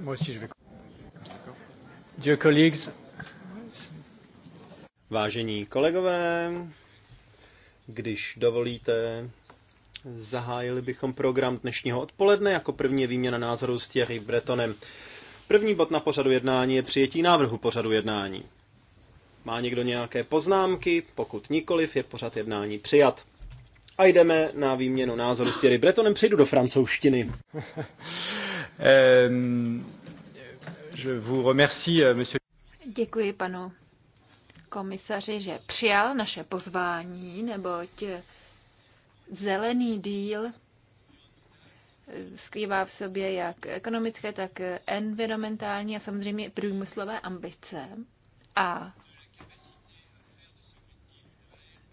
Moi aussi, je vais. Dear colleagues. Vážení kolegové, když dovolíte, zahájili bychom program dnešního odpoledne. Jako první je výměna názorů s Thierry Bretonem. První bod na pořadu jednání je přijetí návrhu pořadu jednání. Má někdo nějaké poznámky? Pokud nikoliv, je pořad jednání přijat. A jdeme na výměnu názoru s Thierry Bretonem. Přejdu do francouzštiny. Euh, je vous remercie, euh, monsieur. Děkuji panu komisaři, že přijal naše pozvání, neboť zelený díl eh, skrývá v sobě jak ekonomické, tak environmentální a samozřejmě průmyslové ambice. A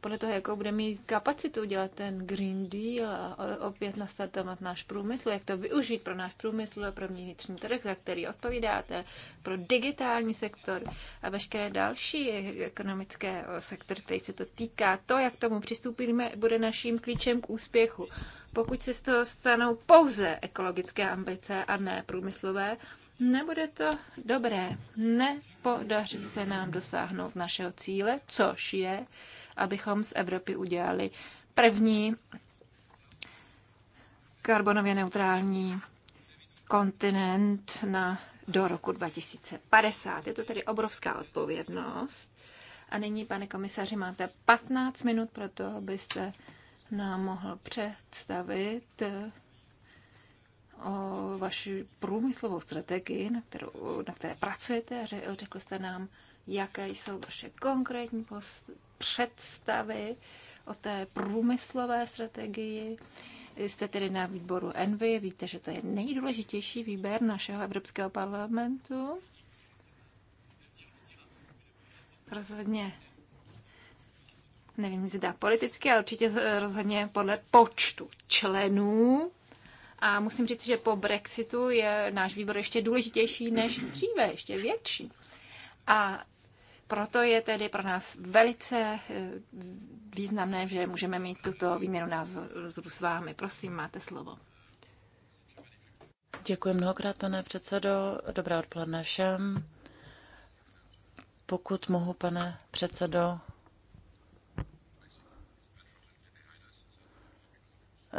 podle toho, jakou bude mít kapacitu dělat ten Green Deal a opět nastartovat náš průmysl, jak to využít pro náš průmysl a pro mě vnitřní trh, za který odpovídáte, pro digitální sektor a veškeré další ekonomické eh, sektor, který se to týká. To, jak tomu přistoupíme, bude naším klíčem k úspěchu. Pokud se z toho stanou pouze ekologické ambice a ne průmyslové, Nebude to dobré. Nepodaří se nám dosáhnout našeho cíle, což je, abychom z Evropy udělali první karbonově neutrální kontinent na, do roku 2050. Je to tedy obrovská odpovědnost. A nyní, pane komisaři, máte 15 minut pro to, abyste nám mohl představit eh, vaši průmyslovou strategii, na, kterou, na které pracujete, a řekl jste nám, jaké jsou vaše konkrétní představy o té průmyslové strategii. Jste tedy na výboru Envy, víte, že to je nejdůležitější výběr našeho Evropského parlamentu. Rozhodně nevím, zda politicky, ale určitě eh, rozhodně podle počtu členů a musím říct, že po Brexitu je náš výbor ještě důležitější než dříve, ještě větší. A proto je tedy pro nás velice eh, významné, že můžeme mít tuto výměnu názoru s vámi. Prosím, máte slovo. Děkuji mnohokrát, pane předsedo. Dobré odpoledne všem. Pokud mohu, pane předsedo,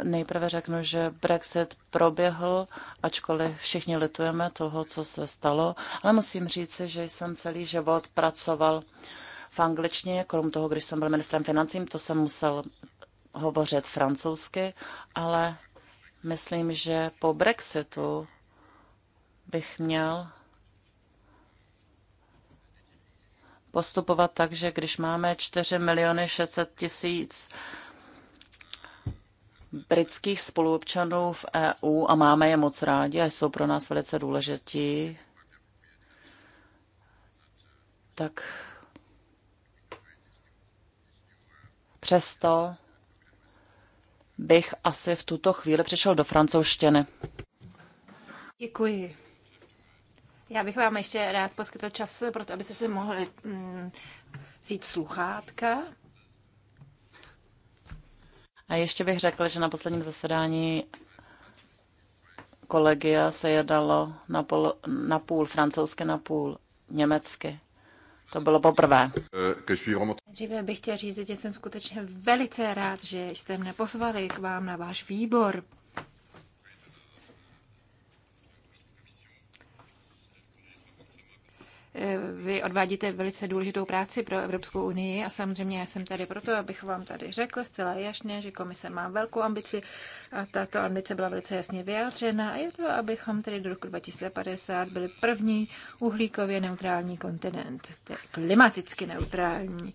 Nejprve řeknu, že Brexit proběhl, ačkoliv všichni litujeme toho, co se stalo, ale musím říci, že jsem celý život pracoval v angličtině, krom toho, když jsem byl ministrem financí, to jsem musel hovořit francouzsky, ale myslím, že po Brexitu bych měl postupovat tak, že když máme 4 miliony 600 tisíc britských spoluobčanů v EU a máme je moc rádi a jsou pro nás velice důležití, tak přesto bych asi v tuto chvíli přišel do francouzštiny. Děkuji. Já bych vám ještě rád poskytl čas proto to, abyste si mohli mm, vzít sluchátka. A ještě bych řekl, že na posledním zasedání kolegia se jedalo na půl, na půl francouzsky, na půl německy. To bylo poprvé. Dříve bych chtěl říct, že jsem skutečně velice rád, že jste mne pozvali k vám na váš výbor. Vy odvádíte velice důležitou práci pro Evropskou unii a samozřejmě já jsem tady proto, abych vám tady řekl zcela jasně, že komise má velkou ambici a tato ambice byla velice jasně vyjádřena a je to, abychom tedy do roku 2050 byli první uhlíkově neutrální kontinent, tedy klimaticky neutrální.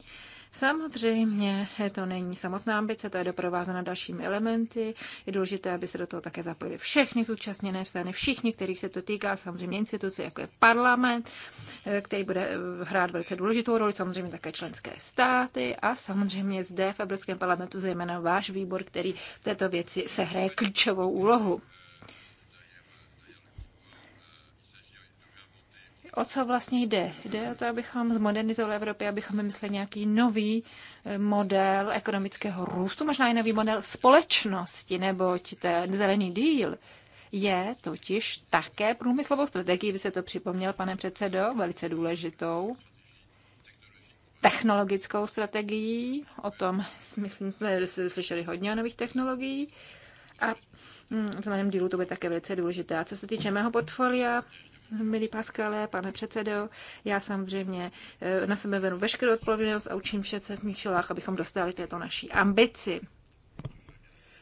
Samozřejmě eh, to není samotná ambice, to je doprovázena dalšími elementy. Je důležité, aby se do toho také zapojili všechny zúčastněné strany, všichni, kterých se to týká, samozřejmě instituce, jako je parlament, eh, který bude eh, hrát velice důležitou roli, samozřejmě také členské státy a samozřejmě zde v Evropském parlamentu zejména váš výbor, který v této věci sehraje klíčovou úlohu. o co vlastně jde? Jde o to, abychom zmodernizovali Evropu, abychom vymysleli nějaký nový eh, model ekonomického růstu, možná i nový model společnosti, nebo ten zelený díl je totiž také průmyslovou strategií, vy se to připomněl, pane předsedo, velice důležitou technologickou strategií, o tom myslím, jsme eh, slyšeli hodně o nových technologií a hm, v zeleném dílu to bude také velice důležité. A co se týče mého portfolia, Milí Paskale, pane předsedo, já samozřejmě eh, na sebe venu veškerou odpovědnost a učím vše, co v mých šilách, abychom dostali této naší ambici.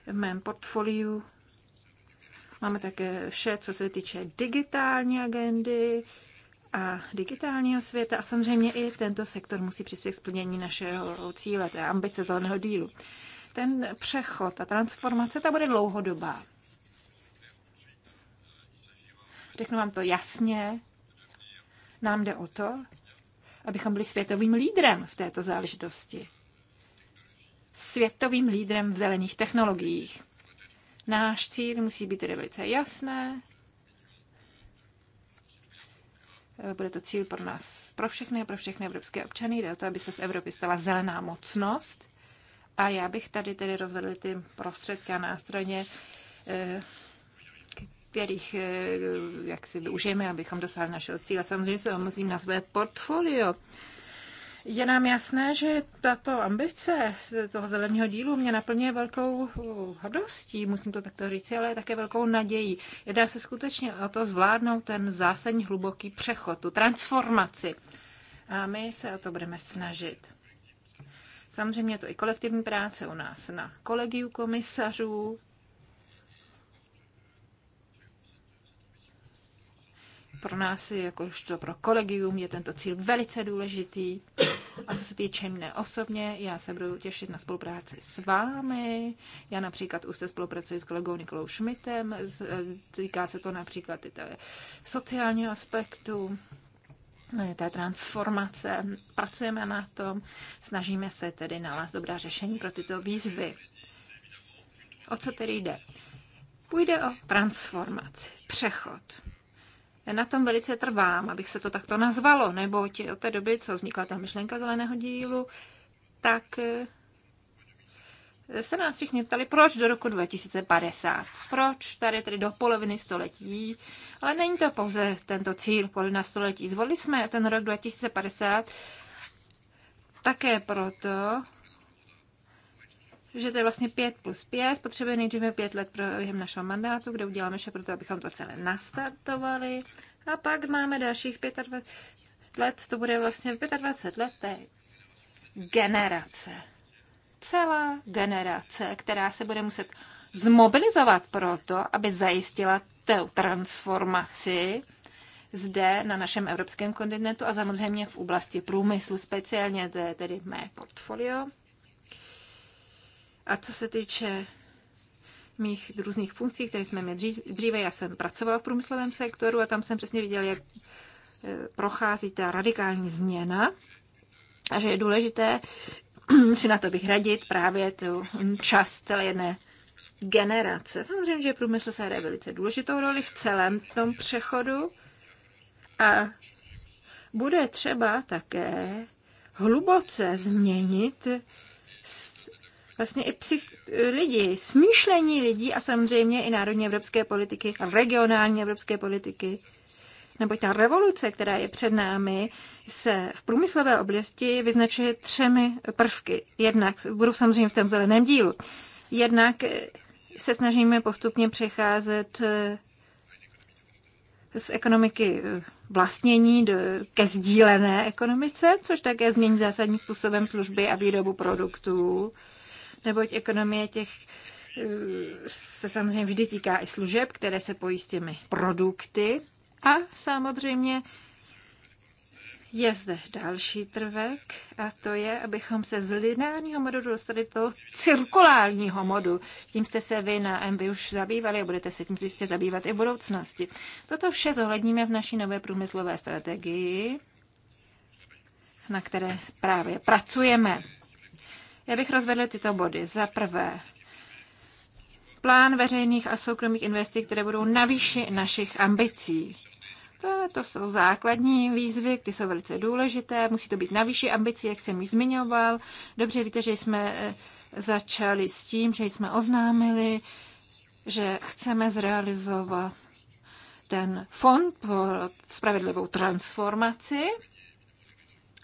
V mém portfoliu máme také vše, co se týče digitální agendy a digitálního světa a samozřejmě i tento sektor musí přispět k splnění našeho cíle, té ambice zeleného dílu. Ten přechod, ta transformace, ta bude dlouhodobá řeknu vám to jasně, nám jde o to, abychom byli světovým lídrem v této záležitosti. Světovým lídrem v zelených technologiích. Náš cíl musí být tedy velice jasné. Bude to cíl pro nás, pro všechny, pro všechny evropské občany. Jde o to, aby se z Evropy stala zelená mocnost. A já bych tady tedy rozvedl ty prostředky a nástroje, eh, kterých eh, jak si využijeme, abychom dosáhli našeho cíle. Samozřejmě se omezím na své portfolio. Je nám jasné, že tato ambice toho zeleného dílu mě naplňuje velkou eh, hrdostí, musím to takto říct, ale také velkou nadějí. Jedná se skutečně o to zvládnout ten zásadní hluboký přechod, tu transformaci. A my se o to budeme snažit. Samozřejmě je to i kolektivní práce u nás na kolegiu komisařů, Pro nás, jakožto pro kolegium, je tento cíl velice důležitý. A co se týče mne osobně, já se budu těšit na spolupráci s vámi. Já například už se spolupracuji s kolegou Nikolou Šmitem, e, týká se to například i sociálního aspektu e, té transformace. Pracujeme na tom, snažíme se tedy nalézt dobrá řešení pro tyto výzvy. O co tedy jde? Půjde o transformaci, přechod na tom velice trvám, abych se to takto nazvalo, nebo od té doby, co vznikla ta myšlenka zeleného dílu, tak eh, se nás všichni ptali, proč do roku 2050, proč tady tedy do poloviny století, ale není to pouze tento cíl polovina století. Zvolili jsme ten rok 2050 také proto, že to je vlastně 5 plus 5, potřebujeme nejdříve 5 let pro během našeho mandátu, kde uděláme vše pro to, abychom to celé nastartovali. A pak máme dalších 25 let, to bude vlastně 25 let té generace. Celá generace, která se bude muset zmobilizovat proto, aby zajistila tu transformaci zde na našem evropském kontinentu a samozřejmě v oblasti průmyslu speciálně, to je tedy mé portfolio. A co se týče mých různých funkcí, které jsme měli dříve, já jsem pracovala v průmyslovém sektoru a tam jsem přesně viděla, jak eh, prochází ta radikální změna a že je důležité si na to vyhradit právě tu čas celé jedné generace. Samozřejmě, že průmysl se hraje velice důležitou roli v celém tom přechodu a bude třeba také hluboce změnit vlastně i psych, lidi, smýšlení lidí a samozřejmě i národní evropské politiky, regionální evropské politiky. Neboť ta revoluce, která je před námi, se v průmyslové oblasti vyznačuje třemi prvky. Jednak, budu samozřejmě v tom zeleném dílu, jednak se snažíme postupně přecházet eh, z ekonomiky eh, vlastnění do, ke sdílené ekonomice, což také změní zásadním způsobem služby a výrobu produktů neboť ekonomie těch eh, se samozřejmě vždy týká i služeb, které se pojí s těmi produkty. A samozřejmě je zde další trvek a to je, abychom se z lineárního modu dostali do toho cirkulárního modu. Tím jste se vy na MB už zabývali a budete se tím jistě zabývat i v budoucnosti. Toto vše zohledníme v naší nové průmyslové strategii, na které právě pracujeme. Já bych rozvedl tyto body. Za prvé, plán veřejných a soukromých investic, které budou na výši našich ambicí. To, to jsou základní výzvy, ty jsou velice důležité, musí to být na výši ambicí, jak jsem již zmiňoval. Dobře víte, že jsme eh, začali s tím, že jsme oznámili, že chceme zrealizovat ten fond pro spravedlivou transformaci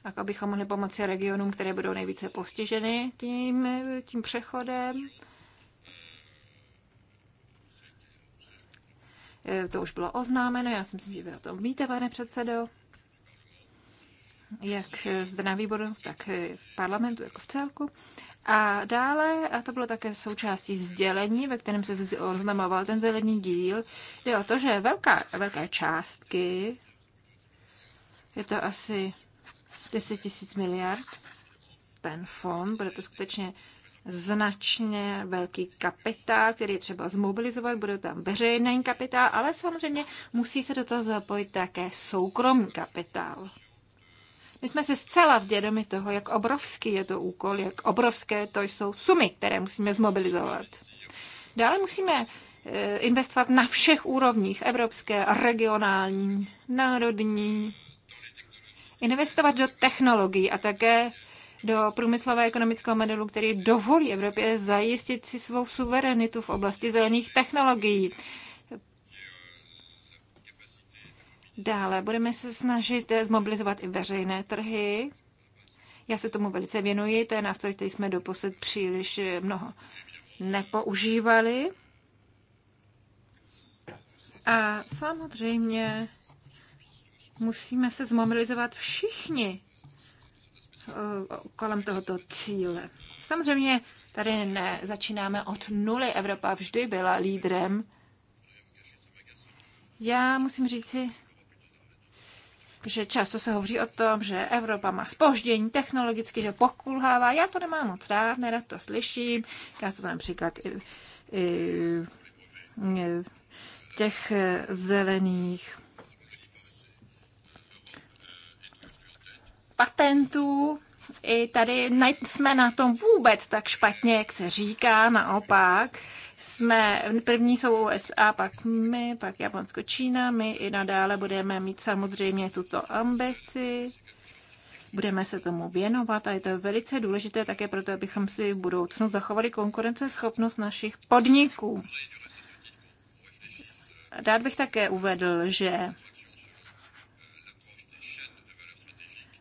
tak abychom mohli pomoci regionům, které budou nejvíce postiženy tím, tím přechodem. E, to už bylo oznámeno, já si myslím, že vy o tom víte, pane předsedo. Jak zde na výboru, tak e, v parlamentu jako v celku. A dále, a to bylo také součástí sdělení, ve kterém se oznamoval ten zelený díl, jde o to, že velká, velké částky, je to asi 10 tisíc miliard, ten fond, bude to skutečně značně velký kapitál, který je třeba zmobilizovat, bude tam veřejný kapitál, ale samozřejmě musí se do toho zapojit také soukromý kapitál. My jsme se zcela vědomi toho, jak obrovský je to úkol, jak obrovské to jsou sumy, které musíme zmobilizovat. Dále musíme eh, investovat na všech úrovních, evropské, regionální, národní, investovat do technologií a také do průmyslové ekonomického modelu, který dovolí Evropě zajistit si svou suverenitu v oblasti zelených technologií. Dále budeme se snažit zmobilizovat i veřejné trhy. Já se tomu velice věnuji, to je nástroj, který jsme doposud příliš mnoho nepoužívali. A samozřejmě musíme se zmobilizovat všichni eh, kolem tohoto cíle. Samozřejmě tady ne, začínáme od nuly. Evropa vždy byla lídrem. Já musím říci, že často se hovří o tom, že Evropa má spoždění technologicky, že pokulhává. Já to nemám moc rád, nerad to slyším. Já to například i, i, i těch eh, zelených patentů. I tady jsme na tom vůbec tak špatně, jak se říká, naopak. Jsme, první jsou USA, pak my, pak Japonsko, Čína. My i nadále budeme mít samozřejmě tuto ambici. Budeme se tomu věnovat a je to velice důležité také proto, abychom si v budoucnu zachovali konkurenceschopnost našich podniků. Rád bych také uvedl, že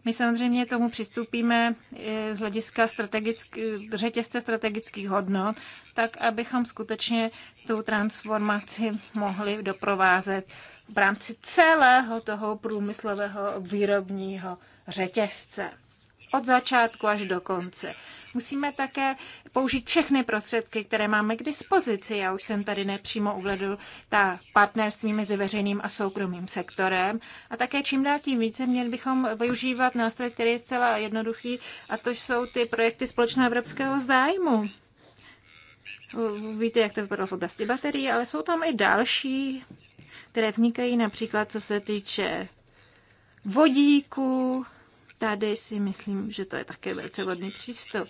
My samozřejmě tomu přistupíme eh, z hlediska strategick, řetězce strategických hodnot, tak abychom skutečně tu transformaci mohli doprovázet v rámci celého toho průmyslového výrobního řetězce od začátku až do konce. Musíme také použít všechny prostředky, které máme k dispozici. Já už jsem tady nepřímo uvedl ta partnerství mezi veřejným a soukromým sektorem. A také čím dál tím více měli bychom využívat nástroj, který je zcela jednoduchý, a to jsou ty projekty společného evropského zájmu. Víte, jak to vypadalo v oblasti baterií, ale jsou tam i další, které vznikají například co se týče vodíku, Tady si myslím, že to je také velice vodný přístup.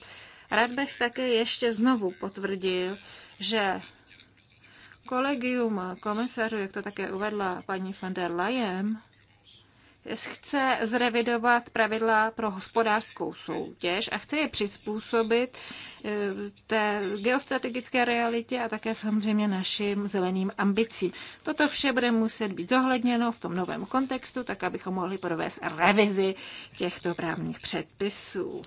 Rád bych také ještě znovu potvrdil, že kolegium komisařů, jak to také uvedla paní van der Leyen, chce zrevidovat pravidla pro hospodářskou soutěž a chce je přizpůsobit eh, té geostrategické realitě a také samozřejmě našim zeleným ambicím. Toto vše bude muset být zohledněno v tom novém kontextu, tak abychom mohli provést revizi těchto právních předpisů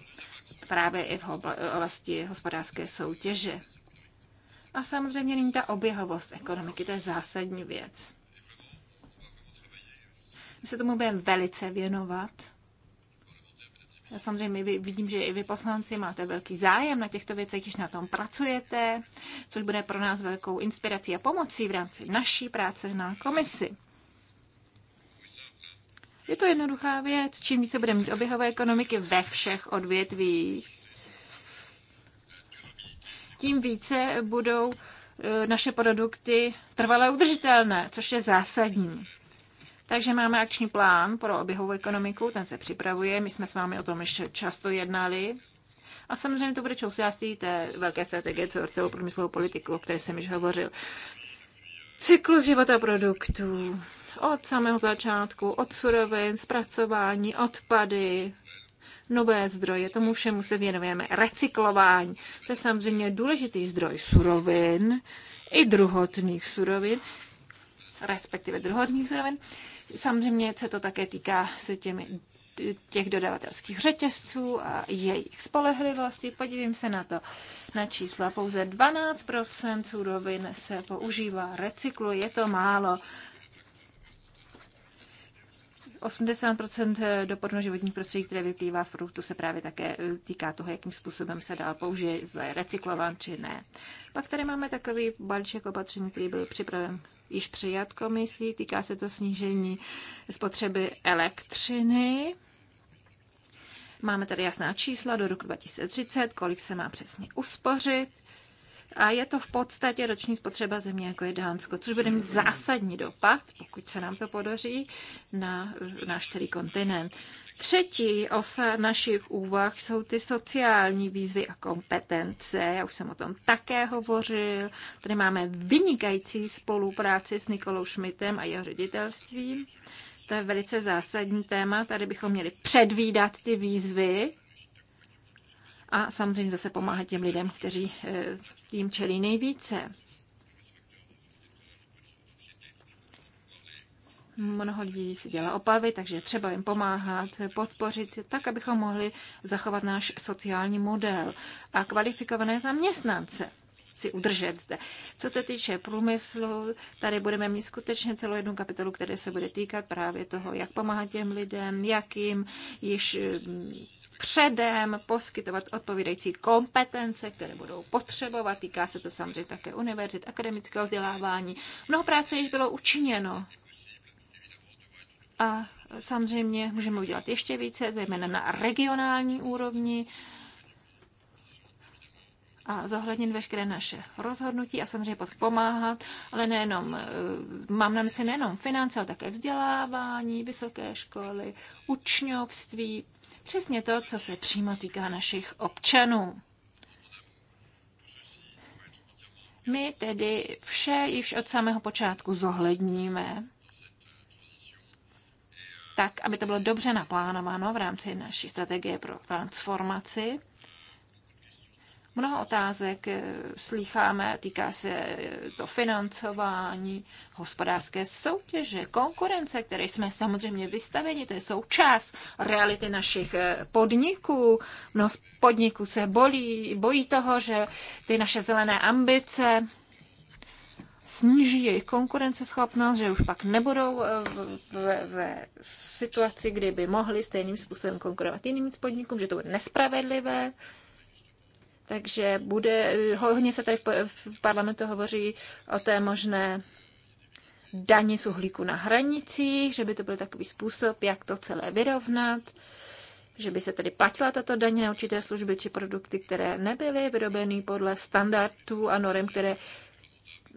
právě i v oblasti hospodářské soutěže. A samozřejmě není ta oběhovost ekonomiky, to je zásadní věc. My se tomu budeme velice věnovat. Já samozřejmě vidím, že i vy poslanci máte velký zájem na těchto věcech, když na tom pracujete, což bude pro nás velkou inspirací a pomocí v rámci naší práce na komisi. Je to jednoduchá věc. Čím více budeme mít oběhové ekonomiky ve všech odvětvích, tím více budou e, naše produkty trvale udržitelné, což je zásadní. Takže máme akční plán pro oběhovou ekonomiku, ten se připravuje, my jsme s vámi o tom již často jednali. A samozřejmě to bude součástí té velké strategie co celou průmyslovou politiku, o které jsem již hovořil. Cyklus života produktů. Od samého začátku, od surovin, zpracování, odpady, nové zdroje, tomu všemu se věnujeme. Recyklování, to je samozřejmě důležitý zdroj surovin, i druhotných surovin, respektive druhotných surovin. Samozřejmě se to také týká se těmi těch dodavatelských řetězců a jejich spolehlivosti. Podívím se na to na čísla. Pouze 12 surovin se používá, recykluje, je to málo. 80 dopadů životní prostředí, které vyplývá z produktu, se právě také e, týká toho, jakým způsobem se dál použije, je recyklován či ne. Pak tady máme takový balíček opatření, který byl připraven již přijat komisí, týká se to snížení spotřeby elektřiny. Máme tady jasná čísla do roku 2030, kolik se má přesně uspořit a je to v podstatě roční spotřeba země, jako je Dánsko, což bude mít zásadní dopad, pokud se nám to podaří, na náš celý kontinent. Třetí osa našich úvah jsou ty sociální výzvy a kompetence. Já už jsem o tom také hovořil. Tady máme vynikající spolupráci s Nikolou Šmitem a jeho ředitelstvím. To je velice zásadní téma. Tady bychom měli předvídat ty výzvy, a samozřejmě zase pomáhat těm lidem, kteří eh, tím čelí nejvíce. Mnoho lidí si dělá opavy, takže třeba jim pomáhat, podpořit, tak, abychom mohli zachovat náš sociální model a kvalifikované zaměstnance si udržet zde. Co se týče průmyslu, tady budeme mít skutečně celou jednu kapitolu, které se bude týkat právě toho, jak pomáhat těm lidem, jak jim již předem poskytovat odpovídající kompetence, které budou potřebovat. Týká se to samozřejmě také univerzit, akademického vzdělávání. Mnoho práce již bylo učiněno. A samozřejmě můžeme udělat ještě více, zejména na regionální úrovni a zohlednit veškeré naše rozhodnutí a samozřejmě pomáhat, ale nejenom, eh, mám na mysli nejenom finance, ale také vzdělávání, vysoké školy, učňovství, Přesně to, co se přímo týká našich občanů. My tedy vše již od samého počátku zohledníme, tak, aby to bylo dobře naplánováno v rámci naší strategie pro transformaci. Mnoho otázek eh, slýcháme, týká se eh, to financování, hospodářské soutěže, konkurence, které jsme samozřejmě vystaveni, to je součást reality našich eh, podniků. Mnoho podniků se bolí, bojí toho, že ty naše zelené ambice sníží jejich konkurenceschopnost, že už pak nebudou ve, situaci, kdy by mohli stejným způsobem konkurovat jiným podnikům, že to bude nespravedlivé, takže bude, hodně se tady v parlamentu hovoří o té možné daně z uhlíku na hranicích, že by to byl takový způsob, jak to celé vyrovnat, že by se tedy platila tato daně na určité služby či produkty, které nebyly vyrobeny podle standardů a norm, které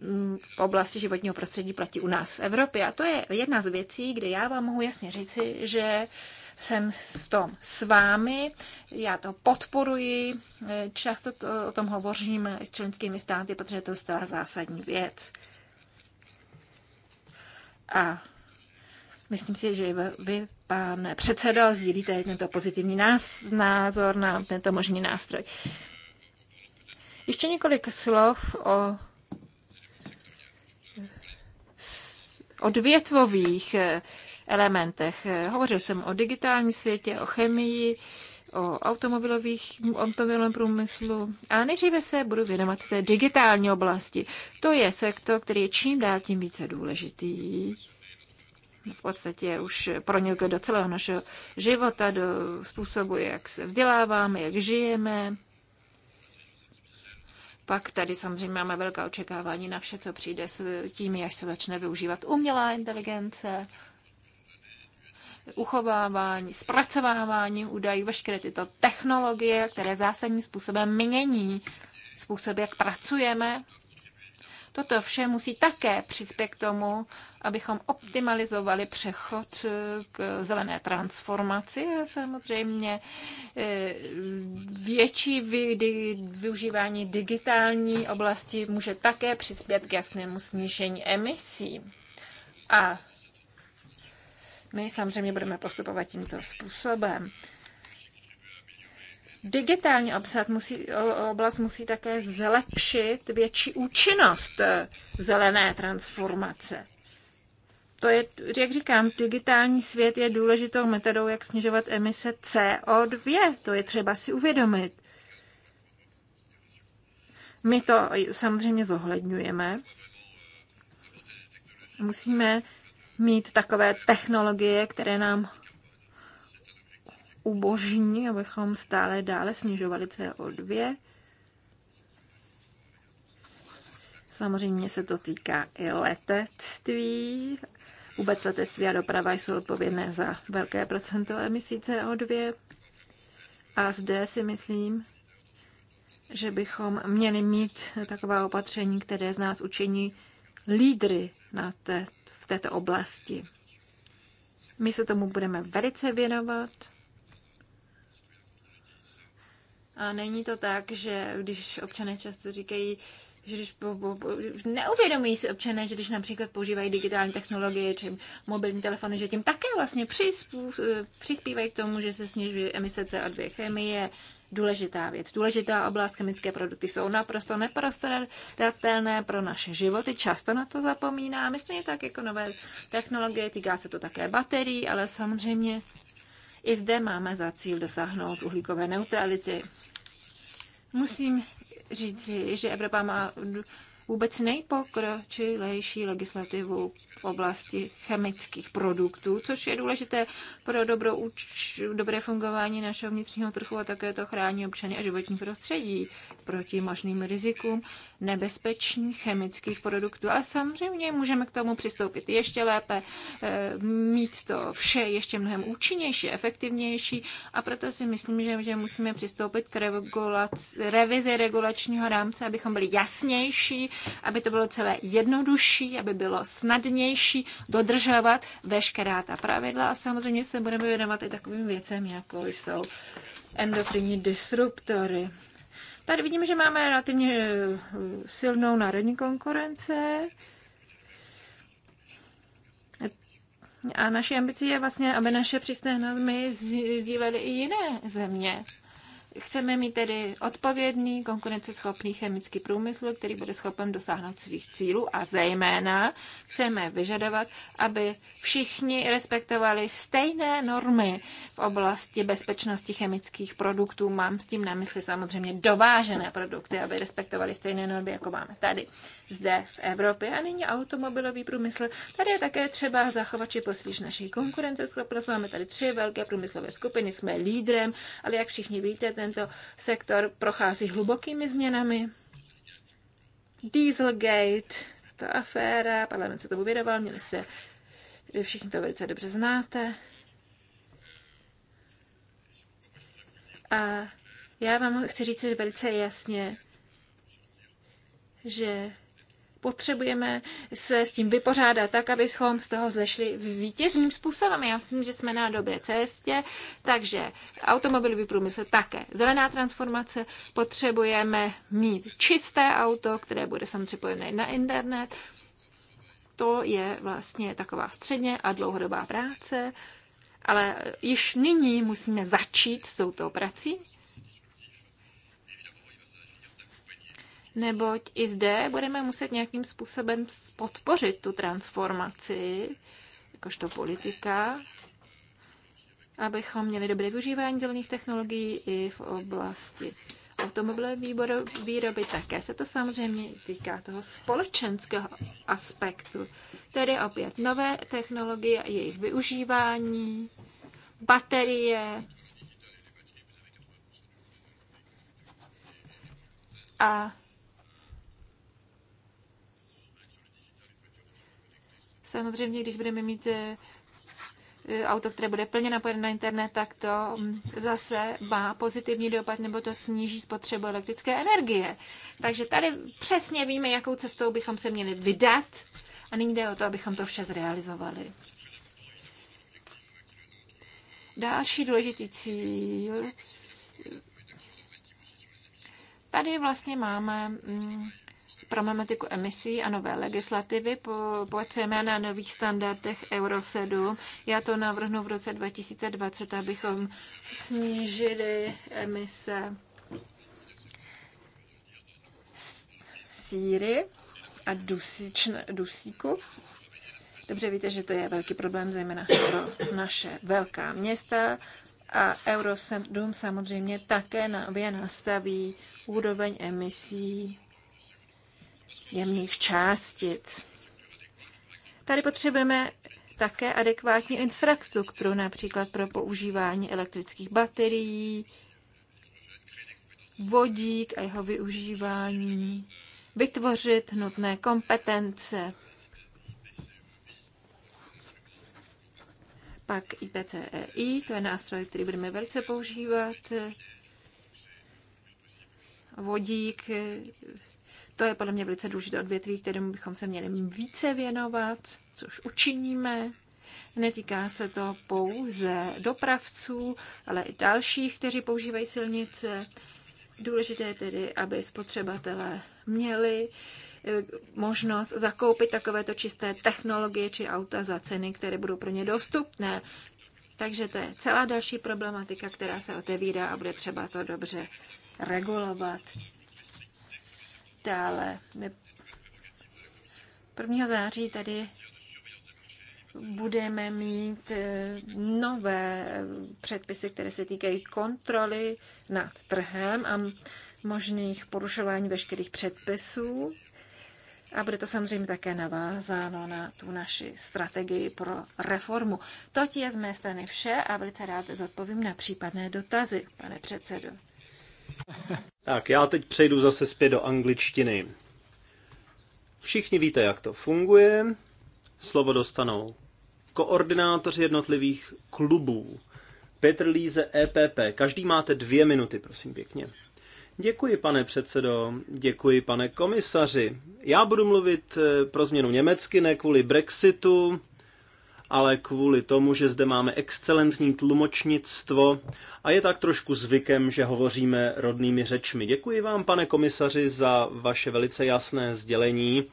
mm, v oblasti životního prostředí platí u nás v Evropě. A to je jedna z věcí, kde já vám mohu jasně říci, že jsem v tom s vámi, já to podporuji, často to, o tom hovořím s členskými státy, protože to je zcela zásadní věc. A myslím si, že vy, pane předsedo, sdílíte tento pozitivní názor na tento možný nástroj. Ještě několik slov o odvětvových elementech. Hovořil jsem o digitálním světě, o chemii, o automobilových, automobilovém průmyslu, ale nejdříve se budu věnovat té digitální oblasti. To je sektor, který je čím dál tím více důležitý. V podstatě už pronikl do celého našeho života, do způsobu, jak se vzděláváme, jak žijeme. Pak tady samozřejmě máme velká očekávání na vše, co přijde s tím, až se začne využívat umělá inteligence uchovávání, zpracovávání údajů, veškeré tyto technologie, které zásadním způsobem mění způsob, jak pracujeme. Toto vše musí také přispět k tomu, abychom optimalizovali přechod eh, k zelené transformaci a samozřejmě eh, větší využívání digitální oblasti může také přispět k jasnému snížení emisí. A my samozřejmě budeme postupovat tímto způsobem. Digitální obsah musí, oblast musí také zlepšit větší účinnost eh, zelené transformace. To je, jak říkám, digitální svět je důležitou metodou, jak snižovat emise CO2. To je třeba si uvědomit. My to samozřejmě zohledňujeme. Musíme mít takové technologie, které nám ubožní, abychom stále dále snižovali CO2. Samozřejmě se to týká i letectví. Vůbec letectví a doprava jsou odpovědné za velké procento emisí CO2. A zde si myslím, že bychom měli mít taková opatření, které z nás učení lídry na té, této oblasti. My se tomu budeme velice věnovat. A není to tak, že když občané často říkají, že když po, po, po, neuvědomují si občané, že když například používají digitální technologie či mobilní telefony, že tím také vlastně přispů, přispívají k tomu, že se snižuje emise CO2 chemie, důležitá věc, důležitá oblast. Chemické produkty jsou naprosto neprostradatelné pro naše životy, často na to zapomínáme, stejně tak jako nové technologie, týká se to také baterií, ale samozřejmě i zde máme za cíl dosáhnout uhlíkové neutrality. Musím říci, že Evropa má vůbec nejpokročilejší legislativu v oblasti chemických produktů, což je důležité pro dobro, dobré fungování našeho vnitřního trhu a také to chrání občany a životní prostředí proti možným rizikům nebezpečných chemických produktů. Ale samozřejmě můžeme k tomu přistoupit ještě lépe, eh, mít to vše ještě mnohem účinnější, efektivnější a proto si myslím, že, že musíme přistoupit k regulaci, revizi regulačního rámce, abychom byli jasnější, aby to bylo celé jednodušší, aby bylo snadnější dodržovat veškerá ta pravidla a samozřejmě se budeme věnovat i takovým věcem, jako jsou endokrinní disruptory. Tady vidíme, že máme relativně eh, silnou národní konkurence. A naší ambicí je vlastně, aby naše přísné normy sdílely i jiné země. Chceme mít tedy odpovědný, konkurenceschopný chemický průmysl, který bude schopen dosáhnout svých cílů a zejména chceme vyžadovat, aby všichni respektovali stejné normy v oblasti bezpečnosti chemických produktů. Mám s tím na mysli samozřejmě dovážené produkty, aby respektovali stejné normy, jako máme tady zde v Evropě. A nyní automobilový průmysl. Tady je také třeba zachovat či poslíž naší konkurenceschopnost. Máme tady tři velké průmyslové skupiny, jsme lídrem, ale jak všichni víte, ten tento sektor prochází hlubokými změnami. Dieselgate, ta aféra, parlament se to uvědoval, měli jste, všichni to velice dobře znáte. A já vám chci říct velice jasně, že potřebujeme se s tím vypořádat tak, abychom z toho zlešli vítězným způsobem. Já myslím, že jsme na dobré cestě, takže automobilový průmysl také. Zelená transformace, potřebujeme mít čisté auto, které bude samozřejmě na internet. To je vlastně taková středně a dlouhodobá práce, ale již nyní musíme začít s touto prací neboť i zde budeme muset nějakým způsobem podpořit tu transformaci, jakožto politika, abychom měli dobré využívání zelených technologií i v oblasti automobilové výroby. Také se to samozřejmě týká toho společenského aspektu, tedy opět nové technologie a jejich využívání, baterie, a Samozřejmě, když budeme mít eh, eh, auto, které bude plně napojené na internet, tak to mm, zase má pozitivní dopad, nebo to sníží spotřebu elektrické energie. Takže tady přesně víme, jakou cestou bychom se měli vydat a nyní jde o to, abychom to vše zrealizovali. Další důležitý cíl. Tady vlastně máme mm, problematiku emisí a nové legislativy. pojďme na nových standardech Euro 7. Já to navrhnu v roce 2020, abychom snížili emise síry a dusičn, dusíku. Dobře víte, že to je velký problém, zejména pro naše velká města. A Euro 7 samozřejmě také nově nastaví úroveň emisí jemných částic. Tady potřebujeme také adekvátní infrastrukturu, například pro používání elektrických baterií, vodík a jeho využívání, vytvořit nutné kompetence. Pak IPCEI, e to je nástroj, který budeme velice používat. Vodík to je podle mě velice důležité odvětví, kterému bychom se měli více věnovat, což učiníme. Netýká se to pouze dopravců, ale i dalších, kteří používají silnice. Důležité je tedy, aby spotřebatelé měli eh, možnost zakoupit takovéto čisté technologie či auta za ceny, které budou pro ně dostupné. Takže to je celá další problematika, která se otevírá a bude třeba to dobře regulovat. Dále 1. září tady budeme mít eh, nové eh, předpisy, které se týkají kontroly nad trhem a možných porušování veškerých předpisů. A bude to samozřejmě také navázáno na tu naši strategii pro reformu. To je z mé strany vše a velice rád zodpovím na případné dotazy, pane předsedo. Tak, já teď přejdu zase zpět do angličtiny. Všichni víte, jak to funguje. Slovo dostanou koordinátoři jednotlivých klubů. Petr Líze, EPP. Každý máte dvě minuty, prosím pěkně. Děkuji, pane předsedo, děkuji, pane komisaři. Já budu mluvit eh, pro změnu německy, ne kvůli Brexitu, ale kvůli tomu, že zde máme excelentní tlumočnictvo a je tak trošku zvykem, že hovoříme rodnými řečmi. Děkuji vám, pane komisaři, za vaše velice jasné sdělení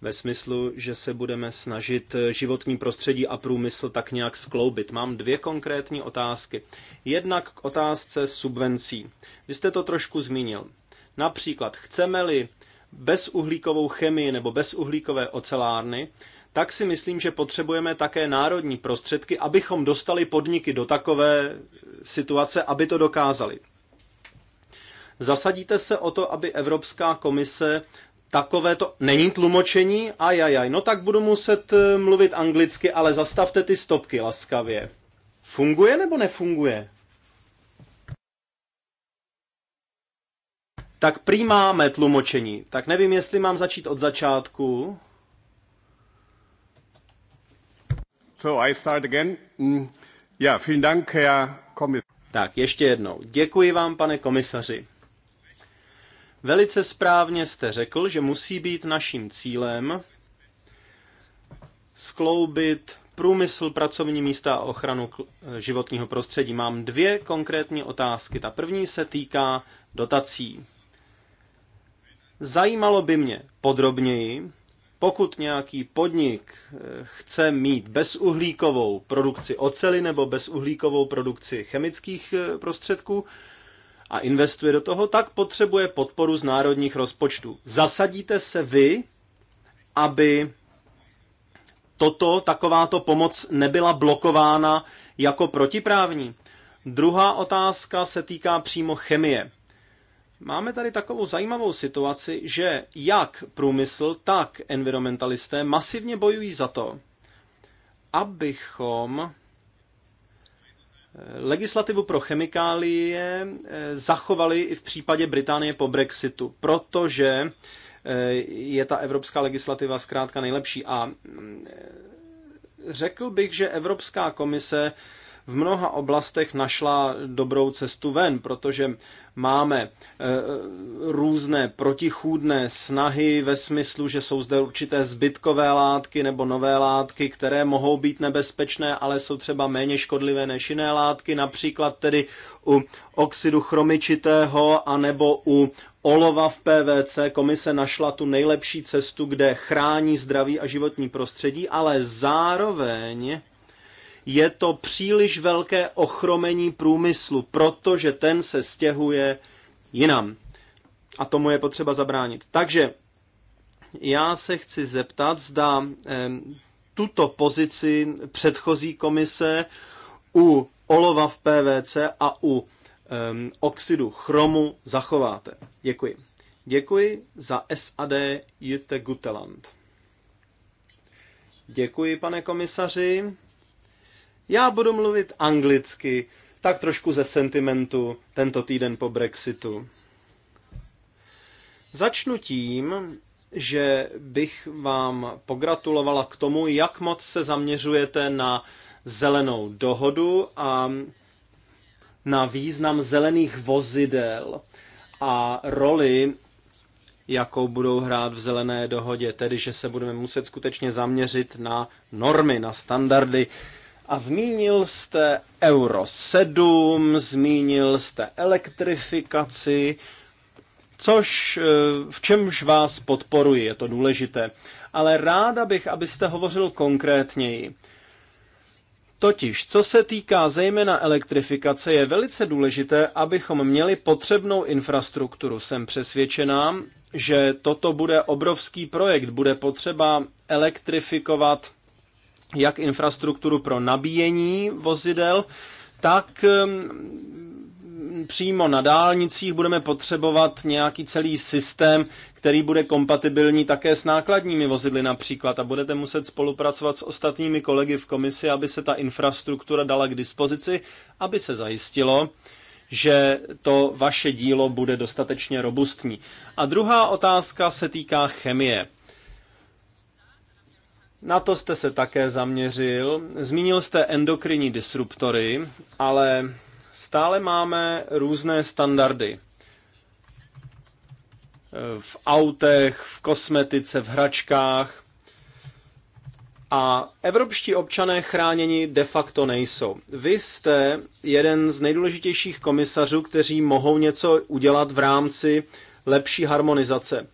ve smyslu, že se budeme snažit životní prostředí a průmysl tak nějak skloubit. Mám dvě konkrétní otázky. Jednak k otázce subvencí. Vy jste to trošku zmínil. Například, chceme-li bezuhlíkovou chemii nebo bezuhlíkové ocelárny, tak si myslím, že potřebujeme také národní prostředky, abychom dostali podniky do takové situace, aby to dokázali. Zasadíte se o to, aby Evropská komise takové to... Není tlumočení? Ajajaj, no tak budu muset eh, mluvit anglicky, ale zastavte ty stopky laskavě. Funguje nebo nefunguje? Tak prý máme tlumočení. Tak nevím, jestli mám začít od začátku. So I start again. Mm. Yeah, vielen Dank, Herr Tak, ještě jednou. Děkuji vám, pane komisaři. Velice správně jste řekl, že musí být naším cílem skloubit průmysl, pracovní místa a ochranu životního prostředí. Mám dvě konkrétní otázky. Ta první se týká dotací. Zajímalo by mě podrobněji, pokud nějaký podnik eh, chce mít bezuhlíkovou produkci oceli nebo bezuhlíkovou produkci chemických eh, prostředků, a investuje do toho, tak potřebuje podporu z národních rozpočtů. Zasadíte se vy, aby toto, takováto pomoc nebyla blokována jako protiprávní? Druhá otázka se týká přímo chemie. Máme tady takovou zajímavou situaci, že jak průmysl, tak environmentalisté masivně bojují za to, abychom eh, legislativu pro chemikálie eh, zachovali i v případě Británie po Brexitu, protože eh, je ta evropská legislativa zkrátka nejlepší. A mm, řekl bych, že Evropská komise v mnoha oblastech našla dobrou cestu ven, protože Máme eh, různé protichůdné snahy ve smyslu, že jsou zde určité zbytkové látky nebo nové látky, které mohou být nebezpečné, ale jsou třeba méně škodlivé než jiné látky, například tedy u oxidu chromičitého anebo u olova v PVC komise našla tu nejlepší cestu, kde chrání zdraví a životní prostředí, ale zároveň je to příliš velké ochromení průmyslu, protože ten se stěhuje jinam. A tomu je potřeba zabránit. Takže já se chci zeptat, zda tuto pozici předchozí komise u olova v PVC a u um, oxidu chromu zachováte. Děkuji. Děkuji za SAD Jüte Guteland. Děkuji, pane komisaři. Já budu mluvit anglicky, tak trošku ze sentimentu tento týden po Brexitu. Začnu tím, že bych vám pogratulovala k tomu, jak moc se zaměřujete na zelenou dohodu a na význam zelených vozidel a roli, jakou budou hrát v zelené dohodě, tedy že se budeme muset skutečně zaměřit na normy, na standardy, a zmínil jste Euro 7, zmínil jste elektrifikaci, což eh, v čemž vás podporuji, je to důležité. Ale ráda bych, abyste hovořil konkrétněji. Totiž, co se týká zejména elektrifikace, je velice důležité, abychom měli potřebnou infrastrukturu. Jsem přesvědčená, že toto bude obrovský projekt. Bude potřeba elektrifikovat jak infrastrukturu pro nabíjení vozidel, tak přímo na dálnicích budeme potřebovat nějaký celý systém, který bude kompatibilní také s nákladními vozidly například a budete muset spolupracovat s ostatními kolegy v komisi, aby se ta infrastruktura dala k dispozici, aby se zajistilo, že to vaše dílo bude dostatečně robustní. A druhá otázka se týká chemie. Na to jste se také zaměřil. Zmínil jste endokrinní disruptory, ale stále máme různé standardy. V autech, v kosmetice, v hračkách. A evropští občané chráněni de facto nejsou. Vy jste jeden z nejdůležitějších komisařů, kteří mohou něco udělat v rámci lepší harmonizace.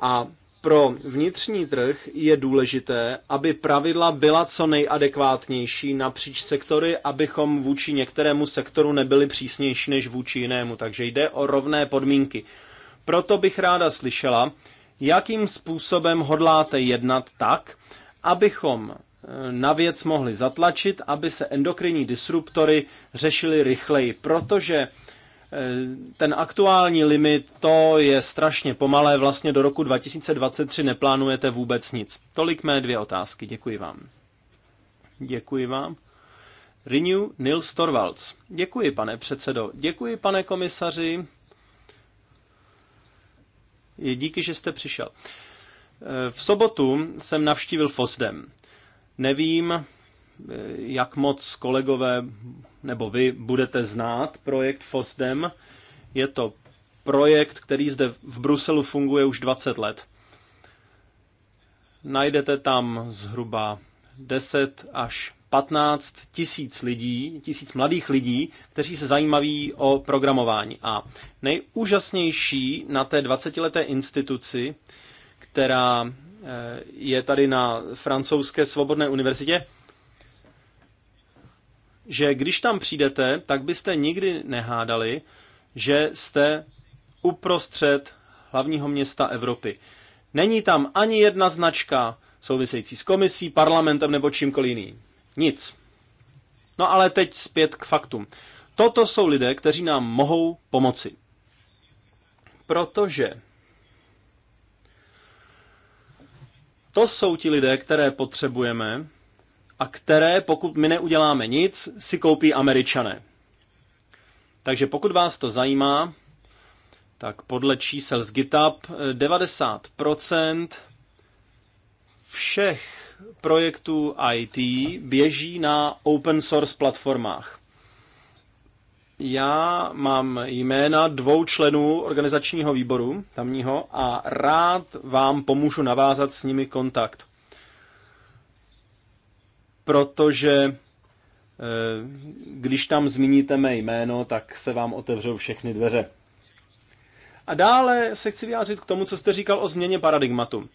A pro vnitřní trh je důležité, aby pravidla byla co nejadekvátnější napříč sektory, abychom vůči některému sektoru nebyli přísnější než vůči jinému. Takže jde o rovné podmínky. Proto bych ráda slyšela, jakým způsobem hodláte jednat tak, abychom e, na věc mohli zatlačit, aby se endokrinní disruptory řešily rychleji, protože Eh, ten aktuální limit, to je strašně pomalé, vlastně do roku 2023 neplánujete vůbec nic. Tolik mé dvě otázky, děkuji vám. Děkuji vám. Renew Nils Torvalds. Děkuji, pane předsedo. Děkuji, pane komisaři. Díky, že jste přišel. Eh, v sobotu jsem navštívil FOSDEM. Nevím, Eh, jak moc kolegové nebo vy budete znát projekt FOSDEM. Je to projekt, který zde v Bruselu funguje už 20 let. Najdete tam zhruba 10 až 15 tisíc lidí, tisíc mladých lidí, kteří se zajímaví o programování. A nejúžasnější na té 20-leté instituci, která eh, je tady na francouzské svobodné univerzitě, že když tam přijdete, tak byste nikdy nehádali, že jste uprostřed hlavního města Evropy. Není tam ani jedna značka související s komisí, parlamentem nebo čímkoliv jiným. Nic. No ale teď zpět k faktům. Toto jsou lidé, kteří nám mohou pomoci. Protože to jsou ti lidé, které potřebujeme, a které, pokud my neuděláme nic, si koupí američané. Takže pokud vás to zajímá, tak podle čísel z GitHub 90% eh, všech projektů IT běží na open source platformách. Já mám jména dvou členů organizačního výboru tamního a rád vám pomůžu navázat s nimi kontakt protože eh, když tam zmíníte mé jméno, tak se vám otevřou všechny dveře. A dále se chci vyjádřit k tomu, co jste říkal o změně paradigmatu.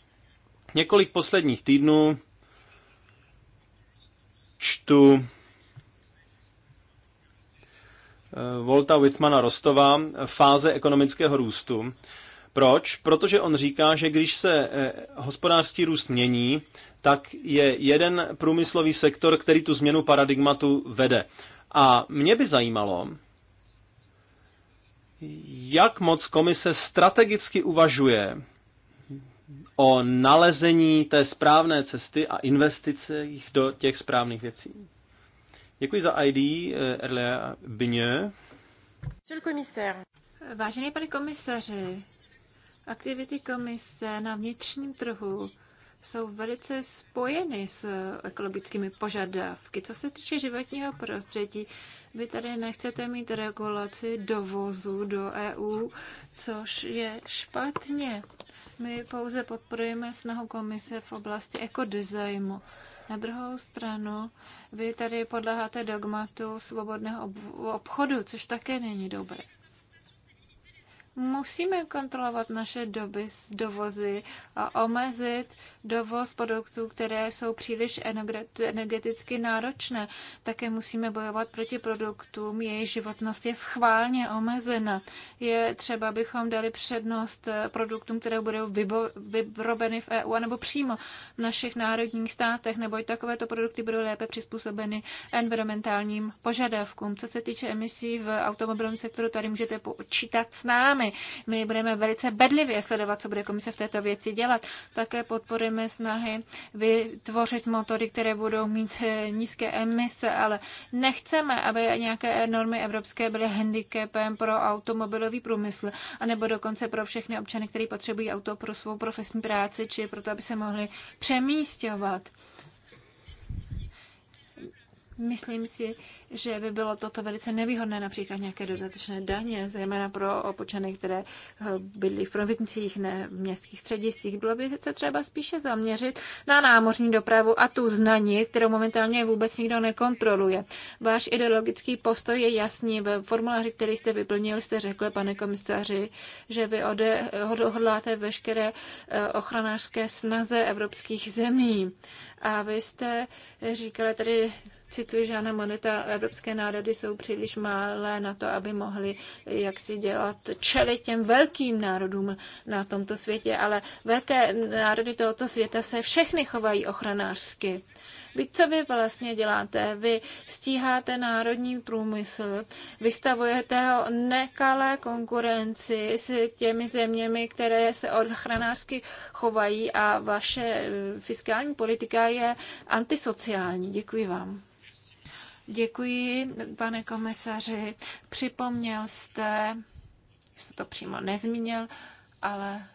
Několik posledních týdnů čtu Volta eh, Whitmana Rostova fáze ekonomického růstu. Proč? Protože on říká, že když se eh, hospodářský růst mění, tak je jeden průmyslový sektor, který tu změnu paradigmatu vede. A mě by zajímalo, jak moc komise strategicky uvažuje o nalezení té správné cesty a investicích do těch správných věcí. Děkuji za ID, Erlea Bigne. Vážený pane komisaři, aktivity komise na vnitřním trhu jsou velice spojeny s ekologickými požadavky. Co se týče životního prostředí, vy tady nechcete mít regulaci dovozu do EU, což je špatně. My pouze podporujeme snahu komise v oblasti ekodesignu. Na druhou stranu, vy tady podleháte dogmatu svobodného obchodu, což také není dobré musíme kontrolovat naše doby z dovozy a omezit dovoz produktů, které jsou příliš energeticky náročné. Také musíme bojovat proti produktům, jejich životnost je schválně omezena. Je třeba, abychom dali přednost eh, produktům, které budou vyrobeny v EU nebo přímo v našich národních státech, neboť takovéto produkty budou lépe přizpůsobeny environmentálním požadavkům. Co se týče emisí v automobilovém sektoru, tady můžete počítat s námi programy. My budeme velice bedlivě sledovat, co bude komise v této věci dělat. Také podporujeme snahy vytvořit motory, které budou mít eh, nízké emise, ale nechceme, aby nějaké normy evropské byly handicapem pro automobilový průmysl, anebo dokonce pro všechny občany, kteří potřebují auto pro svou profesní práci či proto, aby se mohli přemístěvat. Myslím si, že by bylo toto velice nevýhodné, například nějaké dodatečné daně, zejména pro občany, které eh, bydlí v provinciích, ne v městských střediscích. Bylo by se třeba spíše zaměřit na námořní dopravu a tu znaní, kterou momentálně vůbec nikdo nekontroluje. Váš ideologický postoj je jasný. Ve formuláři, který jste vyplnil, jste řekl, pane komisaři, že vy odhodláte veškeré eh, ochranářské snaze evropských zemí. A vy jste říkali tady Cituji Žána Moneta, evropské národy jsou příliš malé na to, aby mohli jaksi dělat čeli těm velkým národům na tomto světě, ale velké národy tohoto světa se všechny chovají ochranářsky. Vy co vy vlastně děláte? Vy stíháte národní průmysl, vystavujete ho nekalé konkurenci s těmi zeměmi, které se ochranářsky chovají a vaše fiskální politika je antisociální. Děkuji vám. Děkuji, pane komisaři. Připomněl jste, jste to přímo nezmínil, ale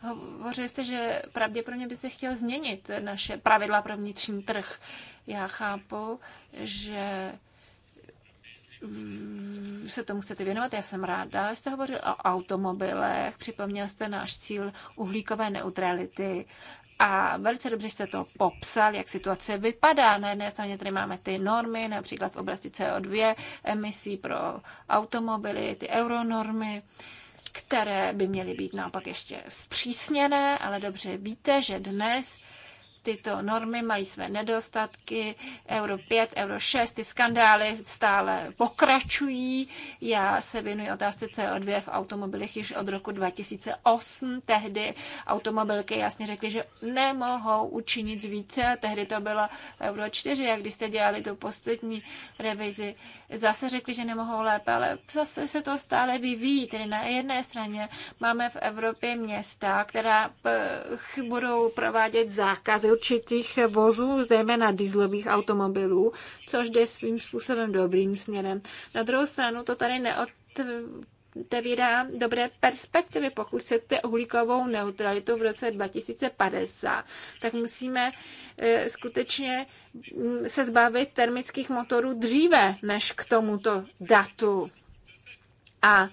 hovořil jste, že pravděpodobně by se chtěl změnit naše pravidla pro vnitřní trh. Já chápu, že se tomu chcete věnovat, já jsem ráda. Jste hovořil o automobilech, připomněl jste náš cíl uhlíkové neutrality a velice dobře jste to popsal, jak situace vypadá. Na jedné straně tady máme ty normy, například v oblasti CO2, emisí pro automobily, ty euronormy které by měly být naopak ještě zpřísněné, ale dobře víte, že dnes Tyto normy mají své nedostatky. Euro 5, Euro 6, ty skandály stále pokračují. Já se věnuji otázce CO2 v automobilech již od roku 2008. Tehdy automobilky jasně řekly, že nemohou učinit více. Tehdy to bylo Euro 4, jak když jste dělali tu poslední revizi, zase řekli, že nemohou lépe, ale zase se to stále vyvíjí. Tedy na jedné straně máme v Evropě města, která eh, budou provádět zákazy určitých vozů, zejména dieselových automobilů, což jde svým způsobem dobrým směrem. Na druhou stranu to tady neotevírá dobré perspektivy. Pokud chcete uhlíkovou neutralitu v roce 2050, tak musíme e, skutečně mm, se zbavit termických motorů dříve než k tomuto datu. A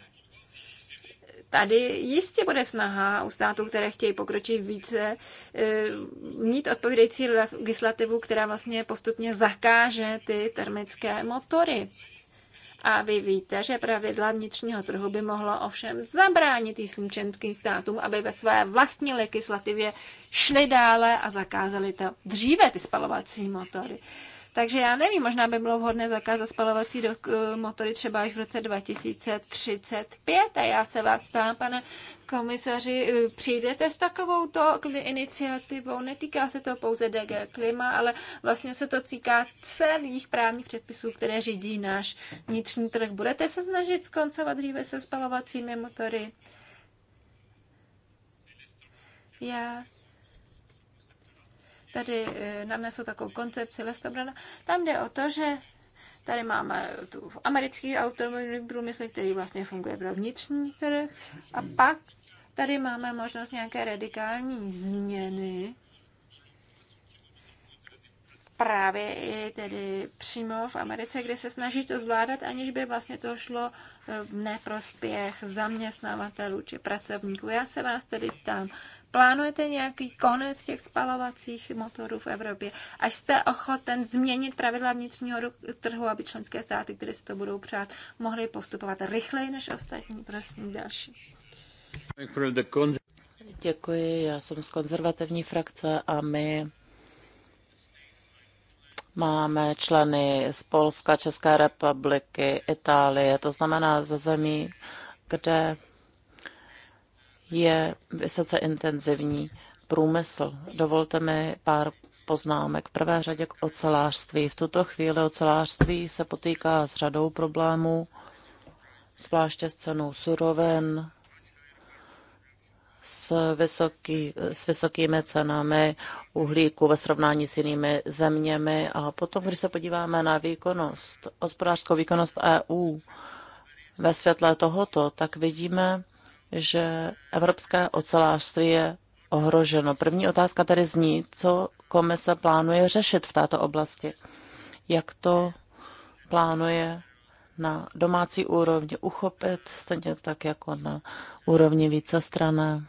Tady jistě bude snaha u států, které chtějí pokročit více, eh, mít odpovídající legislativu, která vlastně postupně zakáže ty termické motory. A vy víte, že pravidla vnitřního trhu by mohlo ovšem zabránit jistým členským státům, aby ve své vlastní legislativě šli dále a zakázali to dříve ty spalovací motory. Takže já nevím, možná by bylo vhodné zakázat spalovací do, motory třeba až v roce 2035. A já se vás ptám, pane komisaři, eh, přijdete s to iniciativou? Netýká se to pouze DG klima, ale vlastně se to týká celých právních předpisů, které řídí náš vnitřní trh. Budete se snažit skoncovat dříve se spalovacími motory? Já tady e, nadnesu takovou koncepci Lestobrana. Tam jde o to, že tady máme tu americký automobilní průmysl, který vlastně funguje pro vnitřní trh a pak tady máme možnost nějaké radikální změny právě i tedy přímo v Americe, kde se snaží to zvládat, aniž by vlastně to šlo e, v neprospěch zaměstnavatelů či pracovníků. Já se vás tedy ptám, Plánujete nějaký konec těch spalovacích motorů v Evropě? Až jste ochoten změnit pravidla vnitřního trhu, aby členské státy, které si to budou přát, mohly postupovat rychleji než ostatní? Prosím, další. Děkuji, já jsem z konzervativní frakce a my máme členy z Polska, České republiky, Itálie, to znamená ze zemí, kde je vysoce intenzivní průmysl. Dovolte mi pár poznámek. V prvé řadě k ocelářství. V tuto chvíli ocelářství se potýká s řadou problémů, zvláště s cenou suroven, s, vysoký, s vysokými cenami uhlíku ve srovnání s jinými zeměmi. A potom, když se podíváme na výkonnost, hospodářskou výkonnost EU ve světle tohoto, tak vidíme, že evropské ocelářství je ohroženo. První otázka tedy zní, co komise plánuje řešit v této oblasti. Jak to plánuje na domácí úrovni uchopit, stejně tak jako na úrovni více vícestrané.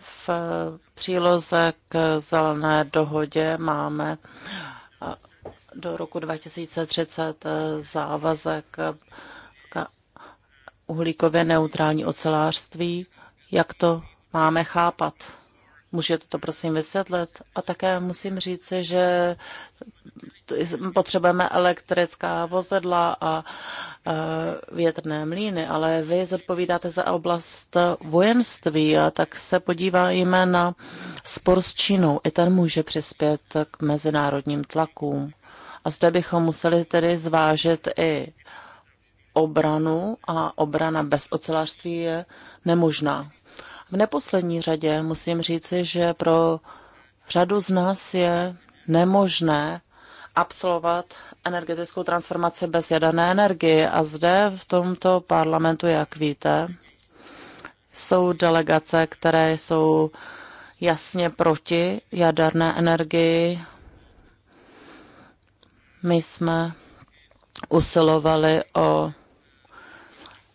V příloze k zelené dohodě máme eh, do roku 2030 eh, závazek uhlíkově neutrální ocelářství, jak to máme chápat. Můžete to prosím vysvětlit? A také musím říct, že potřebujeme elektrická vozidla a e, větrné mlíny, ale vy zodpovídáte za oblast vojenství a tak se podíváme na spor s Čínou. I ten může přispět k mezinárodním tlakům. A zde bychom museli tedy zvážit i obranu a obrana bez ocelářství je nemožná. V neposlední řadě musím říci, že pro řadu z nás je nemožné absolvovat energetickou transformaci bez jaderné energie. A zde v tomto parlamentu, jak víte, jsou delegace, které jsou jasně proti jaderné energii. My jsme usilovali o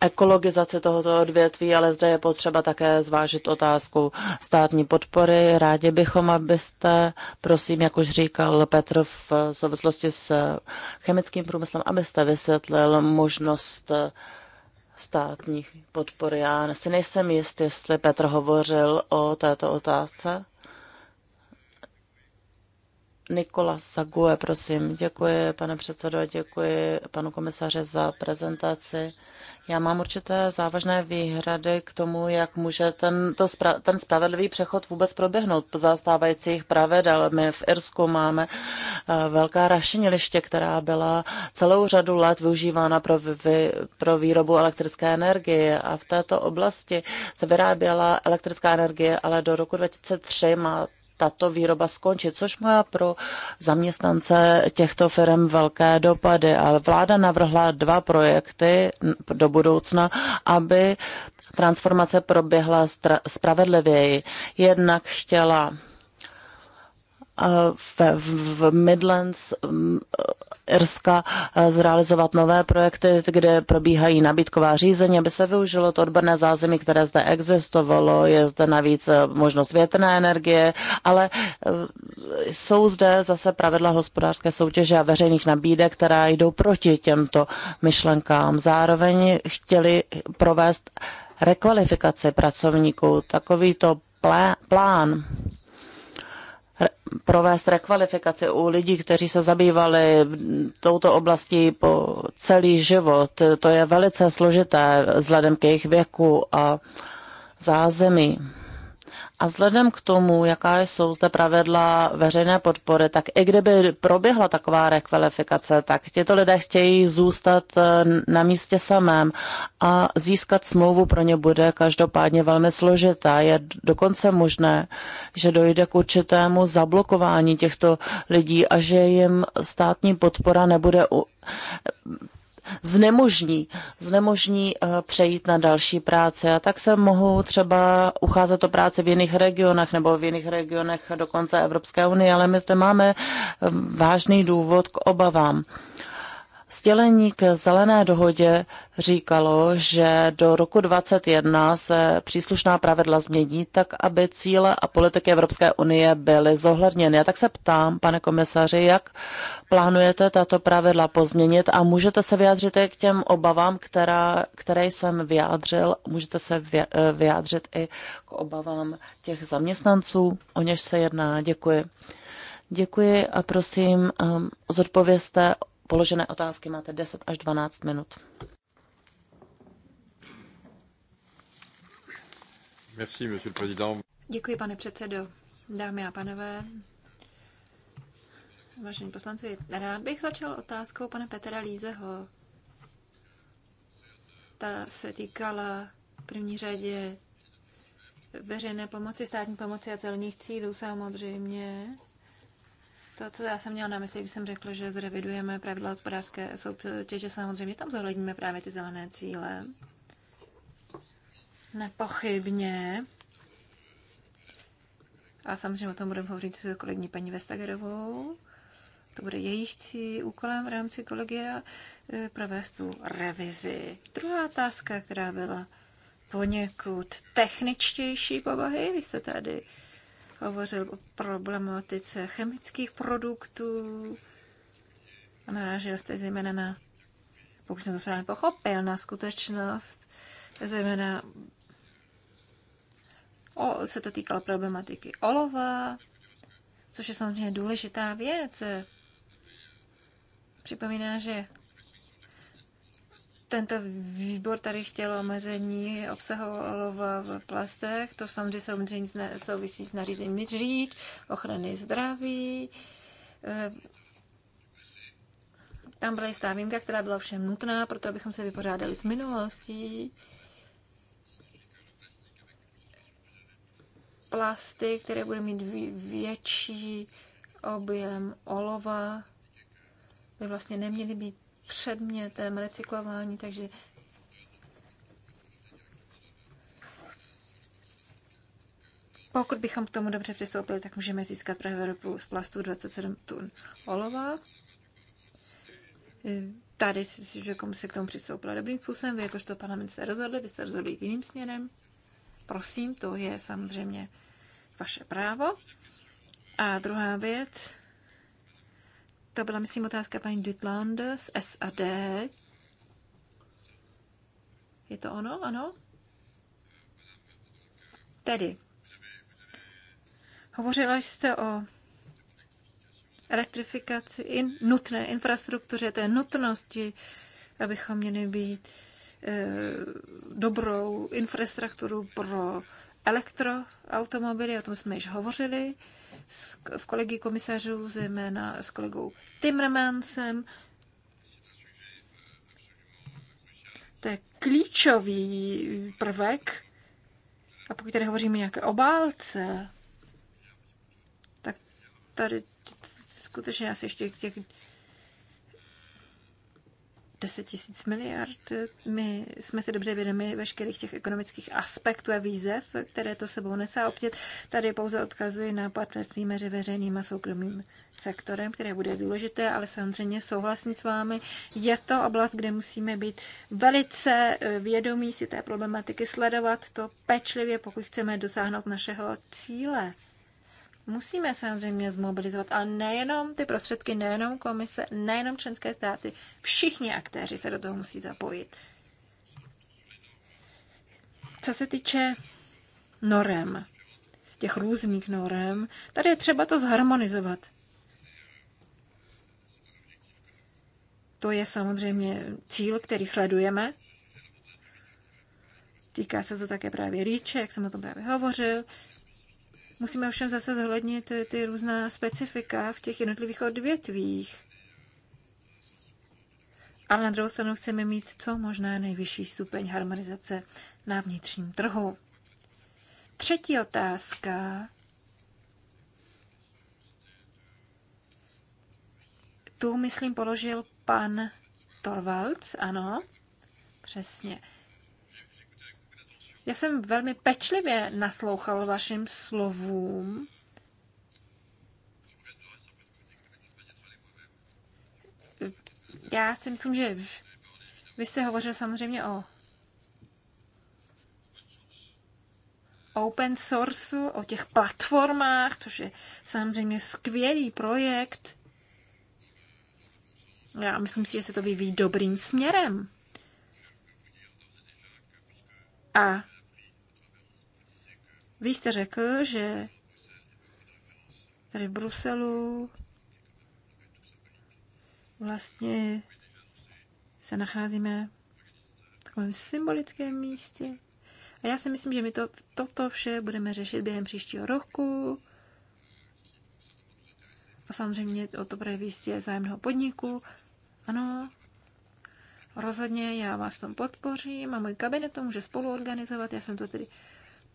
ekologizaci tohoto odvětví, ale zde je potřeba také zvážit otázku státní podpory. Rádi bychom, abyste, prosím, jak už říkal Petr v souvislosti s chemickým průmyslem, abyste vysvětlil možnost státní podpory. Já si nejsem jist, jestli Petr hovořil o této otázce. Nikola Sague, prosím. Děkuji, pane předsedo, děkuji panu komisaři za prezentaci. Já mám určité závažné výhrady k tomu, jak může ten, to spra- ten spravedlivý přechod vůbec proběhnout po zastávajících pravidel. My v Irsku máme eh, velká rašiniliště, která byla celou řadu let využívána pro, vy- pro výrobu elektrické energie a v této oblasti se vyráběla elektrická energie, ale do roku 2003 má tato výroba skončit, což má pro zaměstnance těchto firm velké dopady. Ale vláda navrhla dva projekty do budoucna, aby transformace proběhla spravedlivěji. Jednak chtěla eh, v, v Midlands mm, Irska eh, zrealizovat nové projekty, kde probíhají nabídková řízení, aby se využilo to odborné zázemí, které zde existovalo. Je zde navíc eh, možnost větrné energie, ale eh, jsou zde zase pravidla hospodářské soutěže a veřejných nabídek, která jdou proti těmto myšlenkám. Zároveň chtěli provést rekvalifikaci pracovníků. Takovýto plán provést rekvalifikaci u lidí, kteří se zabývali touto oblastí po celý život. To je velice složité vzhledem k jejich věku a zázemí. A vzhledem k tomu, jaká jsou zde pravidla veřejné podpory, tak i kdyby proběhla taková rekvalifikace, tak těto lidé chtějí zůstat eh, na místě samém a získat smlouvu pro ně bude každopádně velmi složitá. Je dokonce možné, že dojde k určitému zablokování těchto lidí a že jim státní podpora nebude znemožní, znemožní eh, přejít na další práce. A tak se mohou třeba ucházet o práce v jiných regionech nebo v jiných regionech dokonce Evropské unie, ale my zde máme eh, vážný důvod k obavám. Sdělení k zelené dohodě říkalo, že do roku 2021 se příslušná pravidla změní tak, aby cíle a politiky Evropské unie byly zohledněny. A tak se ptám, pane komisaři, jak plánujete tato pravidla pozměnit a můžete se vyjádřit i k těm obavám, která, které jsem vyjádřil, můžete se eh, vyjádřit i k obavám těch zaměstnanců, o něž se jedná. Děkuji. Děkuji a prosím, eh, zodpověste položené otázky. Máte 10 až 12 minut. Merci, monsieur le président. Děkuji, pane předsedo. Dámy a panové, vážení poslanci, rád bych začal otázkou pana Petra Lízeho. Ta se týkala v první řadě veřejné pomoci, státní pomoci a celních cílů samozřejmě. To, co já jsem měla na mysli, když jsem řekla, že zrevidujeme pravidla hospodářské soutěže, samozřejmě tam zohledníme právě ty zelené cíle. Nepochybně. A samozřejmě o tom budeme hovořit s kolegní paní Vestagerovou. To bude jejich cí, úkolem v rámci kolegia eh, provést tu revizi. Druhá otázka, která byla poněkud techničtější povahy, vy jste tady hovořil o problematice chemických produktů a narážil jste zejména na, pokud jsem to správně pochopil, na skutečnost, zejména o, se to týkalo problematiky olova, což je samozřejmě důležitá věc. Připomíná, že tento výbor tady chtěl omezení obsahovalo v plastech, to samozřejmě samozřejmě souvisí s nařízením říč, ochrany zdraví. Eh, tam byla jistá výjimka, která byla všem nutná, proto abychom se vypořádali s minulostí. Plasty, které bude mít větší objem olova, by vlastně neměly být předmětem recyklování, takže pokud bychom k tomu dobře přistoupili, tak můžeme získat pro Evropu z plastu 27 tun olova. Eh, tady si myslím, že komu se k tomu přistoupila dobrým způsobem, vy jakožto parlament se rozhodli, vy jste rozhodli jiným směrem. Prosím, to je samozřejmě vaše právo. A druhá věc, to byla, myslím, otázka paní Dutland z SAD. Je to ono? Ano? Tedy, hovořila jste o elektrifikaci, in, nutné infrastruktuře, té nutnosti, abychom měli být e, dobrou infrastrukturu pro elektroautomobily, o tom jsme již hovořili. E, v kolegy komisařů, zejména s kolegou Timmermansem. To je klíčový prvek. A pokud tady hovoříme nějaké obálce, tak tady skutečně asi ještě těch 10 tisíc miliard. My jsme si dobře vědomi veškerých těch ekonomických aspektů a výzev, které to sebou nese. opět tady pouze odkazuji na partnerství mezi veřejným a soukromým sektorem, které bude důležité, ale samozřejmě souhlasím s vámi. Je to oblast, kde musíme být velice eh, vědomí si té problematiky, sledovat to pečlivě, pokud chceme dosáhnout našeho cíle musíme samozřejmě zmobilizovat, ale nejenom ty prostředky, nejenom komise, nejenom členské státy, všichni aktéři se do toho musí zapojit. Co se týče norem, těch různých norem, tady je třeba to zharmonizovat. To je samozřejmě cíl, který sledujeme. Týká se to také právě rýče, jak jsem o tom právě hovořil. Musíme ovšem zase zohlednit ty různá specifika v těch jednotlivých odvětvích. Ale na druhou stranu chceme mít co možná nejvyšší stupeň harmonizace na vnitřním trhu. Třetí otázka. Tu, myslím, položil pan Torvalds, ano, přesně. Já jsem velmi pečlivě naslouchal vašim slovům. Já si myslím, že vy jste hovořil samozřejmě o open sourceu, o těch platformách, což je samozřejmě skvělý projekt. Já myslím si, že se to vyvíjí dobrým směrem. A vy jste řekl, že tady v Bruselu vlastně se nacházíme v takovém symbolickém místě. A já si myslím, že my to, toto vše budeme řešit během příštího roku. A samozřejmě o to bude výstě zájemného podniku. Ano, rozhodně já vás tom podpořím a můj kabinet to může spoluorganizovat. Já jsem to tedy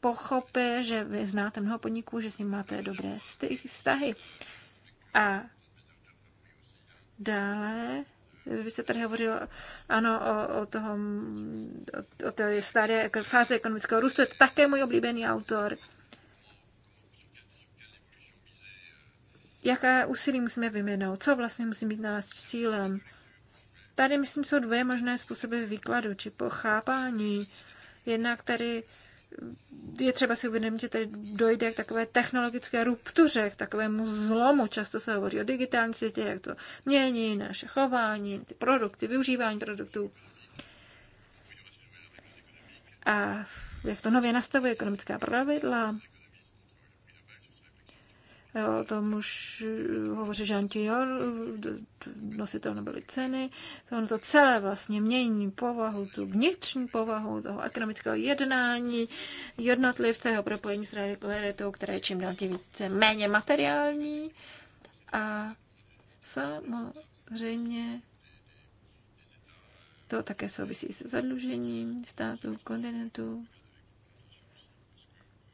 pochopí, že vy znáte mnoho podniků, že s ním máte dobré vztahy. A dále, vy jste tady hovořil, ano, o, o, toho, o, o té staré fáze ekonomického růstu, je to také můj oblíbený autor. Jaká úsilí musíme vyměnout? Co vlastně musí být nás cílem? Tady, myslím, jsou dvě možné způsoby výkladu či pochápání. Jednak tady je třeba si uvědomit, že tady dojde k takové technologické ruptuře, k takovému zlomu. Často se hovoří o digitálním světě, jak to mění naše chování, ty produkty, využívání produktů. A jak to nově nastavuje ekonomická pravidla. Jo, eh, tom už eh, hovoří Jean Tior, nositel Nobelovy ceny. To ono to celé vlastně mění povahu, tu vnitřní povahu toho ekonomického jednání, jednotlivce, jeho propojení s realitou, které je čím dál tím více méně materiální. A samozřejmě to také souvisí se zadlužením států, kontinentů.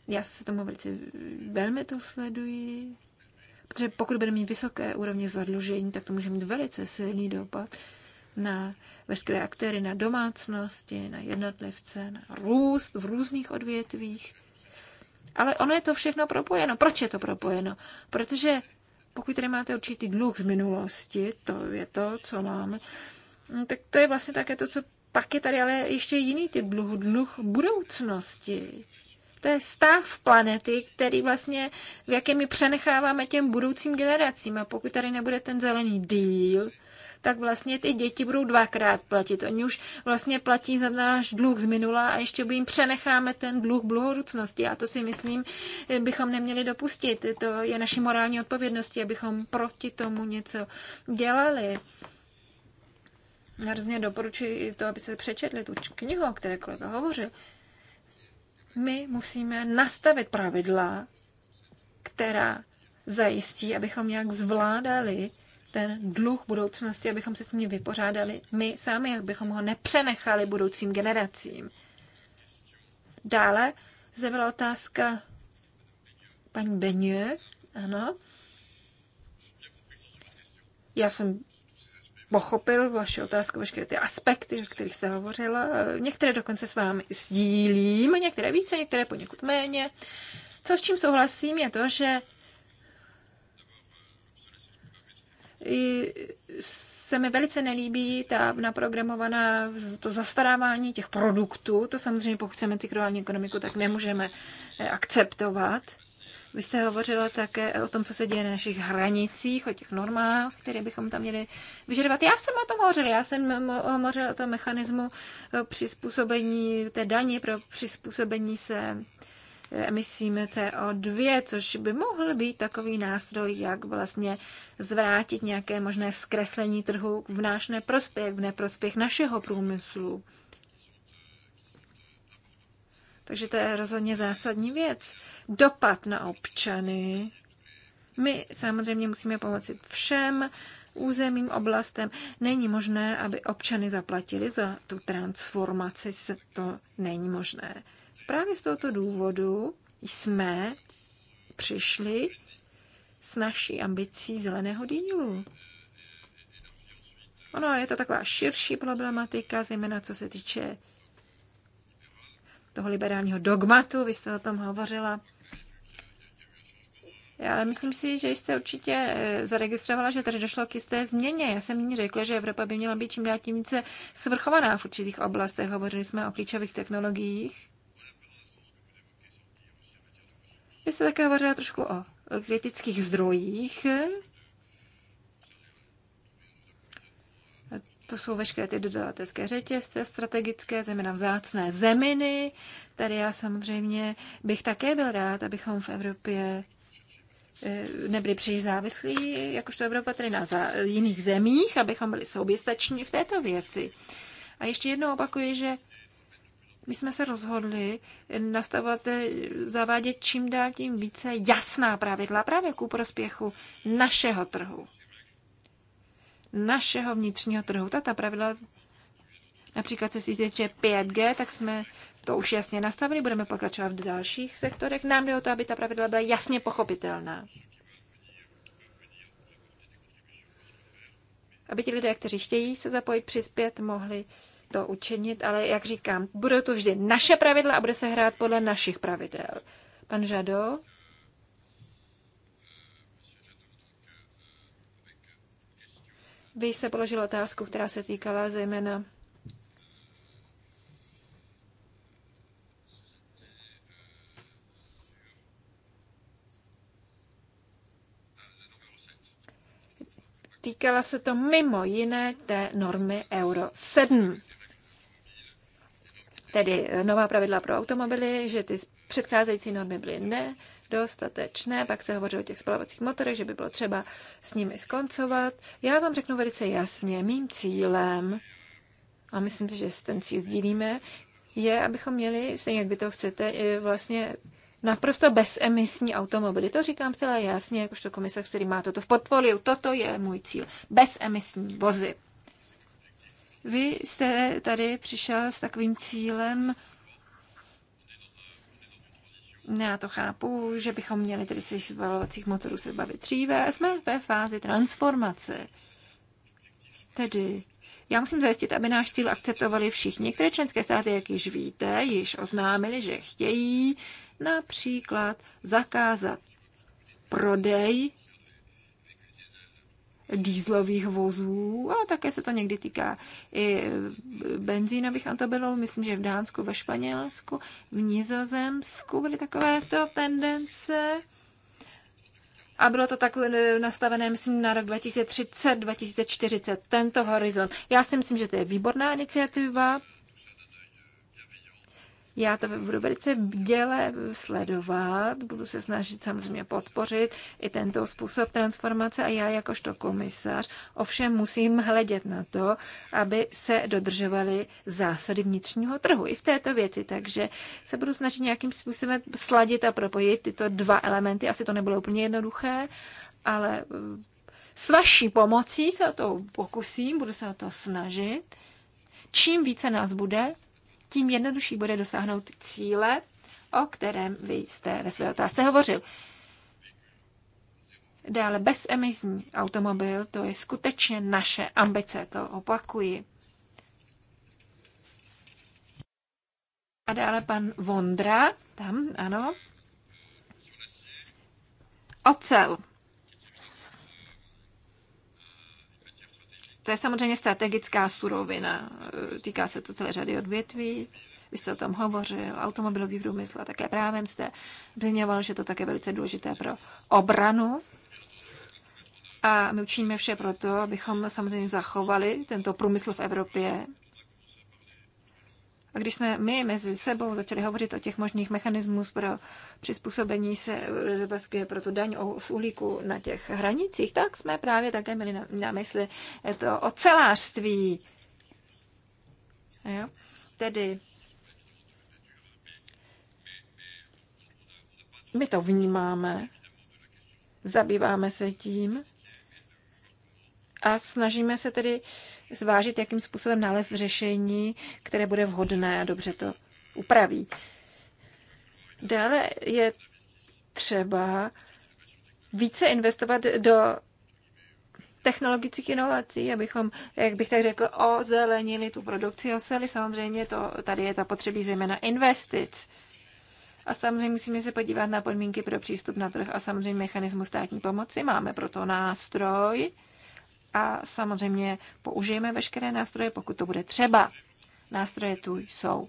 Já se tomu velice velmi to sleduji, protože pokud budeme mít vysoké úrovně zadlužení, tak to může mít velice silný dopad na veškeré aktéry, na domácnosti, na jednotlivce, na růst v různých odvětvích. Ale ono je to všechno propojeno. Proč je to propojeno? Protože pokud tady máte určitý dluh z minulosti, to je to, co máme, no, tak to je vlastně také to, co pak je tady ale ještě jiný typ dluhu, dluh budoucnosti. To je stav planety, který vlastně, v jaké my přenecháváme těm budoucím generacím. A pokud tady nebude ten zelený díl, tak vlastně ty děti budou dvakrát platit. Oni už vlastně platí za náš dluh z minula a ještě by jim přenecháme ten dluh bluhorucnosti. A to si myslím, bychom neměli dopustit. To je naší morální odpovědnosti, abychom proti tomu něco dělali. Hrozně doporučuji to, aby se přečetli tu knihu, o které kolega hovořil. My musíme nastavit pravidla, která zajistí, abychom nějak zvládali ten dluh budoucnosti, abychom se s ním vypořádali my sami, abychom ho nepřenechali budoucím generacím. Dále zde byla otázka paní Beně, ano. Já jsem pochopil vaši otázku, veškeré ty aspekty, o kterých jste hovořila. Některé dokonce s vámi sdílím, některé více, některé poněkud méně. Co s čím souhlasím je to, že se mi velice nelíbí ta naprogramovaná, to zastarávání těch produktů. To samozřejmě, pokud chceme cyklování ekonomiku, tak nemůžeme eh, akceptovat. Vy jste hovořila také o tom, co se děje na našich hranicích, o těch normách, které bychom tam měli vyžadovat. Já jsem o tom hovořila, já jsem hovořila o tom mechanismu přizpůsobení té daně pro přizpůsobení se emisím CO2, což by mohl být takový nástroj, jak vlastně zvrátit nějaké možné zkreslení trhu v náš neprospěch, v neprospěch našeho průmyslu. Takže to je rozhodně zásadní věc. Dopad na občany. My samozřejmě musíme pomoci všem územím, oblastem. Není možné, aby občany zaplatili za tu transformaci. To není možné. Právě z tohoto důvodu jsme přišli s naší ambicí zeleného dílu. Ono je to taková širší problematika, zejména co se týče toho liberálního dogmatu, vy jste o tom hovořila. Ale myslím si, že jste určitě eh, zaregistrovala, že tady došlo k jisté změně. Já jsem nyní řekla, že Evropa by měla být čím dál tím více svrchovaná v určitých oblastech. Hovořili jsme o klíčových technologiích. Vy jste také hovořila trošku o kritických zdrojích To jsou veškeré ty dodavatelské řetězce, strategické, zejména vzácné zeminy. Tady já samozřejmě bych také byl rád, abychom v Evropě eh, nebyli příliš závislí, jakožto Evropa tady na jiných zemích, abychom byli soběstační v této věci. A ještě jednou opakuji, že my jsme se rozhodli nastavovat, eh, zavádět čím dál tím více jasná pravidla právě ku prospěchu našeho trhu našeho vnitřního trhu. Tato pravidla, například co si týče 5G, tak jsme to už jasně nastavili, budeme pokračovat v dalších sektorech. Nám jde o to, aby ta pravidla byla jasně pochopitelná. Aby ti lidé, kteří chtějí se zapojit, přispět, mohli to učinit, ale jak říkám, budou to vždy naše pravidla a bude se hrát podle našich pravidel. Pan Žado, Vy jste položil otázku, která se týkala zejména týkala se to mimo jiné té normy Euro 7. Tedy nová pravidla pro automobily, že ty předcházející normy byly ne, dostatečné. Pak se hovoří o těch spalovacích motorech, že by bylo třeba s nimi skoncovat. Já vám řeknu velice jasně, mým cílem, a myslím si, že ten cíl sdílíme, je, abychom měli, stejně jak vy to chcete, vlastně naprosto bezemisní automobily. To říkám zcela jasně, jakožto komisař, který má toto v portfoliu. Toto je můj cíl. Bezemisní vozy. Vy jste tady přišel s takovým cílem já to chápu, že bychom měli tedy se spalovacích motorů se bavit dříve. Jsme ve fázi transformace. Tedy já musím zajistit, aby náš cíl akceptovali všichni. Některé členské státy, jak již víte, již oznámili, že chtějí například zakázat prodej dýzlových vozů, a také se to někdy týká i benzínových automobilů. Myslím, že v Dánsku, ve Španělsku, v Nizozemsku byly takovéto tendence. A bylo to tak eh, nastavené, myslím, na rok 2030, 2040, tento horizont. Já si myslím, že to je výborná iniciativa. Já to budu velice děle sledovat, budu se snažit samozřejmě podpořit i tento způsob transformace a já jakožto komisař ovšem musím hledět na to, aby se dodržovaly zásady vnitřního trhu i v této věci, takže se budu snažit nějakým způsobem sladit a propojit tyto dva elementy. Asi to nebylo úplně jednoduché, ale eh, s vaší pomocí se o to pokusím, budu se o to snažit. Čím více nás bude, tím jednodušší bude dosáhnout cíle, o kterém vy jste ve své otázce hovořil. Dále bezemisní automobil, to je skutečně naše ambice, to opakuji. A dále pan Vondra, tam, ano. Ocel. To je samozřejmě strategická surovina. E, Týká se to celé řady odvětví. Vy jste o tom hovořil, automobilový průmysl a také právem jste zmiňoval, že to také velice důležité pro obranu. A my učiníme vše proto, abychom samozřejmě zachovali tento průmysl v Evropě, a když jsme my mezi sebou začali hovořit o těch možných mechanismus pro přizpůsobení se Baskie pro tu daň z uhlíku na těch hranicích, tak jsme právě také měli na, na mysli to ocelářství. Jo? Tedy my to vnímáme, zabýváme se tím a snažíme se tedy zvážit, jakým způsobem nalézt řešení, které bude vhodné a dobře to upraví. Dále je třeba více investovat do technologických inovací, abychom, jak bych tak řekl, ozelenili tu produkci osely. Samozřejmě to, tady je zapotřebí zejména investic. A samozřejmě musíme se podívat na podmínky pro přístup na trh a samozřejmě mechanismus státní pomoci. Máme proto nástroj, a samozřejmě použijeme veškeré nástroje, pokud to bude třeba. Nástroje tu jsou.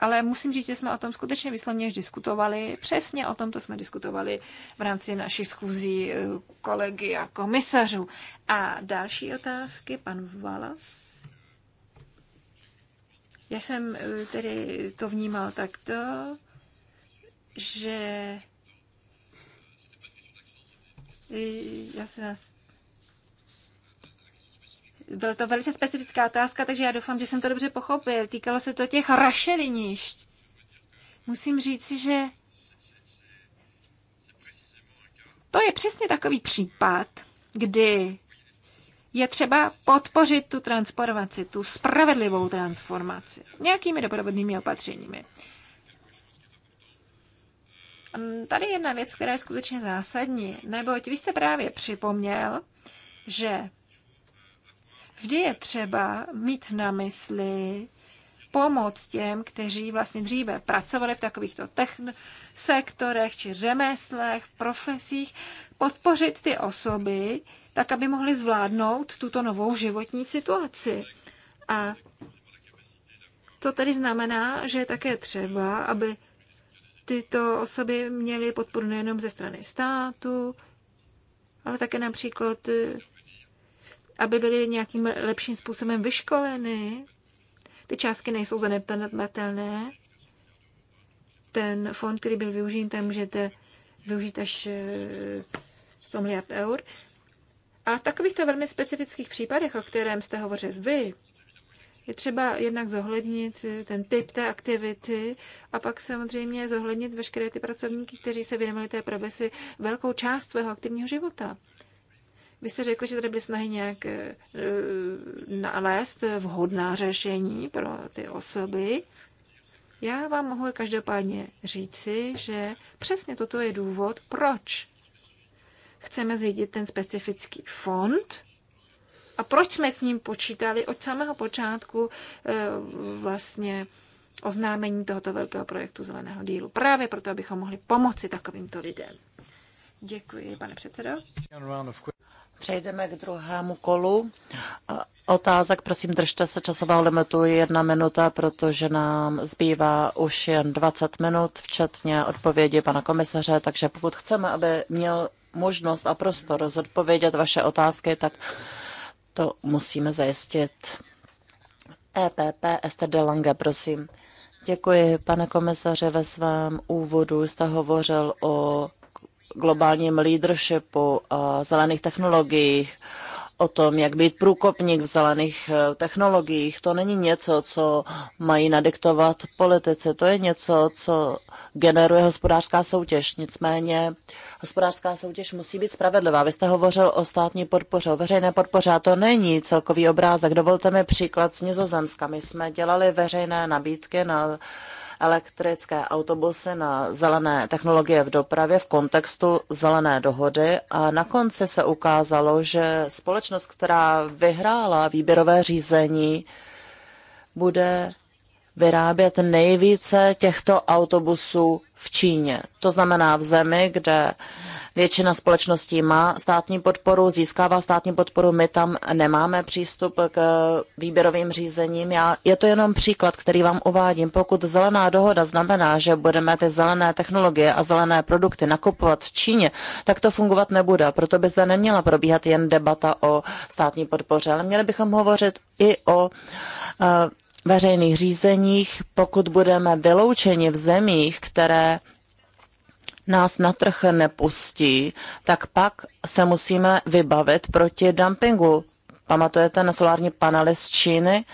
Ale musím říct, že jsme o tom skutečně výslovně diskutovali. Přesně o tomto jsme diskutovali v rámci našich schůzí eh, kolegy a komisařů. A další otázky, pan Valas. Já jsem eh, tedy to vnímal takto, že eh, já se vás byla to velice specifická otázka, takže já doufám, že jsem to dobře pochopil. Týkalo se to těch rašelinišť. Musím si, že to je přesně takový případ, kdy je třeba podpořit tu transformaci, tu spravedlivou transformaci nějakými doprovodnými opatřeními. Ehm, tady jedna věc, která je skutečně zásadní, neboť vy jste právě připomněl, že Vždy je třeba mít na mysli pomoc těm, kteří vlastně dříve pracovali v takovýchto techn- sektorech či řemeslech, profesích, podpořit ty osoby, tak aby mohli zvládnout tuto novou životní situaci. A to tedy znamená, že je také třeba, aby tyto osoby měly podporu nejenom ze strany státu, ale také například eh, aby byly nějakým lepším způsobem vyškoleny. Ty částky nejsou zanedbatelné. Ten fond, který byl využit, tam můžete využít až 100 eh, miliard eur. Ale v takovýchto velmi specifických případech, o kterém jste hovořil vy, je třeba jednak zohlednit eh, ten typ té aktivity a pak samozřejmě zohlednit veškeré ty pracovníky, kteří se věnovali té profesi velkou část svého aktivního života. Vy jste řekli, že tady byly snahy nějak eh, nalézt vhodná řešení pro ty osoby. Já vám mohu každopádně říci, že přesně toto je důvod, proč chceme zřídit ten specifický fond, a proč jsme s ním počítali od samého počátku eh, vlastně oznámení tohoto velkého projektu Zeleného dílu? Právě proto, abychom mohli pomoci takovýmto lidem. Děkuji, pane předsedo. Přejdeme k druhému kolu. Otázek, prosím, držte se časového limitu jedna minuta, protože nám zbývá už jen 20 minut, včetně odpovědi pana komisaře, takže pokud chceme, aby měl možnost a prostor zodpovědět vaše otázky, tak to musíme zajistit. EPP Esther de Lange, prosím. Děkuji, pane komisaře, ve svém úvodu jste hovořil o globálním leadershipu o eh, zelených technologiích, o tom, jak být průkopník v zelených eh, technologiích. To není něco, co mají nadiktovat politici, to je něco, co generuje hospodářská soutěž. Nicméně hospodářská soutěž musí být spravedlivá. Vy jste hovořil o státní podpoře, o veřejné podpoře a to není celkový obrázek. Dovolte mi příklad z Nizozemska. My jsme dělali veřejné nabídky na elektrické autobusy na zelené technologie v dopravě v kontextu zelené dohody a na konci se ukázalo, že společnost, která vyhrála výběrové řízení, bude vyrábět nejvíce těchto autobusů v Číně. To znamená v zemi, kde většina společností má státní podporu, získává státní podporu, my tam nemáme přístup k výběrovým řízením. Já, je to jenom příklad, který vám uvádím. Pokud zelená dohoda znamená, že budeme ty zelené technologie a zelené produkty nakupovat v Číně, tak to fungovat nebude. Proto by zde neměla probíhat jen debata o státní podpoře, ale měli bychom hovořit i o eh, veřejných řízeních, pokud budeme vyloučeni v zemích, které nás na trh nepustí, tak pak se musíme vybavit proti dumpingu. Pamatujete na solární panely z Číny?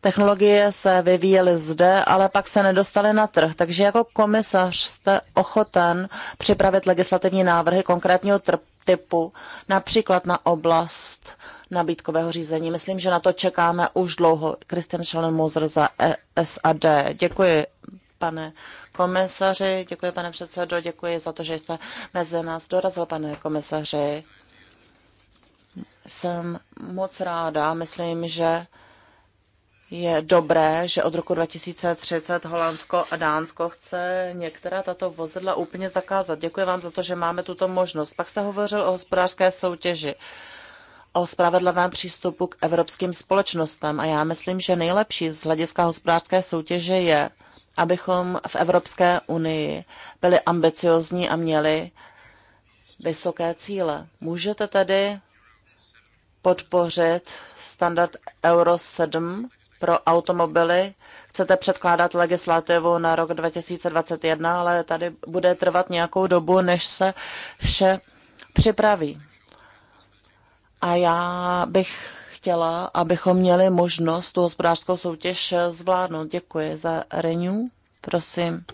Technologie se vyvíjely zde, ale pak se nedostaly na trh. Takže jako komisař jste ochoten připravit legislativní návrhy konkrétního typu, například na oblast uh, nabídkového řízení. Myslím, že na to čekáme už dlouho. Christian Schellenmoser za e SAD. Děkuji pane komisaři, děkuji pane předsedo, děkuji za to, že jste mezi nás dorazil, pane komisaři. Jsem moc ráda, myslím, že je dobré, že od roku 2030 Holandsko a Dánsko chce některá tato vozidla úplně zakázat. Děkuji vám za to, že máme tuto možnost. Pak jste hovořil o hospodářské soutěži. Uh, o spravedlivém přístupu k evropským společnostem. A já myslím, že nejlepší z hlediska hospodářské soutěže je, abychom v Evropské unii byli ambiciozní a měli vysoké cíle. Můžete tedy podpořit standard Euro 7 pro automobily. Chcete předkládat legislativu na rok 2021, ale tady bude trvat nějakou dobu, než se vše připraví. A já bych chtěla, abychom měli možnost tu hospodářskou soutěž zvládnout. Děkuji za Renew. Prosím.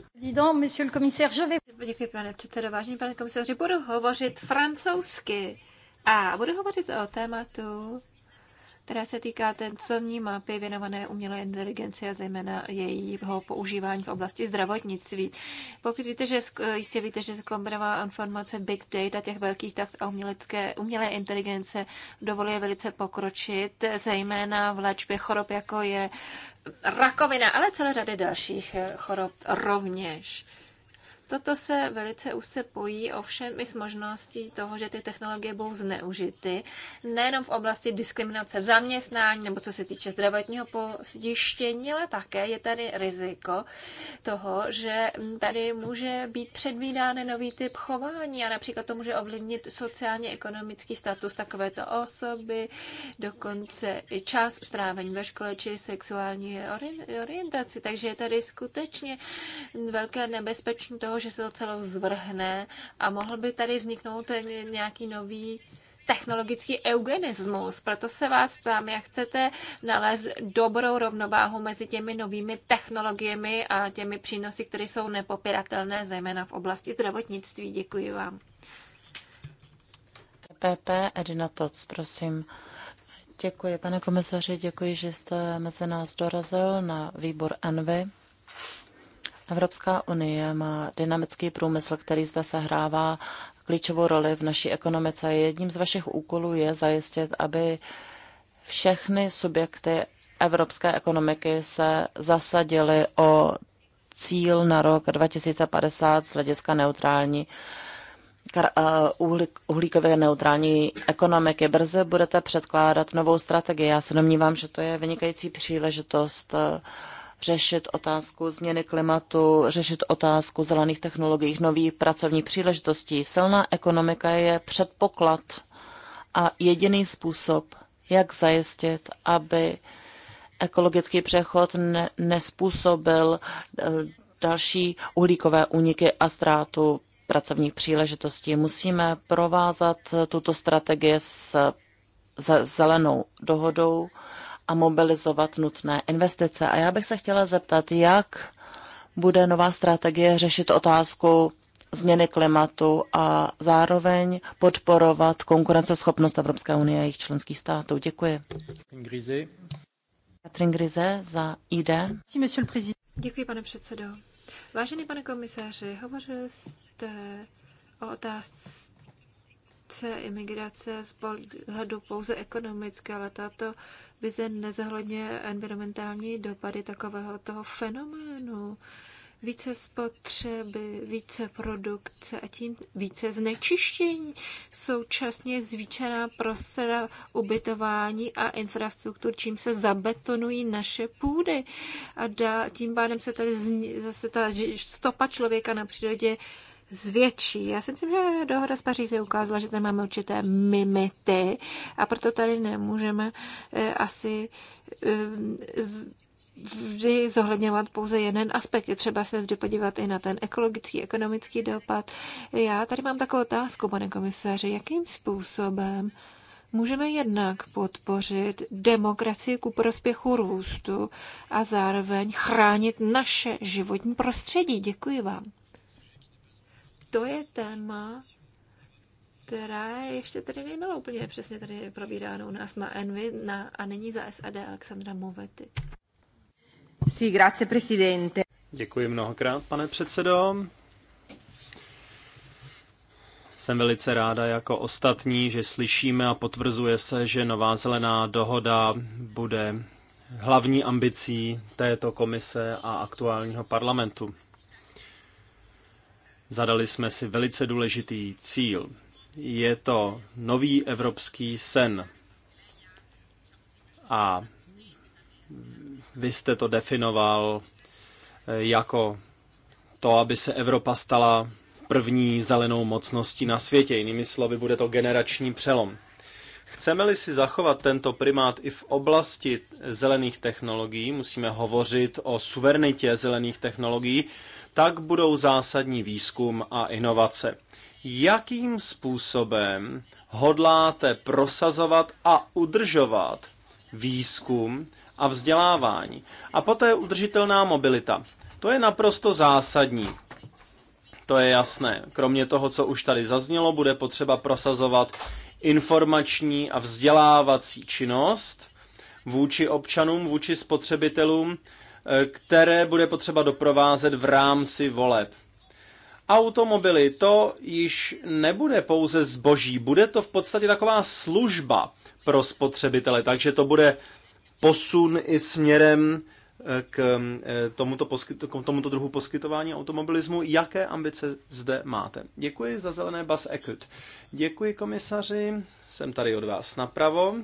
Děkuji, pane předsedo. Vážený pane komisaři, budu hovořit francouzsky a budu hovořit o tématu, která se týká tencovní mapy věnované umělé inteligenci a zejména jejího používání v oblasti zdravotnictví. Pokud víte, že jistě víte, že zkombinová informace big data, těch velkých tak a umělecké, umělé inteligence dovoluje velice pokročit, zejména v léčbě chorob, jako je rakovina, ale celé řady dalších eh, chorob rovněž. Toto se velice úzce pojí ovšem i s možností toho, že ty technologie budou zneužity, nejenom v oblasti diskriminace v zaměstnání nebo co se týče zdravotního postištění, ale také je tady riziko toho, že tady může být předvídán nový typ chování a například to může ovlivnit sociálně-ekonomický status takovéto osoby, dokonce i čas strávení ve škole či sexuální orientaci. Takže je tady skutečně velké nebezpečí toho, toho, že se to celo zvrhne a mohl by tady vzniknout nějaký nový technologický eugenismus. Proto se vás ptám, jak chcete nalézt dobrou rovnováhu mezi těmi novými technologiemi a těmi přínosy, které jsou nepopiratelné, zejména v oblasti zdravotnictví. Děkuji vám. PP Edina Toc, prosím. Děkuji, pane komisaři, děkuji, že jste mezi nás dorazil na výbor ANVI. Evropská unie má dynamický průmysl, který zde sehrává klíčovou roli v naší ekonomice. Jedním z vašich úkolů je zajistit, aby všechny subjekty evropské ekonomiky se zasadily o cíl na rok 2050 z hlediska neutrální uhlíkově neutrální ekonomiky. Brzy budete předkládat novou strategii. Já se domnívám, že to je vynikající příležitost řešit otázku změny klimatu, řešit otázku zelených technologií, nových pracovních příležitostí. Silná ekonomika je předpoklad a jediný způsob, jak zajistit, aby ekologický přechod ne- nespůsobil eh, další uhlíkové úniky a ztrátu pracovních příležitostí. Musíme provázat tuto strategii s zelenou dohodou a mobilizovat nutné investice. A já bych se chtěla zeptat, jak bude nová strategie řešit otázku změny klimatu a zároveň podporovat konkurenceschopnost Evropské unie a jejich členských států. Děkuji. Katrin Grize za ID. Děkuji, pane předsedo. Vážený pane komisaři, hovořil jste o otázce migrace, imigrace z pohledu pouze ekonomické, ale tato vize nezahledně environmentální dopady takového toho fenoménu. Více spotřeby, více produkce a tím více znečištění. Současně zvýšená prostora ubytování a infrastruktur, čím se zabetonují naše půdy. A dá, tím pádem se tady zni, zase ta stopa člověka na přírodě zvětší. Já si myslím, že dohoda z Paříze ukázala, že tam máme určité mimity a proto tady nemůžeme eh, asi eh, vždy zohledňovat pouze jeden aspekt. Je třeba se vždy podívat i na ten ekologický, ekonomický dopad. Já tady mám takovou otázku, pane komisaři, jakým způsobem můžeme jednak podpořit demokracii ku prospěchu růstu a zároveň chránit naše životní prostředí. Děkuji vám to je téma, která ještě tady nebyla úplně přesně tady probíráno u nás na Envy na, a není za SAD Alexandra Movety. Sí, grazie, presidente. Děkuji mnohokrát, pane předsedo. Jsem velice ráda jako ostatní, že slyšíme a potvrzuje se, že nová zelená dohoda bude hlavní ambicí této komise a aktuálního parlamentu. Zadali jsme si velice důležitý cíl. Je to nový evropský sen. A vy jste to definoval eh, jako to, aby se Evropa stala první zelenou mocností na světě. Jinými slovy, bude to generační přelom. Chceme-li si zachovat tento primát i v oblasti zelených technologií, musíme hovořit o suverenitě zelených technologií, tak budou zásadní výzkum a inovace. Jakým způsobem hodláte prosazovat a udržovat výzkum a vzdělávání? A poté udržitelná mobilita. To je naprosto zásadní. To je jasné. Kromě toho, co už tady zaznělo, bude potřeba prosazovat informační a vzdělávací činnost vůči občanům, vůči spotřebitelům, eh, které bude potřeba doprovázet v rámci voleb. Automobily to již nebude pouze zboží, bude to v podstatě taková služba pro spotřebitele, takže to bude posun i směrem k eh, tomuto, poskyt, k tomuto druhu poskytování automobilismu. Jaké ambice zde máte? Děkuji za zelené bas Ekut. Děkuji komisaři, jsem tady od vás napravo.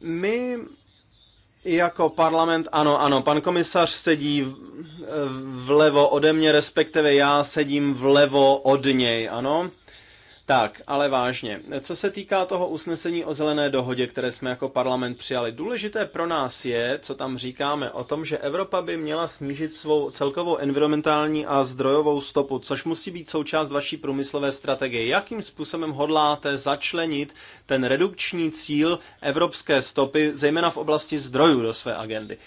My jako parlament, ano, ano, pan komisař sedí vlevo ode mě, respektive já sedím vlevo od něj, ano. Tak, ale vážně. Co se týká toho usnesení o zelené dohodě, které jsme jako parlament přijali, důležité pro nás je, co tam říkáme, o tom, že Evropa by měla snížit svou celkovou environmentální a zdrojovou stopu, což musí být součást vaší průmyslové strategie. Jakým způsobem hodláte začlenit ten redukční cíl evropské stopy, zejména v oblasti zdrojů, do své agendy?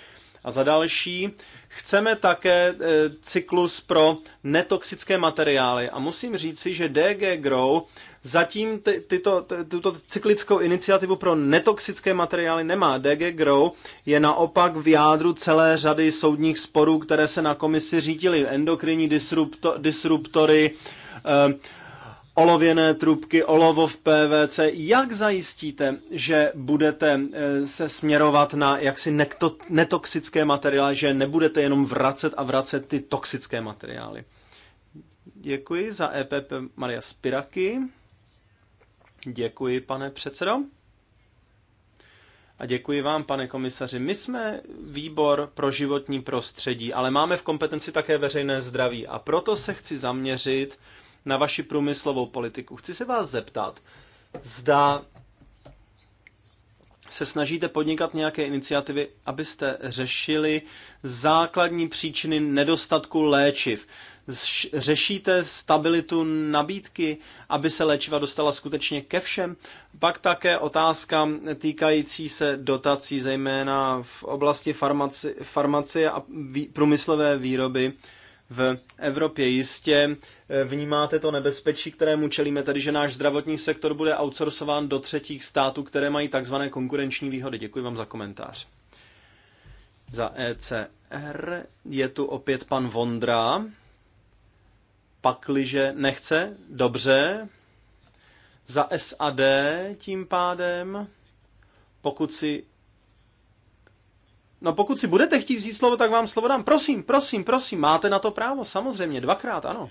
A za další, chceme také e, cyklus pro netoxické materiály. A musím říci, že DG Grow zatím ty, tyto, tuto cyklickou iniciativu pro netoxické materiály nemá. DG Grow je naopak v jádru celé řady soudních sporů, které se na komisi řídily. Endokrinní disrupto, disruptory, E, olověné trubky, olovo v PVC. Jak zajistíte, že budete eh, se směrovat na jaksi netoxické materiály, že nebudete jenom vracet a vracet ty toxické materiály? Děkuji za EPP Maria Spiraky. Děkuji, pane předsedo. A děkuji vám, pane komisaři. My jsme výbor pro životní prostředí, ale máme v kompetenci také veřejné zdraví. A proto se chci zaměřit na vaši průmyslovou politiku. Chci se vás zeptat, zda se snažíte podnikat nějaké iniciativy, abyste řešili základní příčiny nedostatku léčiv. Řešíte stabilitu nabídky, aby se léčiva dostala skutečně ke všem. Pak také otázka týkající se dotací, zejména v oblasti farmaci, farmacie a vý, průmyslové výroby v Evropě. Jistě eh, vnímáte to nebezpečí, kterému čelíme, tedy že náš zdravotní sektor bude outsourcován do třetích států, které mají takzvané konkurenční výhody. Děkuji vám za komentář. Za ECR je tu opět pan Vondra. Pakliže nechce, dobře. Za SAD tím pádem, pokud si No pokud si budete chtít vzít slovo, tak vám slovo dám. Prosím, prosím, prosím, máte na to právo, samozřejmě, dvakrát, ano.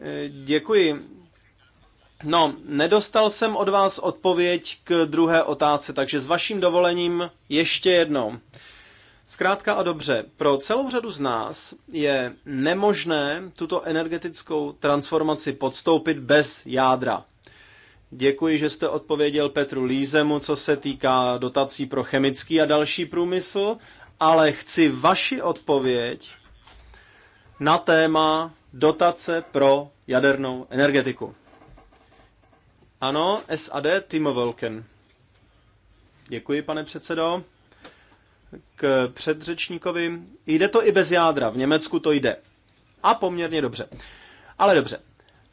Eh, děkuji. No, nedostal jsem od vás odpověď k druhé otázce, takže s vaším dovolením ještě jednou. Zkrátka a dobře, pro celou řadu z nás je nemožné tuto energetickou transformaci podstoupit bez jádra. Děkuji, že jste odpověděl Petru Lízemu, co se týká dotací pro chemický a další průmysl, ale chci vaši odpověď na téma dotace pro jadernou energetiku. Ano, SAD Timo Volken. Děkuji, pane předsedo. K předřečníkovi. Jde to i bez jádra, v Německu to jde. A poměrně dobře. Ale dobře,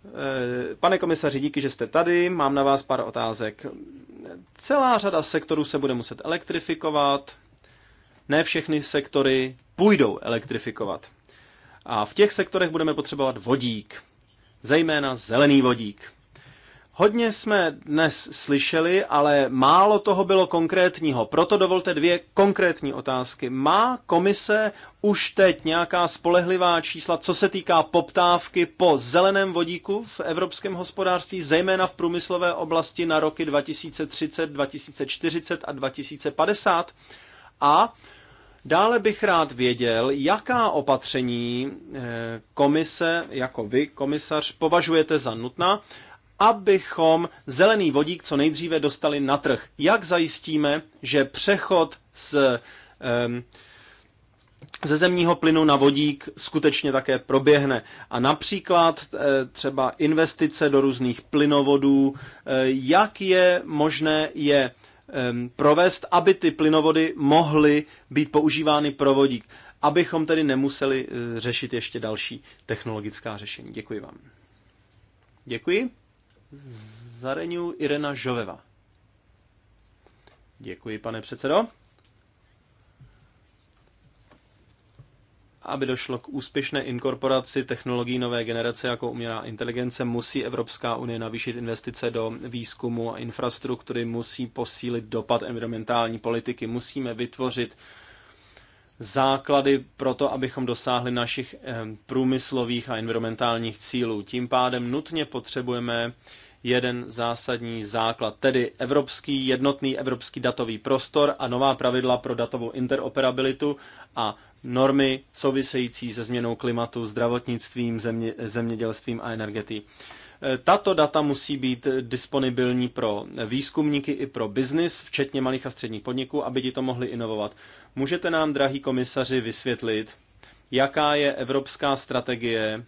Eh, pane komisaři, díky, že jste tady. Mám na vás pár otázek. Celá řada sektorů se bude muset elektrifikovat. Ne všechny sektory půjdou elektrifikovat. A v těch sektorech budeme potřebovat vodík, zejména zelený vodík. Hodně jsme dnes slyšeli, ale málo toho bylo konkrétního. Proto dovolte dvě konkrétní otázky. Má komise už teď nějaká spolehlivá čísla, co se týká poptávky po zeleném vodíku v evropském hospodářství, zejména v průmyslové oblasti na roky 2030, 2040 a 2050? A Dále bych rád věděl, jaká opatření eh, komise, jako vy, komisař, považujete za nutná, abychom zelený vodík co nejdříve dostali na trh. Jak zajistíme, že přechod z, um, ze zemního plynu na vodík skutečně také proběhne. A například e, třeba investice do různých plynovodů, e, jak je možné je provést, aby ty plynovody mohly být používány pro vodík, abychom tedy nemuseli e, řešit ještě další technologická řešení. Děkuji vám. Děkuji. Zareňu Irena Žoveva. Děkuji, pane předsedo. Aby došlo k úspěšné inkorporaci technologií nové generace jako umělá inteligence, musí Evropská unie navýšit investice do výzkumu a infrastruktury, musí posílit dopad environmentální politiky, musíme vytvořit základy pro to, abychom dosáhli našich eh, průmyslových a environmentálních cílů. Tím pádem nutně potřebujeme jeden zásadní základ, tedy evropský jednotný evropský datový prostor a nová pravidla pro datovou interoperabilitu a normy související se změnou klimatu, zdravotnictvím, země, zemědělstvím a energetí. E, tato data musí být disponibilní pro výzkumníky i pro biznis, včetně malých a středních podniků, aby ti to mohli inovovat. Můžete nám, drahý komisaři, vysvětlit, jaká je evropská strategie e,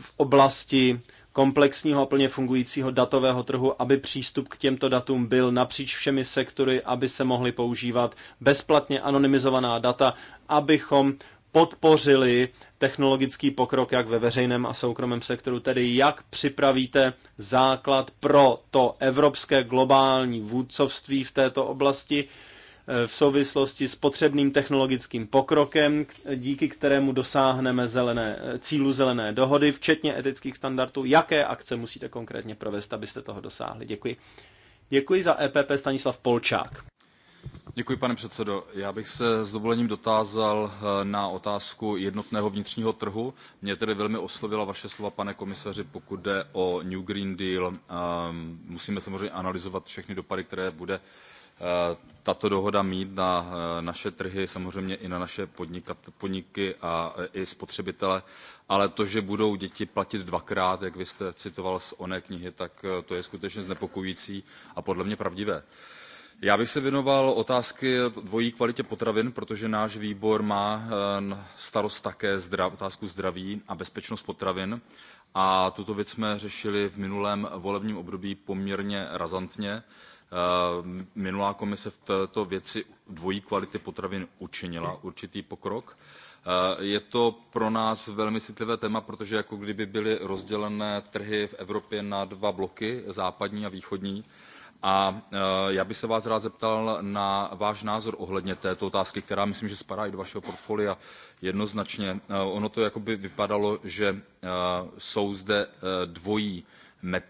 v oblasti komplexního a plně fungujícího datového trhu, aby přístup k těmto datům byl napříč všemi sektory, aby se mohly používat bezplatně anonymizovaná data, abychom podpořili technologický pokrok jak ve veřejném a soukromém sektoru, tedy jak připravíte základ pro to evropské globální vůdcovství v této oblasti, Eh, v souvislosti s potřebným technologickým pokrokem, díky kterému dosáhneme zelené, eh, cílu zelené dohody, včetně etických standardů. Jaké akce musíte konkrétně provést, abyste toho dosáhli? Děkuji. Děkuji za EPP Stanislav Polčák. Děkuji, pane předsedo. Já bych se s dovolením dotázal eh, na otázku jednotného vnitřního trhu. Mě tedy velmi oslovila vaše slova, pane komisaři, pokud jde o New Green Deal. Ehm, musíme samozřejmě analyzovat všechny dopady, které bude Eh, tato dohoda mít na eh, naše trhy samozřejmě i na naše podniky a eh, i spotřebitele ale to že budou děti platit dvakrát jak vy jste citoval z oné knihy tak to je skutečně znepokojující a podle mě pravdivé. já bych se věnoval otázce dvojí kvality potravin protože náš výbor má na starost také otázku zdraví a bezpečnost potravin a tuto věc jsme řešili v minulém volebním období poměrně razantně. Eh, minulá komise v této věci dvojí kvality potravin učinila určitý pokrok. Eh, je to pro nás velmi citlivé téma, protože jako kdyby byly rozdělené trhy v Evropě na dva bloky, západní a východní. A eh, já bych se vás rád zeptal na váš názor ohledně této otázky, která myslím, že spadá i do vašeho portfolia jednoznačně. Ono to jakoby vypadalo, že jsou zde dvojí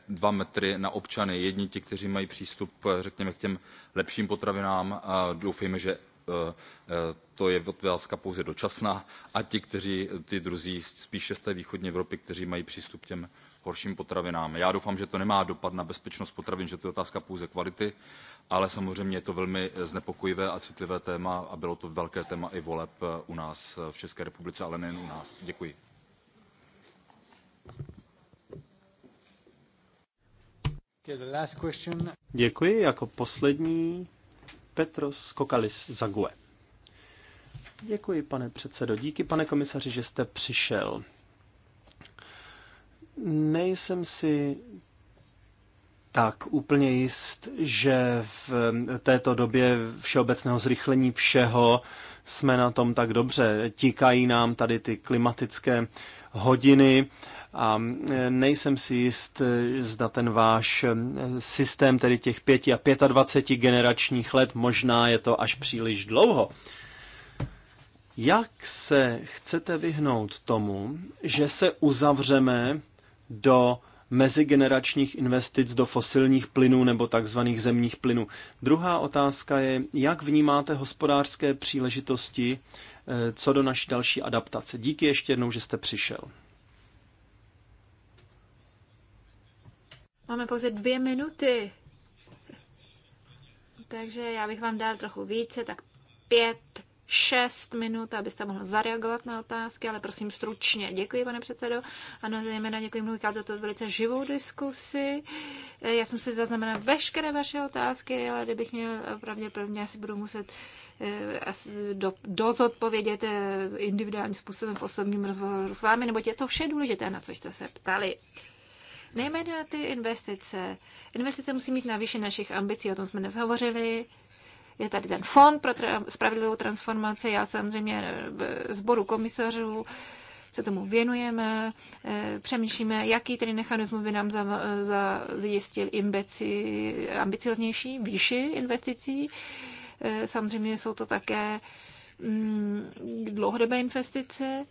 dva metry na občany jedni ti kteří mají přístup eh, řekněme k těm lepším potravinám doufejme že eh, eh, to je otázka pouze dočasná a ti kteří ti druzí spíše z té východní evropy kteří mají přístup k těm horším potravinám. já doufám že to nemá dopad na bezpečnost potravin že to je otázka pouze kvality ale samozřejmě je to velmi znepokojivé a citlivé téma a bylo to velké téma i voleb u nás v české republice ale nejen u nás. děkuji. Děkuji. Jako poslední Petros Kokalis Zague. Děkuji, pane předsedo. Díky, pane komisaři, že jste přišel. Nejsem si tak úplně jist, že v této době všeobecného zrychlení všeho jsme na tom tak dobře. Tíkají nám tady ty klimatické hodiny a nejsem si jist, e, zda ten váš e, systém, tedy těch pěti a 25 generačních let, možná je to až příliš dlouho. Jak se chcete vyhnout tomu, že se uzavřeme do mezigeneračních investic do fosilních plynů nebo takzvaných zemních plynů. Druhá otázka je, jak vnímáte hospodářské příležitosti e, co do naší další adaptace. Díky ještě jednou, že jste přišel. Máme pouze dvě minuty. Takže já bych vám dal trochu více, tak pět, šest minut, abyste mohl zareagovat na otázky, ale prosím stručně. Děkuji, pane předsedo. Ano, zejména děkuji mluvíká za to velice živou diskusi. Já jsem si zaznamenala veškeré vaše otázky, ale kdybych měl pravděpodobně, asi budu muset eh, do, dozodpovědět eh, individuálním způsobem v osobním rozhovoru s vámi, neboť je to vše důležité, na co jste se ptali. Nejméně ty investice. Investice musí mít na výši našich ambicí, o tom jsme hovořili. Je tady ten fond pro tra- spravedlivou transformaci. Já samozřejmě eh, v sboru komisařů se tomu věnujeme, eh, přemýšlíme, jaký tedy mechanismus by nám zajistil imbeci, ambicioznější výši investicí. Eh, samozřejmě jsou to také mm, dlouhodobé investice,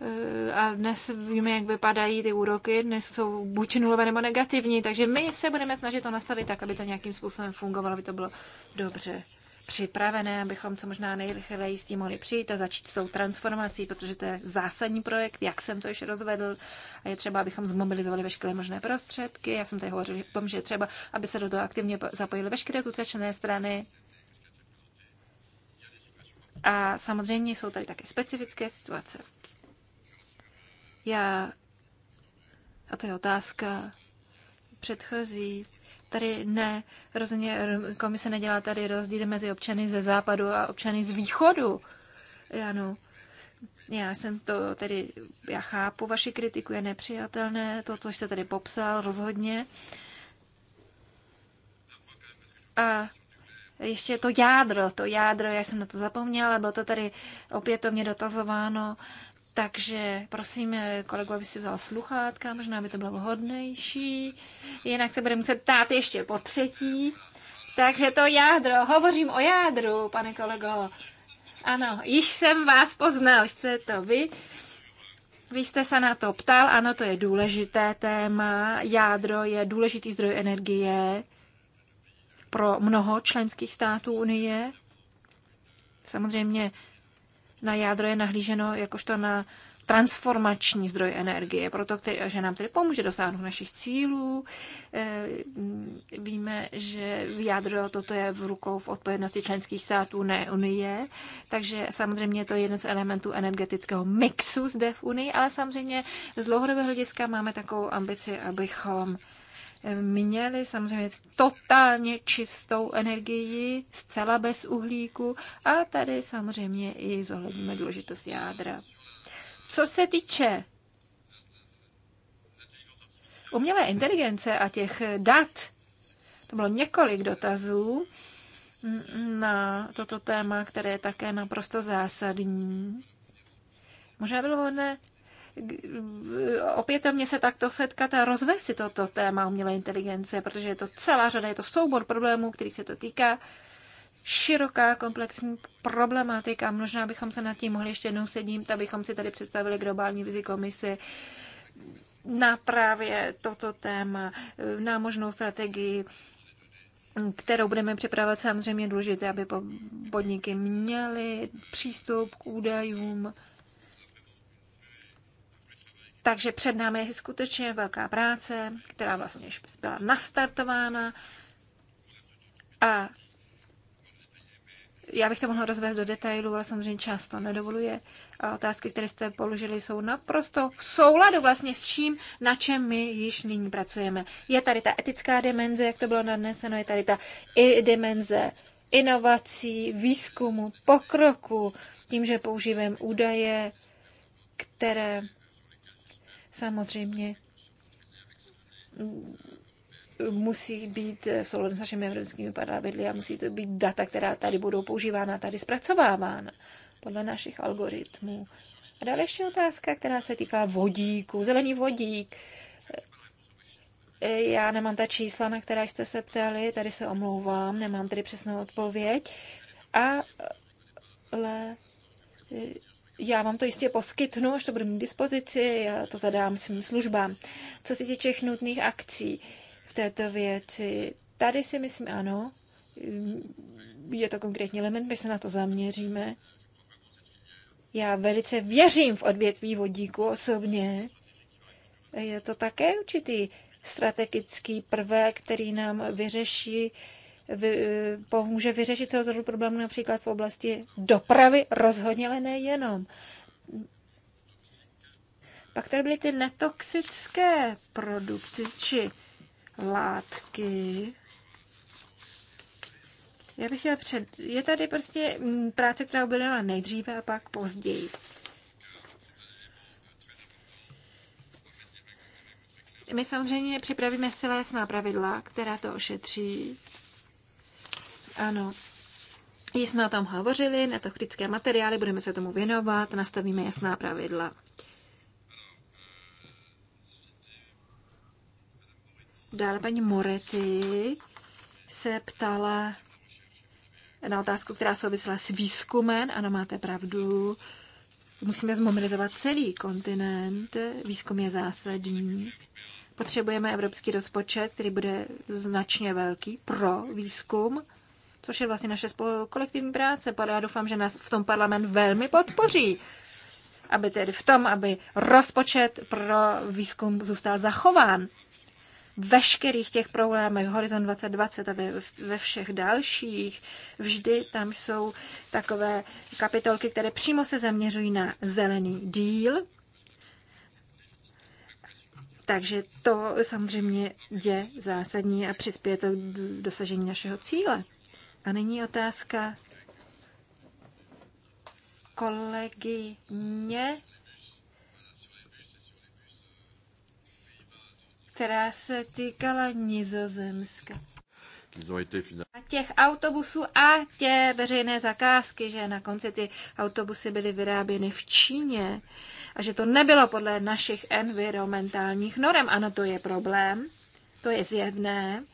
Eh, a dnes víme, jak vypadají ty úroky, dnes jsou buď nulové nebo negativní, takže my se budeme snažit to nastavit tak, aby to nějakým způsobem fungovalo, aby to bylo dobře připravené, abychom co možná nejrychleji s tím mohli přijít a začít s tou transformací, protože to je zásadní projekt, jak jsem to již rozvedl a je třeba, abychom zmobilizovali veškeré možné prostředky. Já jsem tady hovořil o tom, že je třeba, aby se do toho aktivně zapojily veškeré zúčastněné strany. A samozřejmě jsou tady také specifické situace. Já, a to je otázka předchozí, tady ne, rozhodně komise nedělá tady rozdíl mezi občany ze západu a občany z východu. Ano, já jsem to tedy, já chápu vaši kritiku, je nepřijatelné, to, co jste tady popsal, rozhodně. A ještě to jádro, to jádro, já jsem na to zapomněla, bylo to tady opětovně dotazováno. Takže prosím kolegu, aby si vzal sluchátka, možná by to bylo vhodnější. Jinak se bude muset ptát ještě po třetí. Takže to jádro, hovořím o jádru, pane kolego. Ano, již jsem vás poznal, jste to vy. Vy jste se na to ptal, ano, to je důležité téma. Jádro je důležitý zdroj energie pro mnoho členských států Unie. Samozřejmě na jádro je nahlíženo jakožto na transformační zdroj energie, proto, který, že nám tedy pomůže dosáhnout našich cílů. Eh, víme, že v jádro toto je v rukou v odpovědnosti členských států, ne Unie, takže samozřejmě to je jeden z elementů energetického mixu zde v Unii, ale samozřejmě z dlouhodobého hlediska máme takovou ambici, abychom měli samozřejmě totálně čistou energii, zcela bez uhlíku a tady samozřejmě i zohledníme důležitost jádra. Co se týče umělé inteligence a těch dat, to bylo několik dotazů na toto téma, které je také naprosto zásadní. Možná bylo vhodné mě se takto setkat a rozvést si toto téma umělé inteligence, protože je to celá řada, je to soubor problémů, který se to týká široká komplexní problematika. Možná bychom se nad tím mohli ještě jednou sednit, abychom si tady představili globální vizi komisi na právě toto téma, na možnou strategii, kterou budeme připravovat. Samozřejmě důležité, aby podniky měly přístup k údajům, takže před námi je skutečně velká práce, která vlastně už byla nastartována a já bych to mohla rozvést do detailů, ale samozřejmě často nedovoluje. A otázky, které jste položili, jsou naprosto v souladu vlastně s čím, na čem my již nyní pracujeme. Je tady ta etická dimenze, jak to bylo nadneseno, je tady ta i dimenze inovací, výzkumu, pokroku, tím, že používám údaje, které samozřejmě musí být v souladu s našimi evropskými pravidly a musí to být data, která tady budou používána, tady zpracovávána podle našich algoritmů. A dále ještě otázka, která se týká vodíku, zelený vodík. Já nemám ta čísla, na která jste se ptali, tady se omlouvám, nemám tady přesnou odpověď. A Ale já vám to jistě poskytnu, až to budu mít dispozici, já to zadám svým službám. Co se týče nutných akcí v této věci, tady si myslím ano, je to konkrétní element, my se na to zaměříme. Já velice věřím v odvětví vodíku osobně. Je to také určitý strategický prvek, který nám vyřeší vy, eh, pomůže vyřešit celou řadu problémů například v oblasti dopravy, rozhodně ale nejenom. Pak tady byly ty netoxické produkty či látky. Já bych chtěla před... Je tady prostě mm, práce, která byla nejdříve a pak později. My samozřejmě připravíme zcela jasná pravidla, která to ošetří. Ano, Když jsme o tom hovořili, na to kritické materiály, budeme se tomu věnovat, nastavíme jasná pravidla. Dále paní Morety se ptala na otázku, která souvisela s výzkumem. Ano, máte pravdu. Musíme zmobilizovat celý kontinent. Výzkum je zásadní. Potřebujeme evropský rozpočet, který bude značně velký pro výzkum což je vlastně naše kolektivní práce. Já doufám, že nás v tom parlament velmi podpoří, aby tedy v tom, aby rozpočet pro výzkum zůstal zachován. Veškerých těch problémech Horizon 2020 a ve všech dalších vždy tam jsou takové kapitolky, které přímo se zaměřují na zelený díl, takže to samozřejmě je zásadní a přispěje to k dosažení našeho cíle. A nyní otázka kolegyně, která se týkala Nizozemska. A těch autobusů a tě veřejné zakázky, že na konci ty autobusy byly vyráběny v Číně a že to nebylo podle našich environmentálních norem. Ano, to je problém, to je zjevné.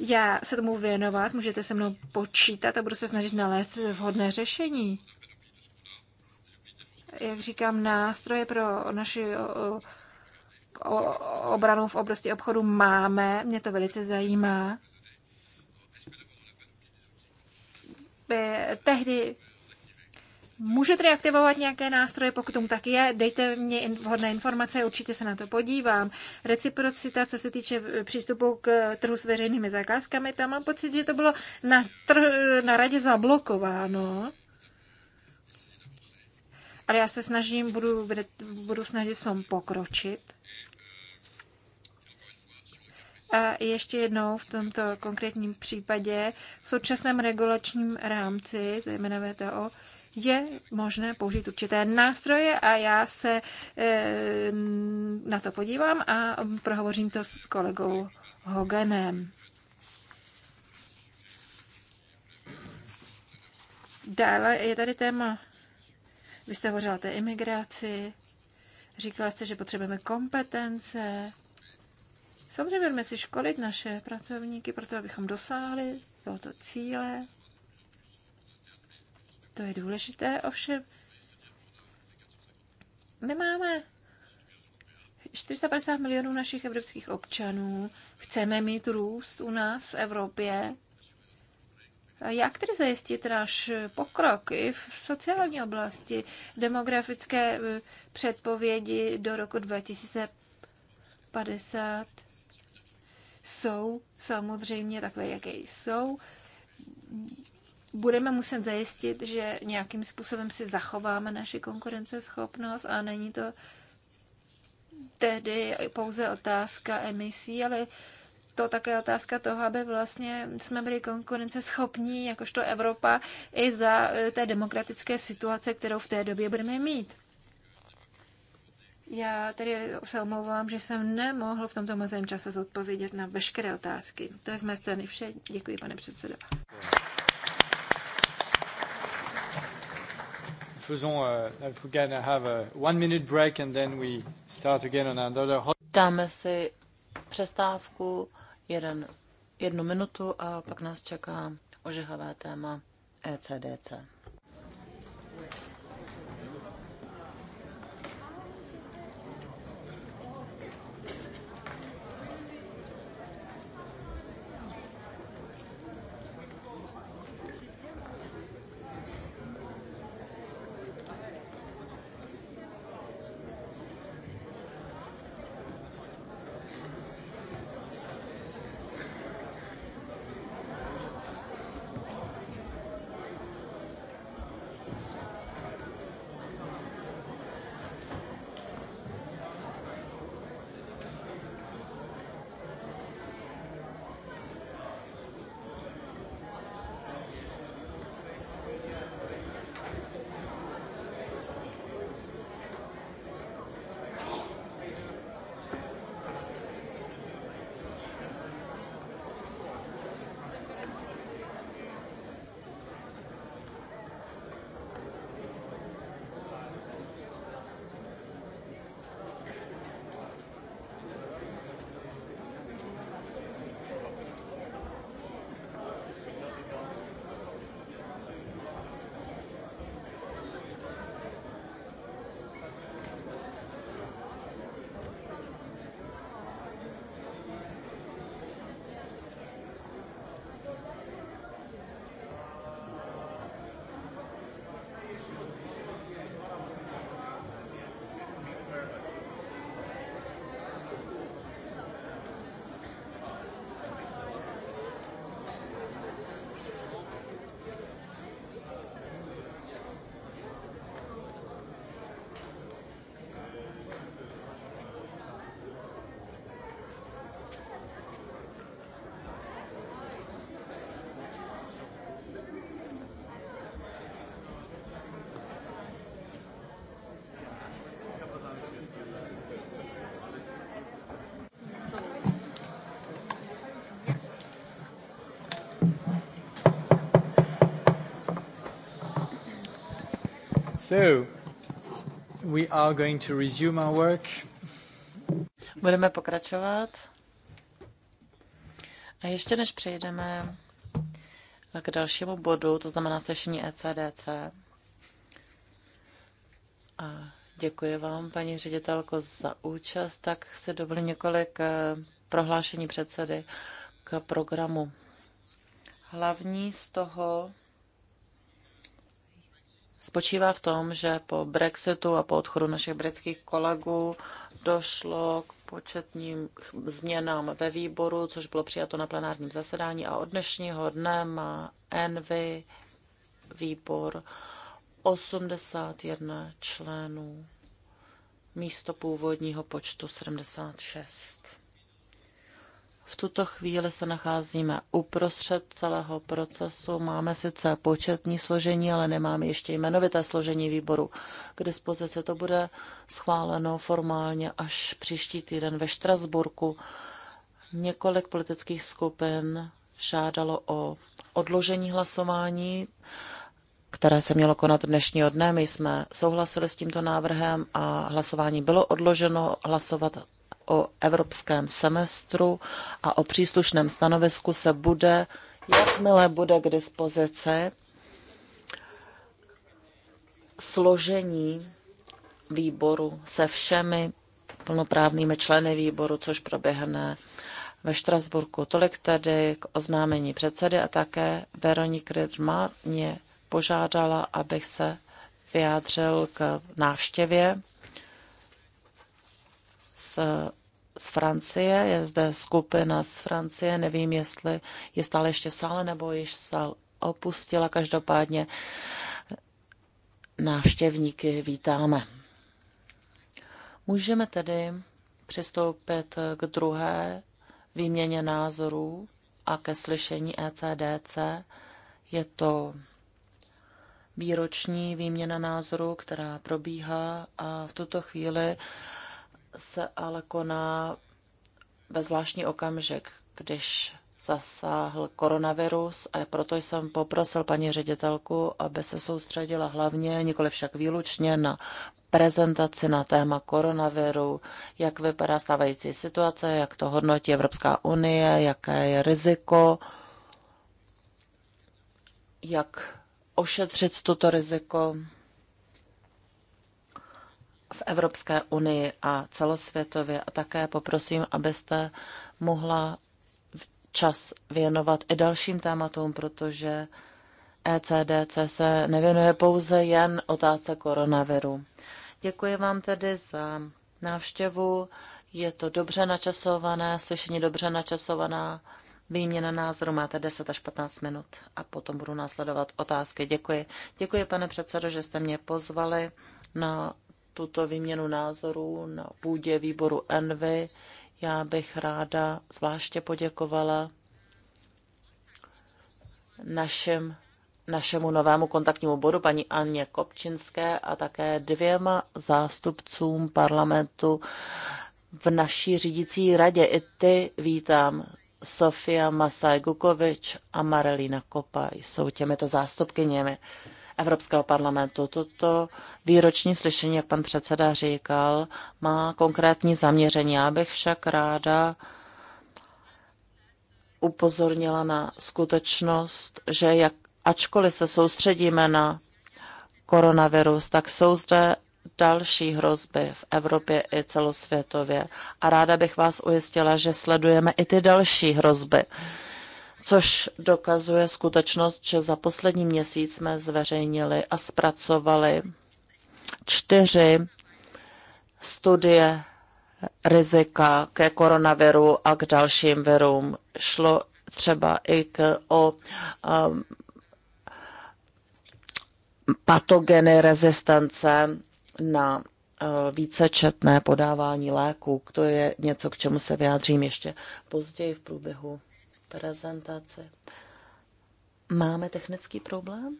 Já se tomu věnovat, můžete se mnou počítat a budu se snažit nalézt vhodné řešení. Jak říkám, nástroje pro naši obranu v oblasti obchodu máme, mě to velice zajímá. Tehdy Můžete reaktivovat nějaké nástroje, pokud tomu tak je, dejte mě vhodné informace, určitě se na to podívám. Reciprocita, co se týče eh, přístupu k eh, trhu s veřejnými zakázkami, tam mám pocit, že to bylo na, tr- na radě zablokováno. Ale já se snažím, budu, budu snažit som pokročit. A ještě jednou v tomto konkrétním případě v současném regulačním rámci, zejména VTO, je možné použít určité nástroje a já se na to podívám a prohovořím to s kolegou Hoganem. Dále je tady téma, vy jste hovořila o té imigraci, říkala jste, že potřebujeme kompetence. Samozřejmě budeme si školit naše pracovníky, proto abychom dosáhli tohoto cíle. To je důležité, ovšem my máme 450 milionů našich evropských občanů, chceme mít růst u nás v Evropě. Jak tedy zajistit náš pokrok i v sociální oblasti? Demografické eh, předpovědi do roku 2050 jsou samozřejmě takové, jaké jsou budeme muset zajistit, že nějakým způsobem si zachováme naši konkurenceschopnost a není to tehdy pouze otázka emisí, ale to také otázka toho, aby vlastně jsme byli konkurenceschopní, jakožto Evropa, i za eh, té demokratické situace, kterou v té době budeme mít. Já tedy se omlouvám, že jsem nemohl v tomto mazém čase zodpovědět na veškeré otázky. To je z mé strany vše. Děkuji, pane předsedo. Euh, Dáme si přestávku jeden, jednu minutu a pak nás čeká ožehavé téma ECDC. So, we are going to resume our work. Budeme pokračovat. A ještě než přejdeme k dalšímu bodu, to znamená sešení ECDC. A děkuji vám, paní ředitelko, za účast. Tak si dovolím několik eh, prohlášení předsedy k programu. Hlavní z toho spočívá v tom, že po Brexitu a po odchodu našich britských kolegů došlo k početním změnám ve výboru, což bylo přijato na plenárním zasedání a od dnešního dne má Envy výbor 81 členů místo původního počtu 76. V tuto chvíli se nacházíme uprostřed celého procesu. Máme sice početní složení, ale nemáme ještě jmenovité složení výboru. K dispozici to bude schváleno formálně až příští týden ve Štrasburku. Několik politických skupin žádalo o odložení hlasování, které se mělo konat dnešního dne. My jsme souhlasili s tímto návrhem a hlasování bylo odloženo. Hlasovat o evropském semestru a o příslušném stanovisku se bude, jakmile bude k dispozici, složení výboru se všemi plnoprávnými členy výboru, což proběhne ve Štrasburku. Tolik tedy k oznámení předsedy a také Veronika Rydma mě požádala, abych se vyjádřil k návštěvě z, z Francie. Je zde skupina z Francie, nevím, jestli je stále ještě v sále nebo již sál opustila. Každopádně návštěvníky vítáme. Můžeme tedy přistoupit k druhé výměně názorů a ke slyšení ECDC. Je to výroční výměna názorů, která probíhá a v tuto chvíli se ale koná ve zvláštní okamžik, když zasáhl koronavirus a proto jsem poprosil paní ředitelku, aby se soustředila hlavně, nikoli však výlučně, na prezentaci na téma koronaviru, jak vypadá stávající situace, jak to hodnotí Evropská unie, jaké je riziko, jak ošetřit toto riziko v Evropské unii a celosvětově a také poprosím, abyste mohla čas věnovat i dalším tématům, protože ECDC se nevěnuje pouze jen otázce koronaviru. Děkuji vám tedy za návštěvu. Je to dobře načasované, slyšení dobře načasovaná, výměna názoru máte 10 až 15 minut a potom budu následovat otázky. Děkuji. Děkuji, pane předsedo, že jste mě pozvali na tuto výměnu názorů na půdě výboru Envy. Já bych ráda zvláště poděkovala našem, našemu novému kontaktnímu bodu paní Anně Kopčinské a také dvěma zástupcům parlamentu v naší řídící radě. I ty vítám. Sofia Masaj Gukovič a Marelina Kopa jsou těmito zástupkyněmi. Evropského parlamentu. Toto výroční slyšení, jak pan předseda říkal, má konkrétní zaměření. Já bych však ráda upozornila na skutečnost, že jak, ačkoliv se soustředíme na koronavirus, tak jsou zde další hrozby v Evropě i celosvětově. A ráda bych vás ujistila, že sledujeme i ty další hrozby což dokazuje skutečnost, že za poslední měsíc jsme zveřejnili a zpracovali čtyři studie rizika ke koronaviru a k dalším virům. Šlo třeba i k, o um, patogeny rezistence na uh, vícečetné podávání léků. To je něco, k čemu se vyjádřím ještě později v průběhu prezentaci. Máme technický problém?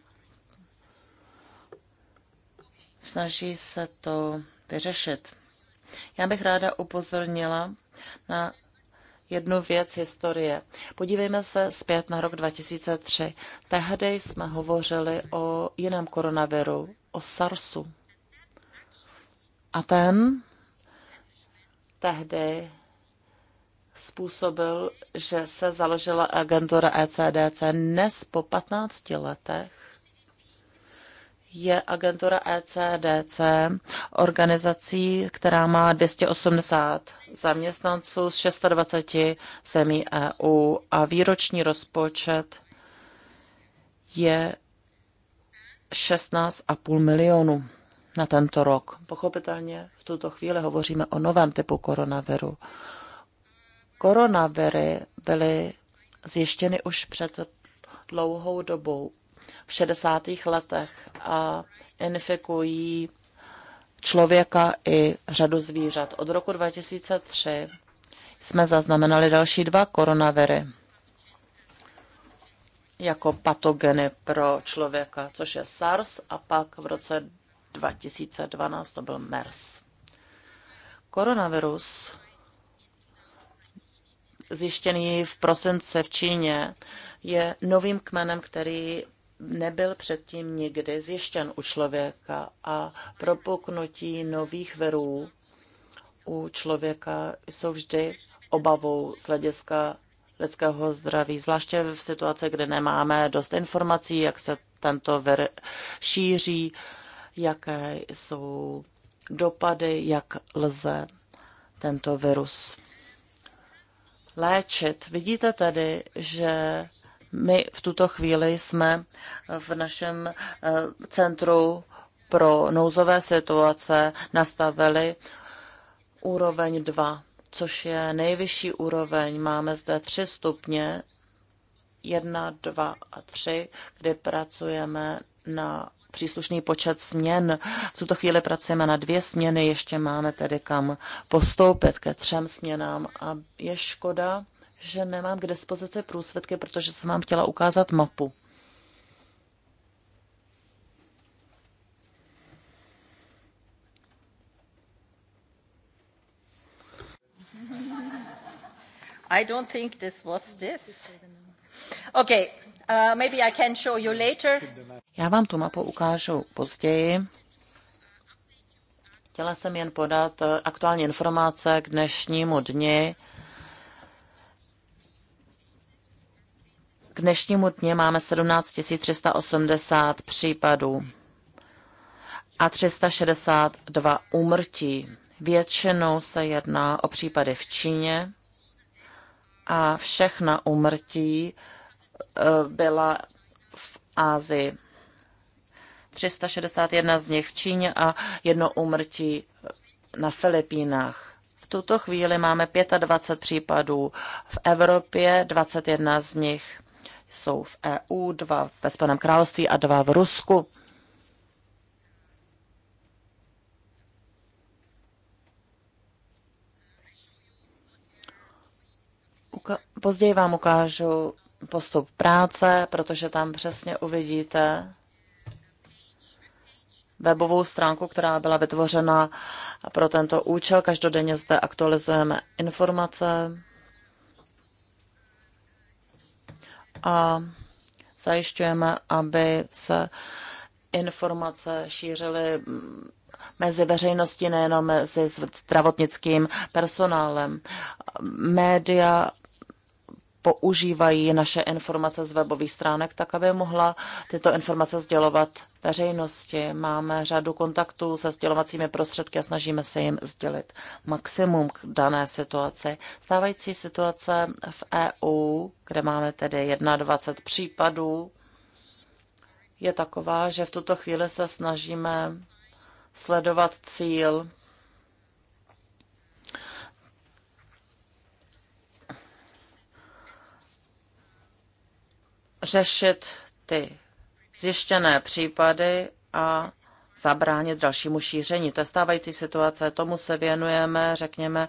Snaží se to vyřešit. Já bych ráda upozornila na jednu věc historie. Podívejme se zpět na rok 2003. Tehdy jsme hovořili o jiném koronaviru, o SARSu. A ten tehdy způsobil, že se založila agentura ECDC dnes po 15 letech. Je agentura ECDC organizací, která má 280 zaměstnanců z 26 zemí EU a výroční rozpočet je 16,5 milionu na tento rok. Pochopitelně v tuto chvíli hovoříme o novém typu koronaviru. Koronaviry byly zjištěny už před dlouhou dobou, v 60. letech, a infikují člověka i řadu zvířat. Od roku 2003 jsme zaznamenali další dva koronaviry jako patogeny pro člověka, což je SARS a pak v roce 2012 to byl MERS. Koronavirus zjištěný v prosince v Číně, je novým kmenem, který nebyl předtím nikdy zjištěn u člověka a propuknutí nových virů u člověka jsou vždy obavou z hlediska lidského zdraví, zvláště v situaci, kdy nemáme dost informací, jak se tento vir šíří, jaké jsou dopady, jak lze tento virus léčit. Vidíte tedy, že my v tuto chvíli jsme v našem eh, centru pro nouzové situace nastavili úroveň 2, což je nejvyšší úroveň. Máme zde tři stupně, 1, 2 a 3, kdy pracujeme na příslušný počet směn. V tuto chvíli pracujeme na dvě směny, ještě máme tedy kam postoupit ke třem směnám a je škoda, že nemám k dispozici průsvědky, protože jsem vám chtěla ukázat mapu. I don't think this was this. Okay, Uh, maybe I can show you later. Já vám tu mapu ukážu později. Chtěla jsem jen podat eh, aktuální informace k dnešnímu dni. K dnešnímu dně máme 17 380 případů a 362 úmrtí. Většinou se jedná o případy v Číně a všechna úmrtí Eh, byla v Ázii. 361 z nich v Číně a jedno úmrtí na Filipínách. V tuto chvíli máme 25 případů v Evropě, 21 z nich jsou v EU, dva ve Spojeném království a dva v Rusku. Později vám ukážu postup práce, protože tam přesně uvidíte webovou stránku, která byla vytvořena pro tento účel. Každodenně zde aktualizujeme informace a zajišťujeme, aby se informace šířily mezi veřejností, nejenom mezi zdravotnickým personálem. Média používají naše informace z webových stránek, tak aby mohla tyto informace sdělovat veřejnosti. Máme řadu kontaktů se sdělovacími prostředky a snažíme se jim sdělit maximum k dané situaci. Stávající situace v EU, kde máme tedy 21 případů, je taková, že v tuto chvíli se snažíme sledovat cíl řešit ty zjištěné případy a zabránit dalšímu šíření. To je stávající situace, tomu se věnujeme, řekněme,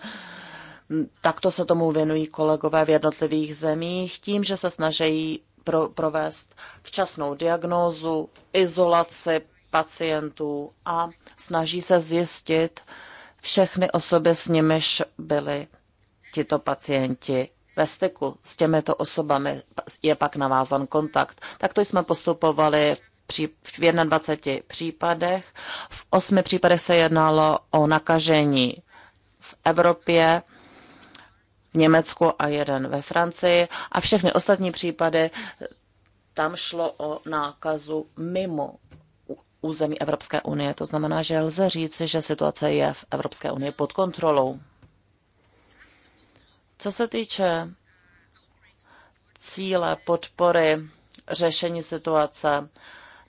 takto se tomu věnují kolegové v jednotlivých zemích, tím, že se snaží pro, provést včasnou diagnózu, izolaci pacientů a snaží se zjistit všechny osoby, s nimiž byli tito pacienti ve styku s těmito osobami, je pak navázan kontakt. Takto jsme postupovali v v 21 případech. V 8 případech se jednalo o nakažení v Evropě, v Německu a jeden ve Francii. A všechny ostatní případy tam šlo o nákazu mimo území Evropské unie. To znamená, že lze říci, že situace je v Evropské unii pod kontrolou. Co se týče cíle podpory řešení situace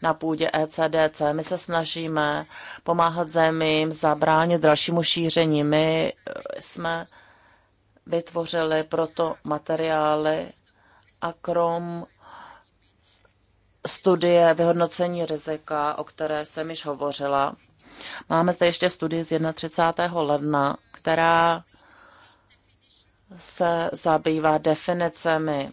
na půdě ECDC, my se snažíme pomáhat zemím zabránit dalšímu šíření. My jsme vytvořili proto materiály a krom studie vyhodnocení rizika, o které jsem již hovořila. Máme zde ještě studii z 31. ledna, která se zabývá definicemi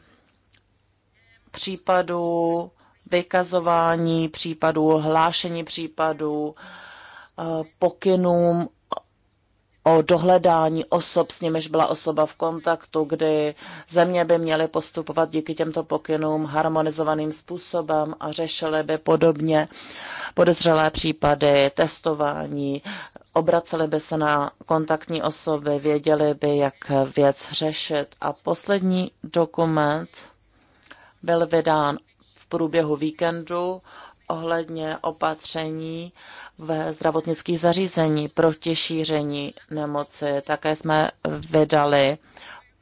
případů, vykazování případů, hlášení případů, eh, pokynům o dohledání osob, s nimiž byla osoba v kontaktu, kdy země by měly postupovat díky těmto pokynům harmonizovaným způsobem a řešily by podobně podezřelé případy testování, obraceli by se na kontaktní osoby, věděli by, jak věc řešit. A poslední dokument byl vydán v průběhu víkendu ohledně opatření ve zdravotnických zařízení proti šíření nemoci. Také jsme vydali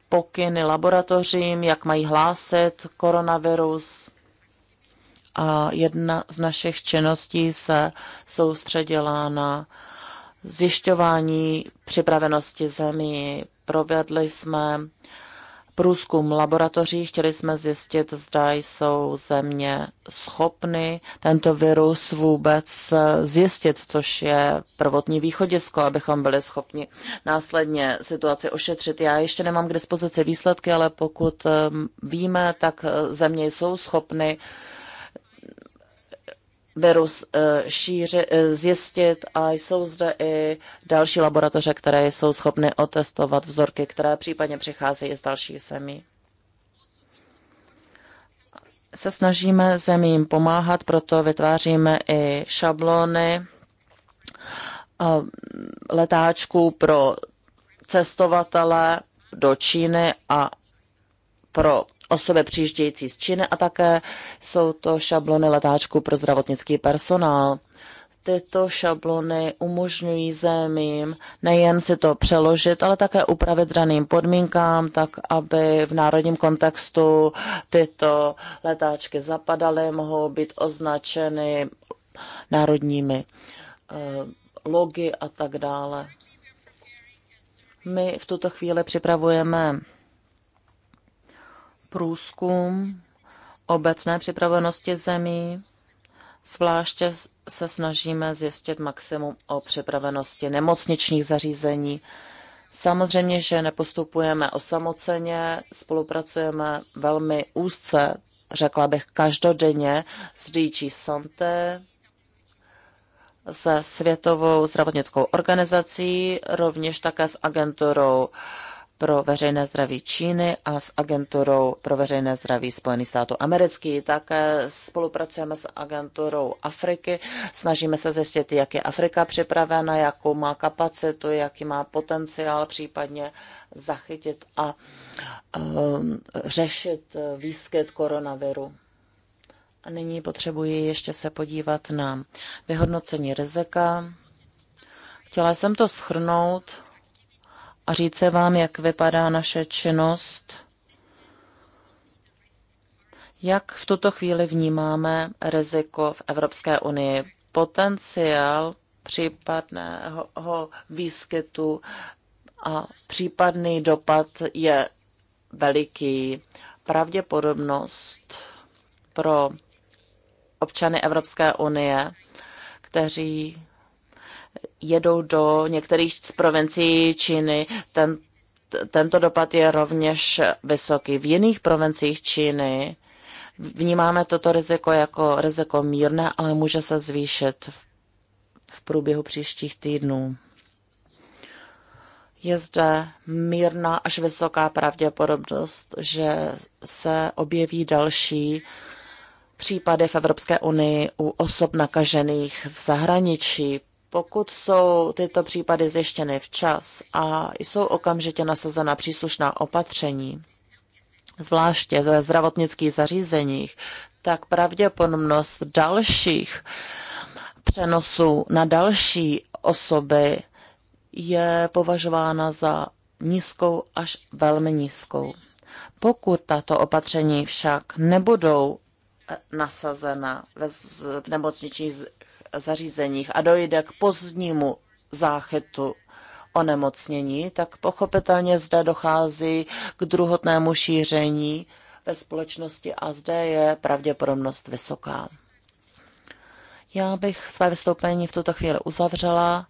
pokyny laboratořím, jak mají hlásit koronavirus. A jedna z našich činností se soustředila na zjišťování připravenosti zemí. Provedli jsme průzkum laboratoří, chtěli jsme zjistit, zda jsou země schopny tento virus vůbec zjistit, což je prvotní východisko, abychom byli schopni následně situaci ošetřit. Já ještě nemám k dispozici výsledky, ale pokud ehm, víme, tak ehm, země jsou schopny uh, virus eh, šíři, eh, zjistit a jsou zde i další laboratoře, které jsou schopny otestovat vzorky, které případně přicházejí z dalších zemí. Se snažíme zemím pomáhat, proto vytváříme i šablony eh, letáčků pro cestovatele do Číny a pro osoby přijíždějící z Číny a také jsou to šablony letáčků pro zdravotnický personál. Tyto šablony umožňují zemím nejen si to přeložit, ale také upravit daným podmínkám, tak aby v národním kontextu tyto letáčky zapadaly, mohou být označeny národními eh, logy a tak dále. My v tuto chvíli připravujeme průzkum obecné připravenosti zemí. Zvláště se snažíme zjistit maximum o připravenosti nemocničních zařízení. Samozřejmě, že nepostupujeme osamoceně, spolupracujeme velmi úzce, řekla bych každodenně, s DG Santé, se Světovou zdravotnickou organizací, rovněž také s agenturou pro veřejné zdraví Číny a s agenturou pro veřejné zdraví Spojených států amerických. Také eh, spolupracujeme s agenturou Afriky. Snažíme se zjistit, jak je Afrika připravena, jakou má kapacitu, jaký má potenciál případně zachytit a um, řešit eh, výskyt koronaviru. A nyní potřebuji ještě se podívat na vyhodnocení rizika. Chtěla jsem to schrnout a říct se vám, jak vypadá naše činnost, jak v tuto chvíli vnímáme riziko v Evropské unii, potenciál případného výskytu a případný dopad je veliký. Pravděpodobnost pro občany Evropské unie, kteří jedou do některých z provincií Číny. Ten, tento dopad je rovněž vysoký. V jiných provinciích Číny vnímáme toto riziko jako riziko mírné, ale může se zvýšit v, v průběhu příštích týdnů. Je zde mírná až vysoká pravděpodobnost, že se objeví další případy v Evropské unii u osob nakažených v zahraničí. Pokud jsou tyto případy zjištěny včas a jsou okamžitě nasazena příslušná opatření, zvláště ve zdravotnických zařízeních, tak pravděpodobnost dalších přenosů na další osoby je považována za nízkou až velmi nízkou. Pokud tato opatření však nebudou nasazena z, v nemocničních zařízeních a dojde k pozdnímu záchytu onemocnění, tak pochopitelně zde dochází k druhotnému šíření ve společnosti a zde je pravděpodobnost vysoká. Já bych své vystoupení v tuto chvíli uzavřela.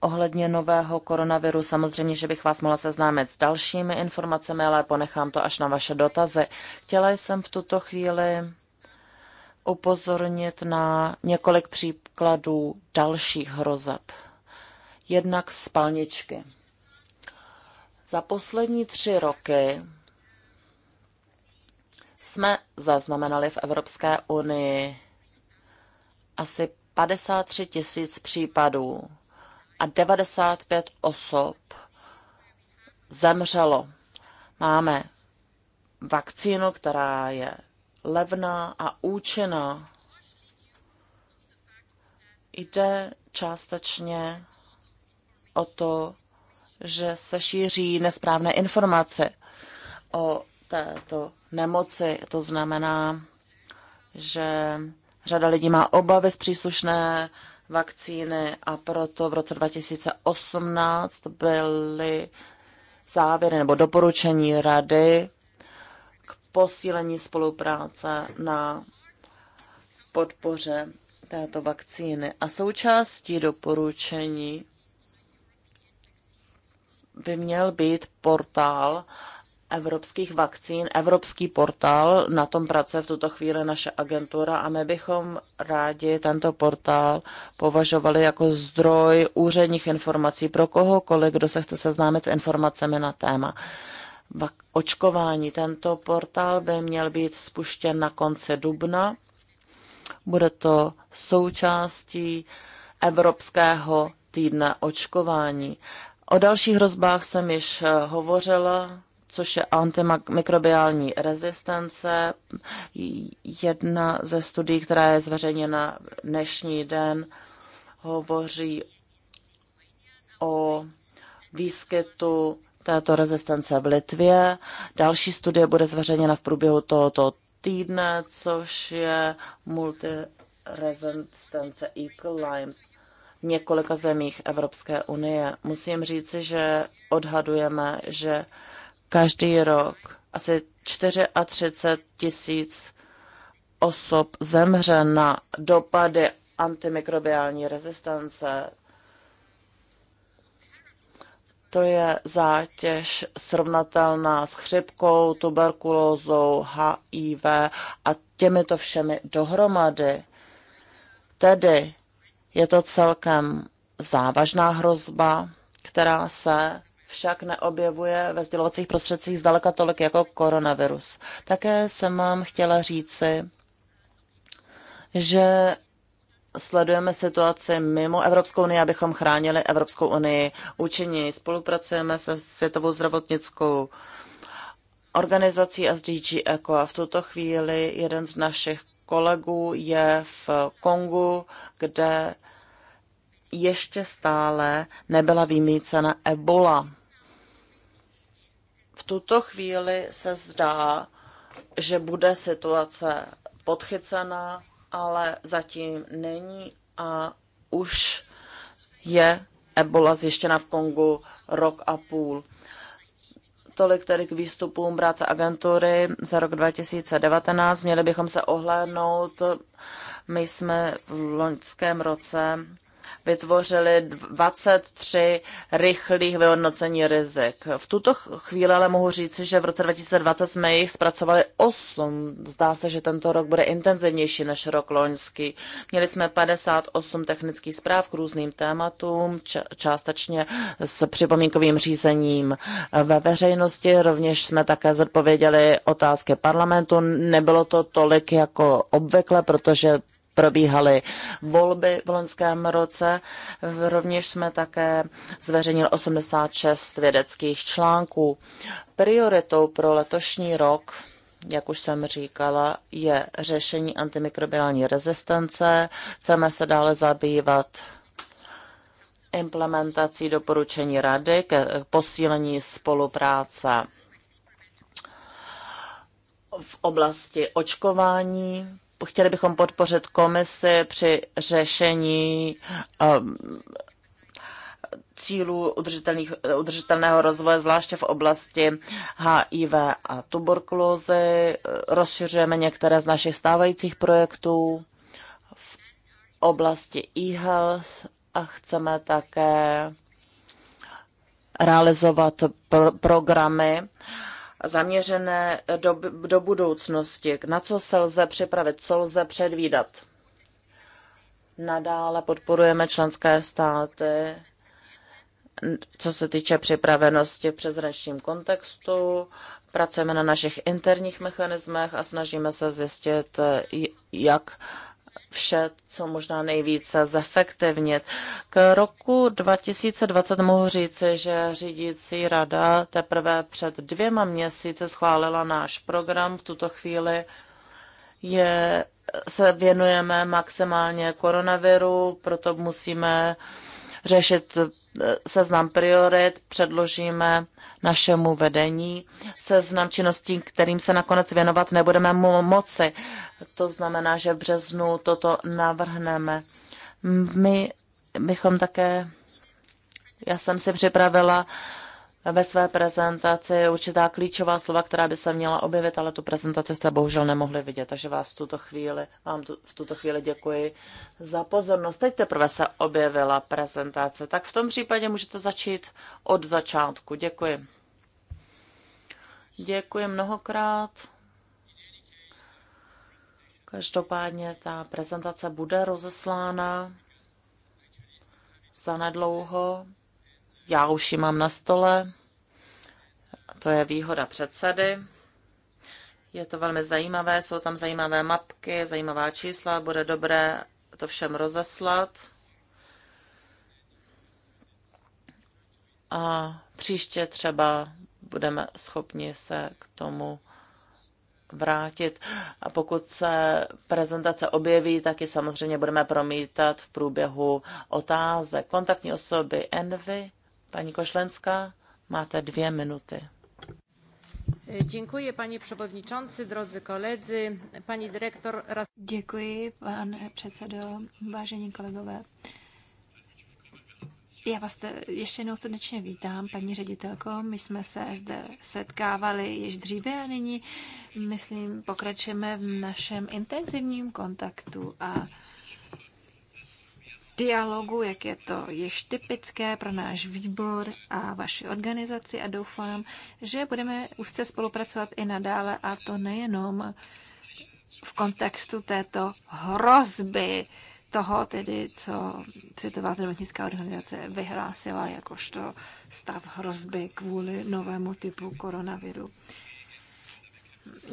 Ohledně nového koronaviru samozřejmě, že bych vás mohla seznámit s dalšími informacemi, ale ponechám to až na vaše dotazy. Chtěla jsem v tuto chvíli upozornit na několik příkladů dalších hrozeb. Jednak spalničky. Za poslední tři roky jsme zaznamenali v Evropské unii asi 53 tisíc případů a 95 osob zemřelo. Máme vakcínu, která je levná a účinná. Jde částečně o to, že se šíří nesprávné informace o této nemoci. To znamená, že řada lidí má obavy z příslušné vakcíny a proto v roce 2018 byly závěry nebo doporučení rady posílení spolupráce na podpoře této vakcíny. A součástí doporučení by měl být portál evropských vakcín, evropský portál, na tom pracuje v tuto chvíli naše agentura a my bychom rádi tento portál považovali jako zdroj úředních informací pro kohokoliv, kdo se chce seznámit s informacemi na téma očkování. Tento portál by měl být spuštěn na konci dubna. Bude to součástí Evropského týdne očkování. O dalších hrozbách jsem již eh, hovořila, což je antimikrobiální rezistence. Jedna ze studií, která je zveřejněna dnešní den, hovoří o výskytu této rezistence v Litvě. Další studie bude zveřejněna v průběhu tohoto týdne, což je multiresistence E. coli v několika zemích Evropské unie. Musím říci, že odhadujeme, že každý rok asi 34 tisíc osob zemře na dopady antimikrobiální rezistence to je zátěž srovnatelná s chřipkou, tuberkulózou, HIV a těmito všemi dohromady. Tedy je to celkem závažná hrozba, která se však neobjevuje ve sdělovacích prostředcích zdaleka tolik jako koronavirus. Také jsem vám chtěla říci, že sledujeme situaci mimo Evropskou unii, abychom chránili Evropskou unii účinně Spolupracujeme se Světovou zdravotnickou organizací SDG Eco a v tuto chvíli jeden z našich kolegů je v Kongu, kde ještě stále nebyla vymícena ebola. V tuto chvíli se zdá, že bude situace podchycena, ale zatím není a už je ebola zjištěna v Kongu rok a půl. Tolik tedy k výstupům práce agentury za rok 2019. Měli bychom se ohlédnout. My jsme v loňském roce vytvořili 23 rychlých vyhodnocení rizik. V tuto chvíli ale mohu říci, že v roce 2020 jsme jich zpracovali 8. Zdá se, že tento rok bude intenzivnější než rok loňský. Měli jsme 58 technických zpráv k různým tématům, částečně s připomínkovým řízením ve veřejnosti. Rovněž jsme také zodpověděli otázky parlamentu. Nebylo to tolik jako obvykle, protože probíhaly volby v loňském roce. Rovněž jsme také zveřejnili 86 vědeckých článků. Prioritou pro letošní rok jak už jsem říkala, je řešení antimikrobiální rezistence. Chceme se dále zabývat implementací doporučení rady k posílení spolupráce v oblasti očkování chtěli bychom podpořit komisi při řešení um, cílů udržitelného rozvoje, zvláště v oblasti HIV a tuberkulózy. Rozšiřujeme některé z našich stávajících projektů v oblasti e-health a chceme také realizovat pro- programy zaměřené do, do budoucnosti, na co se lze připravit, co lze předvídat. Nadále podporujeme členské státy, co se týče připravenosti v přezračním kontextu, pracujeme na našich interních mechanismech a snažíme se zjistit, jak vše, co možná nejvíce zefektivnit. K roku 2020 mohu říci, že řídící rada teprve před dvěma měsíci schválila náš program. V tuto chvíli je, se věnujeme maximálně koronaviru, proto musíme řešit seznam priorit předložíme našemu vedení, seznam činností, kterým se nakonec věnovat nebudeme mu moci. To znamená, že v březnu toto navrhneme. My bychom také, já jsem si připravila uh, ve své prezentaci určitá klíčová slova, která by se měla objevit, ale tu prezentaci jste bohužel nemohli vidět, takže vás v tuto chvíli, vám tu, v tuto chvíli děkuji za pozornost. Teď teprve se objevila prezentace, tak v tom případě můžete začít od začátku. Děkuji. Děkuji mnohokrát. Každopádně ta prezentace bude rozeslána za nedlouho. Já už ji mám na stole. To je výhoda předsedy. Je to velmi zajímavé, jsou tam zajímavé mapky, zajímavá čísla, bude dobré to všem rozeslat. A příště třeba budeme schopni se k tomu vrátit. A pokud se prezentace objeví, tak ji samozřejmě budeme promítat v průběhu otázek. Kontaktní osoby Envy Paní Košlenská, máte dvě minuty. Děkuji, paní předsedající, drodzy koledzy, paní direktor. Raz... Děkuji, pane předsedo, vážení kolegové. Já vás ještě jednou srdečně vítám, paní ředitelko. My jsme se zde setkávali již dříve a nyní, myslím, pokračujeme v našem intenzivním kontaktu a dialogu, jak je to již typické pro náš výbor a vaši organizaci a doufám, že budeme úzce spolupracovat i nadále a to nejenom v kontextu této hrozby toho, tedy, co Světová zdravotnická organizace vyhlásila jakožto stav hrozby kvůli novému typu koronaviru.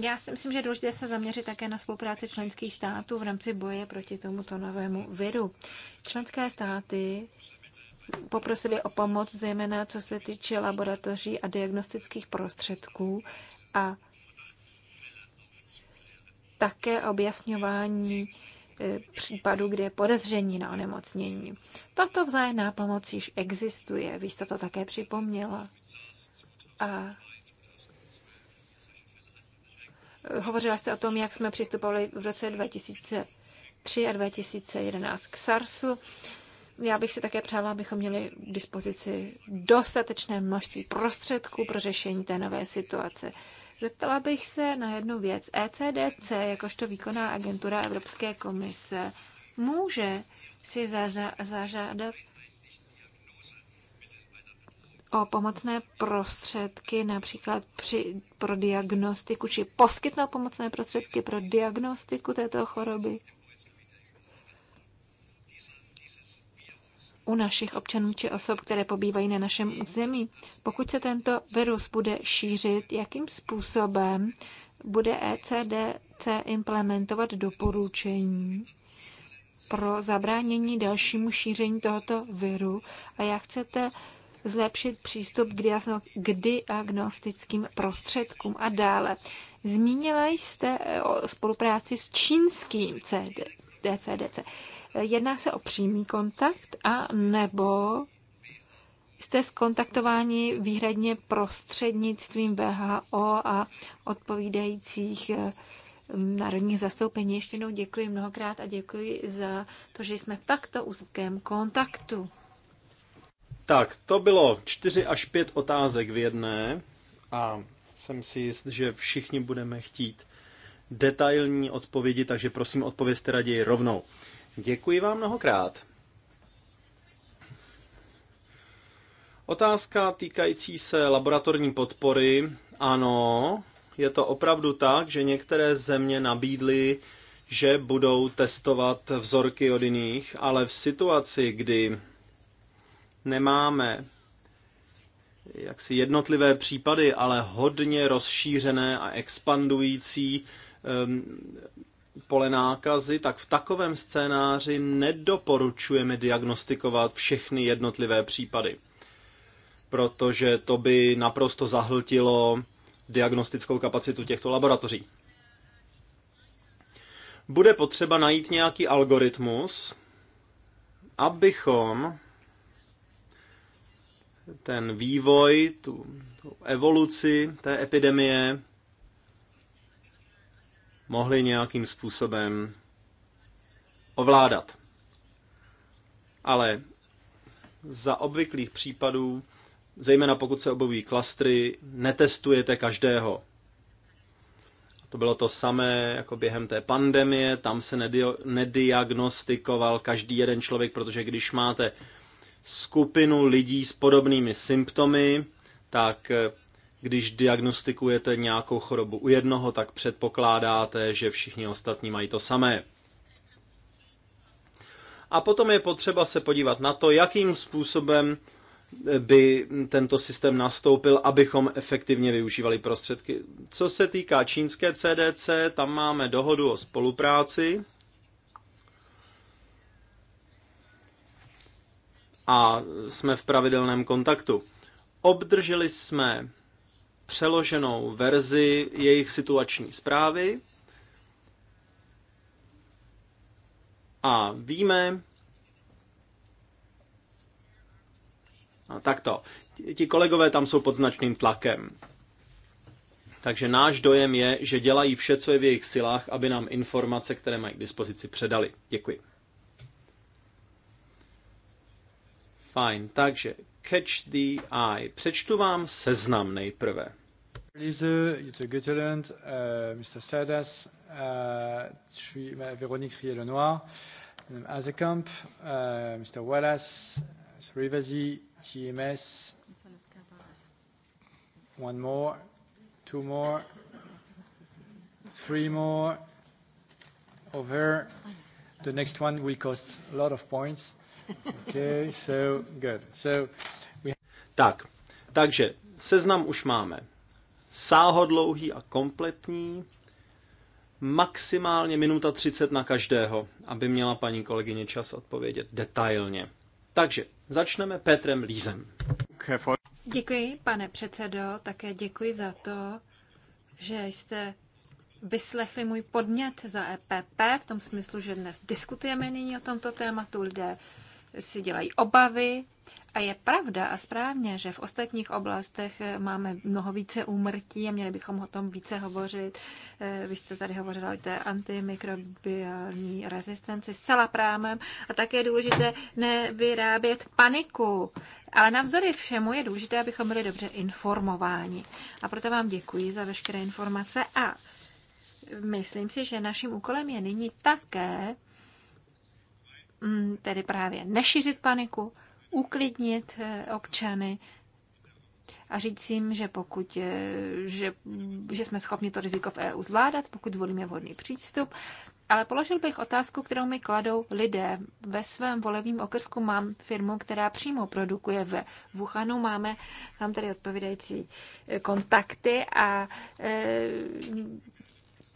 Já si myslím, že je důležité se zaměřit také na spolupráci členských států v rámci boje proti tomuto novému viru. Členské státy poprosili o pomoc, zejména co se týče laboratoří a diagnostických prostředků a také objasňování e, případů, kde je podezření na onemocnění. Tato vzájemná pomoc již existuje, vy jste to také připomněla. A hovořila jste o tom, jak jsme přistupovali v roce 2000 3 a 2011 k SARSu. Já bych si také přála, abychom měli k dispozici dostatečné množství prostředků pro řešení té nové situace. Zeptala bych se na jednu věc. ECDC, jakožto výkonná agentura Evropské komise, může si zažádat o pomocné prostředky, například při, pro diagnostiku, či poskytnout pomocné prostředky pro diagnostiku této choroby. u našich občanů či osob, které pobývají na našem území. Pokud se tento virus bude šířit, jakým způsobem bude ECDC implementovat doporučení pro zabránění dalšímu šíření tohoto viru a jak chcete zlepšit přístup k diagnostickým prostředkům a dále. Zmínila jste o spolupráci s čínským CDC. Jedná se o přímý kontakt a nebo jste skontaktováni výhradně prostřednictvím VHO a odpovídajících eh, národních zastoupení. Ještě jednou děkuji mnohokrát a děkuji za to, že jsme v takto úzkém kontaktu. Tak, to bylo čtyři až pět otázek v jedné a jsem si jist, že všichni budeme chtít detailní odpovědi, takže prosím odpovězte raději rovnou. Děkuji vám mnohokrát. Otázka týkající se laboratorní podpory. Ano, je to opravdu tak, že některé země nabídly, že budou testovat vzorky od jiných, ale v situaci, kdy nemáme jaksi jednotlivé případy, ale hodně rozšířené a expandující um, pole nákazy, tak v takovém scénáři nedoporučujeme diagnostikovat všechny jednotlivé případy, protože to by naprosto zahltilo diagnostickou kapacitu těchto laboratoří. Bude potřeba najít nějaký algoritmus, abychom ten vývoj, tu, tu evoluci té epidemie mohli nějakým způsobem ovládat. Ale za obvyklých případů, zejména pokud se objevují klastry, netestujete každého. To bylo to samé jako během té pandemie, tam se nedi- nediagnostikoval každý jeden člověk, protože když máte skupinu lidí s podobnými symptomy, tak eh, když diagnostikujete nějakou chorobu u jednoho, tak předpokládáte, že všichni ostatní mají to samé. A potom je potřeba se podívat na to, jakým způsobem by tento systém nastoupil, abychom efektivně využívali prostředky. Co se týká čínské CDC, tam máme dohodu o spolupráci. A jsme v pravidelném kontaktu. Obdrželi jsme přeloženou verzi jejich situační zprávy. A víme, a takto, ti kolegové tam jsou pod značným tlakem. Takže náš dojem je, že dělají vše, co je v jejich silách, aby nám informace, které mají k dispozici, předali. Děkuji. Fajn, takže Catch the Eye. Přečtu vám seznam nejprve. Lise, Jutta Götterland, uh, Mr. Sadas, uh, Véronique Riel-Lenoir, Azekamp, uh, eh, Mr. Wallace, Mr. Rivasi, TMS, one more, two more, three more over. The next one will cost a lot of points. Okay, so good. So we... Tak, takže seznam už máme. Sáhodlouhý a kompletní, maximálně minuta 30 na každého, aby měla paní kolegyně čas odpovědět detailně. Takže začneme Petrem Lízem. Děkuji, pane předsedo, také děkuji za to, že jste vyslechli můj podnět za EPP v tom smyslu, že dnes diskutujeme nyní o tomto tématu. Lidé si dělají obavy. A je pravda a správně, že v ostatních oblastech máme mnoho více úmrtí a měli bychom o tom více hovořit. Eh, vy jste tady hovořila o té antimikrobiální rezistenci s celaprámem a také je důležité nevyrábět paniku. Ale navzdory všemu je důležité, abychom byli dobře informováni. A proto vám děkuji za veškeré informace a myslím si, že naším úkolem je nyní také Mm, tedy právě nešířit paniku, uklidnit eh, občany a říct jim, že pokud eh, že, že jsme schopni to riziko v EU zvládat, pokud zvolíme vhodný přístup. Ale položil bych otázku, kterou mi kladou lidé. Ve svém volebním okrsku mám firmu, která přímo produkuje ve Wuhanu. Máme, tam tady odpovídající eh, kontakty a e,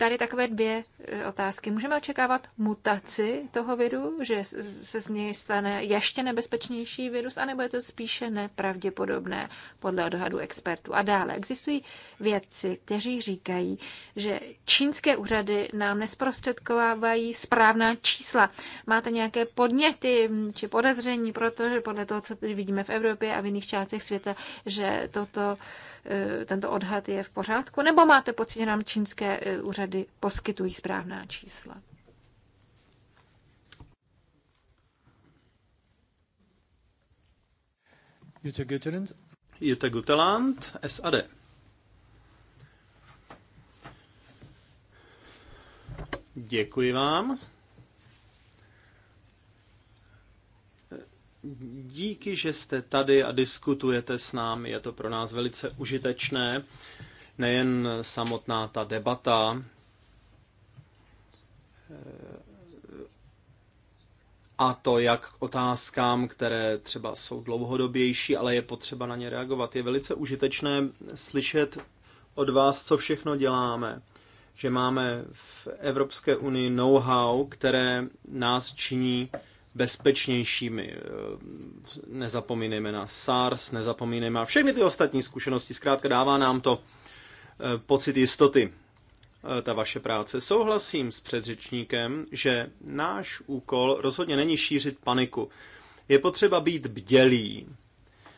tady takové dvě e, otázky. Můžeme očekávat mutaci toho viru, že se z něj stane ještě nebezpečnější virus, anebo je to spíše nepravděpodobné podle odhadu expertů. A dále existují vědci, kteří říkají, že čínské úřady nám nesprostředkovávají správná čísla. Máte nějaké podněty či podezření, protože podle toho, co tady vidíme v Evropě a v jiných částech světa, že toto Eh, tento odhad je v pořádku, nebo máte pocit, že nám čínské eh, úřady poskytují správná čísla? Jutta Gutteland. Jutta SAD. Děkuji vám. díky, že jste tady a diskutujete s námi. Je to pro nás velice užitečné, nejen samotná ta debata, a to jak k otázkám, které třeba jsou dlouhodobější, ale je potřeba na ně reagovat. Je velice užitečné slyšet od vás, co všechno děláme. Že máme v Evropské unii know-how, které nás činí bezpečnějšími. Eh, nezapomínejme na SARS, nezapomínejme na všechny ty ostatní zkušenosti. Zkrátka dává nám to eh, pocit jistoty, eh, ta vaše práce. Souhlasím s předřečníkem, že náš úkol rozhodně není šířit paniku. Je potřeba být bdělý,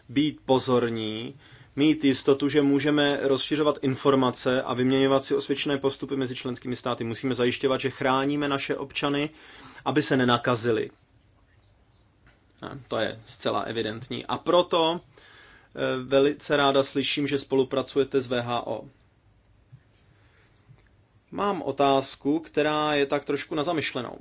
být pozorní, mít jistotu, že můžeme rozšiřovat informace a vyměňovat si osvědčené postupy mezi členskými státy. Musíme zajišťovat, že chráníme naše občany, aby se nenakazili. To je zcela evidentní. A proto eh, velice ráda slyším, že spolupracujete s VHO. Mám otázku, která je tak trošku na zamyšlenou.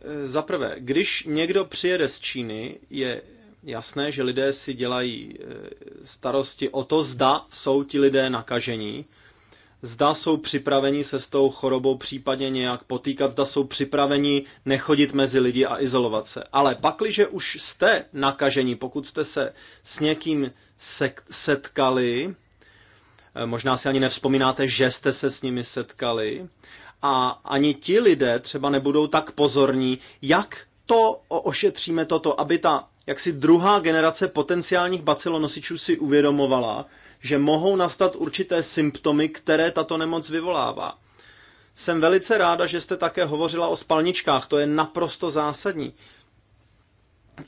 Eh, za prvé, když někdo přijede z Číny, je jasné, že lidé si dělají eh, starosti o to, zda jsou ti lidé nakažení zda jsou připraveni se s tou chorobou případně nějak potýkat, zda jsou připraveni nechodit mezi lidi a izolovat se. Ale pakliže už jste nakaženi, pokud jste se s někým setkali, eh, možná si ani nevzpomínáte, že jste se s nimi setkali, a ani ti lidé třeba nebudou tak pozorní, jak to ošetříme toto, aby ta jaksi druhá generace potenciálních bacilonosičů si uvědomovala, že mohou nastat určité symptomy, které tato nemoc vyvolává. Jsem velice ráda, že jste také hovořila o spalničkách, to je naprosto zásadní.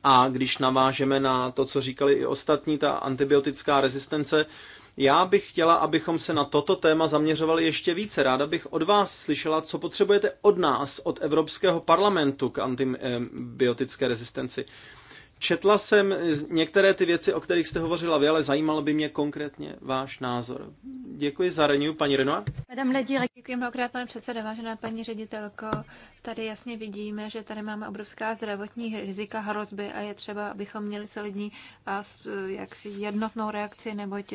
A když navážeme na to, co říkali i ostatní, ta antibiotická rezistence, já bych chtěla, abychom se na toto téma zaměřovali ještě více. Ráda bych od vás slyšela, co potřebujete od nás, od Evropského parlamentu k antibiotické eh, rezistenci. Četla jsem některé ty věci, o kterých jste hovořila vy, ale zajímalo by mě konkrétně váš názor. Děkuji za Renew, paní Renoir. Madame Ledí, děkuji mnohokrát, pane předsedo, vážená paní ředitelko. Tady jasně vidíme, že tady máme obrovská zdravotní rizika hrozby a je třeba, abychom měli solidní a jaksi jednotnou reakci, neboť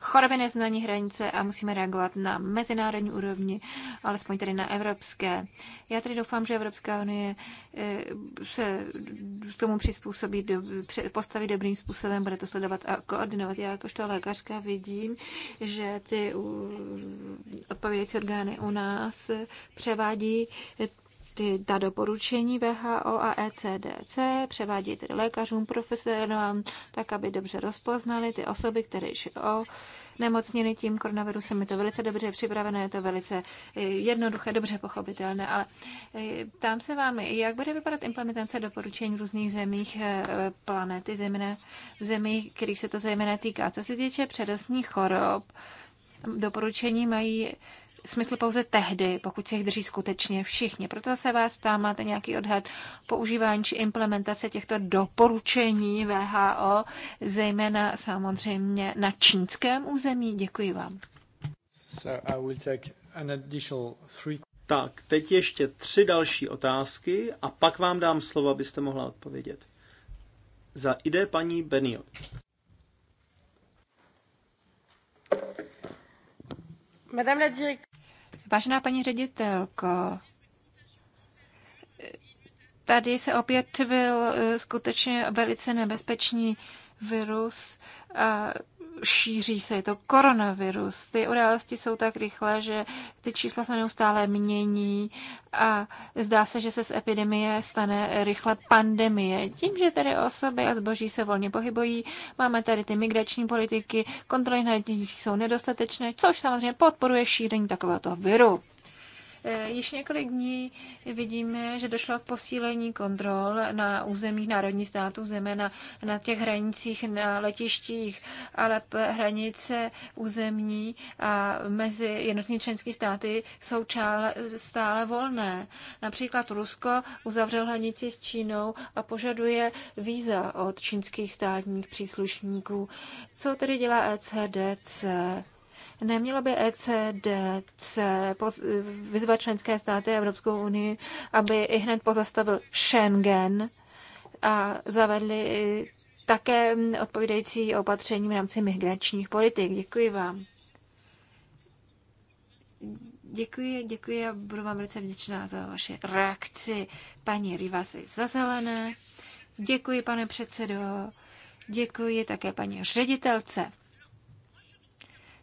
choroby neznaní hranice a musíme reagovat na mezinárodní úrovni, alespoň tedy na evropské. Já tady doufám, že Evropská unie eh, se k tomu přizpůsobí působí, do, postavit dobrým způsobem, bude to sledovat a koordinovat. Já jakožto lékařka vidím, že ty odpovědějící orgány u nás převádí ty, ta doporučení VHO a ECDC, převádí tedy lékařům, profesionálům, tak, aby dobře rozpoznali ty osoby, které již o, nemocniny tím koronavirusem. Je to velice dobře připravené, je to velice eh, jednoduché, dobře pochopitelné, ale eh, tam se vám, jak bude vypadat implementace doporučení v různých zemích eh, planety, zejména v zemích, kterých se to zejména týká. Co se týče přednostních chorob, doporučení mají smysl pouze tehdy, pokud se jich drží skutečně všichni. Proto se vás ptám, máte nějaký odhad používání či implementace těchto doporučení VHO, zejména samozřejmě na čínském území? Děkuji vám. So I will take an additional three... Tak, teď ještě tři další otázky a pak vám dám slovo, abyste mohla odpovědět. Za ide paní Benio. Madame la directrice. Vážená paní ředitelko, tady se opět byl eh, skutečně velice nebezpečný virus. A šíří se, je to koronavirus. Ty události jsou tak rychlé, že ty čísla se neustále mění a zdá se, že se z epidemie stane rychle pandemie. Tím, že tady osoby a zboží se volně pohybují, máme tady ty migrační politiky, kontroly na jsou nedostatečné, což samozřejmě podporuje šíření takového viru. Eh, již několik dní vidíme, že došlo k posílení kontrol na územích národních států, zejména na těch hranicích na letištích, ale hranice územní a mezi jednotlivými členskými státy jsou čále, stále volné. Například Rusko uzavřel hranici s Čínou a požaduje víza od čínských státních příslušníků. Co tedy dělá ECDC? Nemělo by ECDC vyzvat členské státy a Evropskou unii, aby i hned pozastavil Schengen a zavedli také odpovídající opatření v rámci migračních politik. Děkuji vám. Děkuji, děkuji a budu vám velice vděčná za vaše reakci. Paní Rivasi za zelené. Děkuji, pane předsedo. Děkuji také paní ředitelce.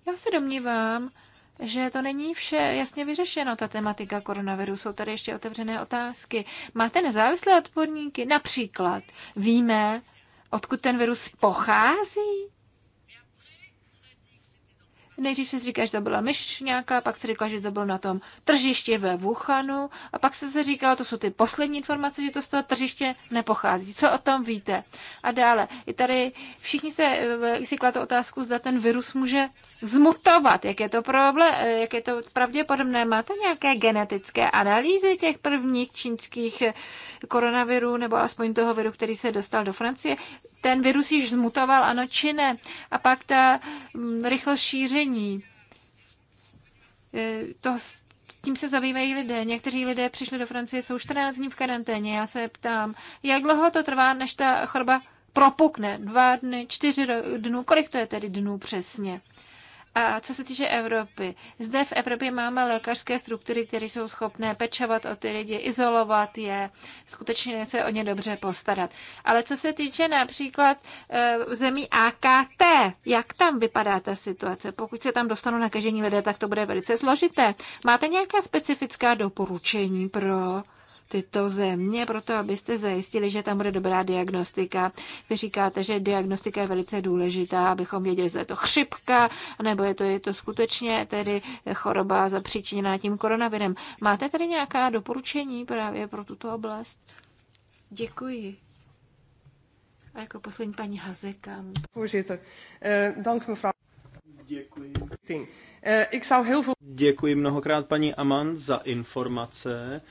Já se domnívám, že to není vše jasně vyřešeno, ta tematika koronaviru. Jsou tady ještě otevřené otázky. Máte nezávislé odborníky? Například víme, odkud ten virus pochází? Nejdřív se říká, že to byla myš nějaká, pak se říká, že to bylo na tom tržiště ve Wuhanu a pak se, se říkalo, to jsou ty poslední informace, že to z toho tržiště nepochází. Co o tom víte? A dále, i tady všichni se eh, si kladou otázku, zda ten virus může zmutovat, jak je to, problém, eh, jak je to pravděpodobné. Máte nějaké genetické analýzy těch prvních čínských eh, koronavirů nebo alespoň toho viru, který se dostal do Francie? Ten virus již zmutoval, ano či ne? A pak ta mm, rychlost šíří učení. Eh, to, tím se zabývají lidé. Někteří lidé přišli do Francie, jsou 14 dní v karanténě. Já se ptám, jak dlouho to trvá, než ta chorba propukne? Dva dny, čtyři dnů, kolik to je tedy dnů přesně? A co se týče Evropy, zde v Evropě máme lékařské struktury, které jsou schopné pečovat o ty lidi, izolovat je, skutečně se o ně dobře postarat. Ale co se týče například eh, zemí AKT, jak tam vypadá ta situace? Pokud se tam dostanou nakažení lidé, tak to bude velice složité. Máte nějaká specifická doporučení pro tyto země, proto abyste zajistili, že tam bude dobrá diagnostika. Vy říkáte, že diagnostika je velice důležitá, abychom věděli, zda je to chřipka, nebo je to, je to skutečně tedy choroba zapříčiněná tím koronavirem. Máte tady nějaká doporučení právě pro tuto oblast? Děkuji. A jako poslední paní Hazekam. Voorzitter, uh, dank mevrouw. Děkuji. Eh, Děkuji mnohokrát paní Aman za informace.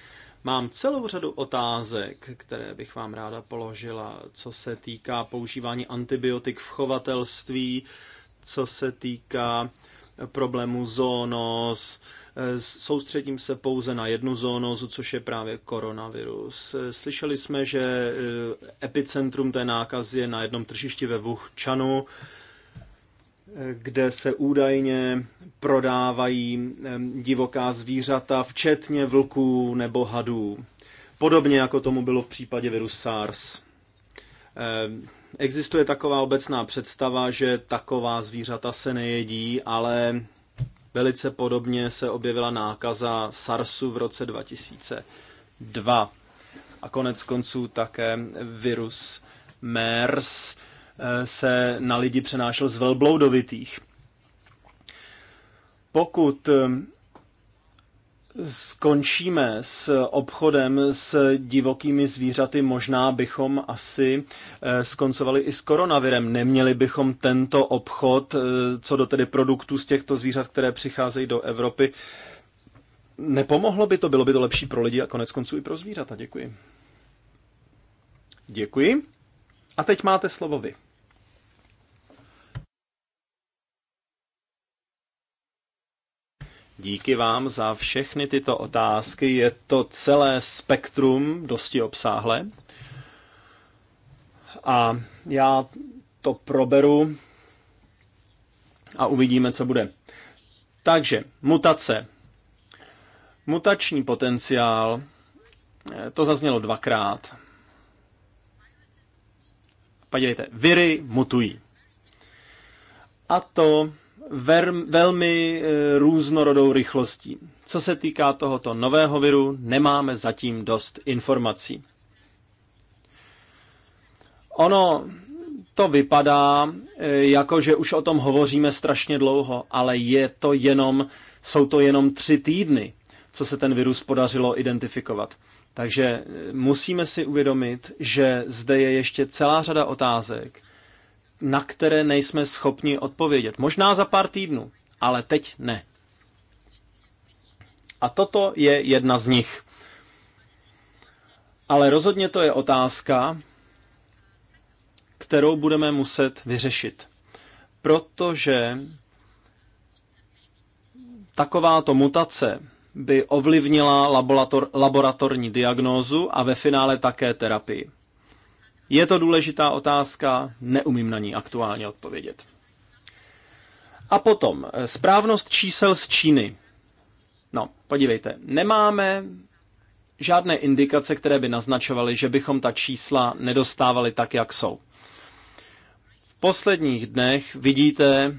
Mám celou řadu otázek, které bych vám ráda položila, co se týká používání antibiotik v chovatelství, co se týká problému zónos. Soustředím se pouze na jednu zónozu, což je právě koronavirus. Slyšeli jsme, že eh, epicentrum té nákazy je na jednom tržišti ve Wuchanu kde se údajně prodávají divoká zvířata, včetně vlků nebo hadů. Podobně jako tomu bylo v případě viru SARS. Existuje taková obecná představa, že taková zvířata se nejedí, ale velice podobně se objevila nákaza SARSu v roce 2002. A konec konců také virus MERS, se na lidi přenášel z velbloudovitých. Pokud eh, skončíme s obchodem s divokými zvířaty, možná bychom asi eh, skoncovali i s koronavirem. Neměli bychom tento obchod, eh, co do tedy produktů z těchto zvířat, které přicházejí do Evropy, nepomohlo by to, bylo by to lepší pro lidi a konec konců i pro zvířata. Děkuji. Děkuji. A teď máte slovo vy. Díky vám za všechny tyto otázky. Je to celé spektrum dosti obsáhlé. A já to proberu a uvidíme, co bude. Takže, mutace. Mutační potenciál, eh, to zaznělo dvakrát. Podívejte, viry mutují. A to ver, velmi eh, různorodou rychlostí. Co se týká tohoto nového viru, nemáme zatím dost informací. Ono to vypadá, eh, jako že už o tom hovoříme strašně dlouho, ale je to jenom, jsou to jenom tři týdny, co se ten virus podařilo identifikovat. Takže eh, musíme si uvědomit, že zde je ještě celá řada otázek, na které nejsme schopni odpovědět. Možná za pár týdnů, ale teď ne. A toto je jedna z nich. Ale rozhodně to je otázka, kterou budeme muset vyřešit. Protože takováto mutace by ovlivnila laborator, laboratorní diagnózu a ve finále také terapii. Je to důležitá otázka, neumím na ní aktuálně odpovědět. A potom, eh, správnost čísel z Číny. No, podívejte, nemáme žádné indikace, které by naznačovaly, že bychom ta čísla nedostávali tak, jak jsou. V posledních dnech vidíte,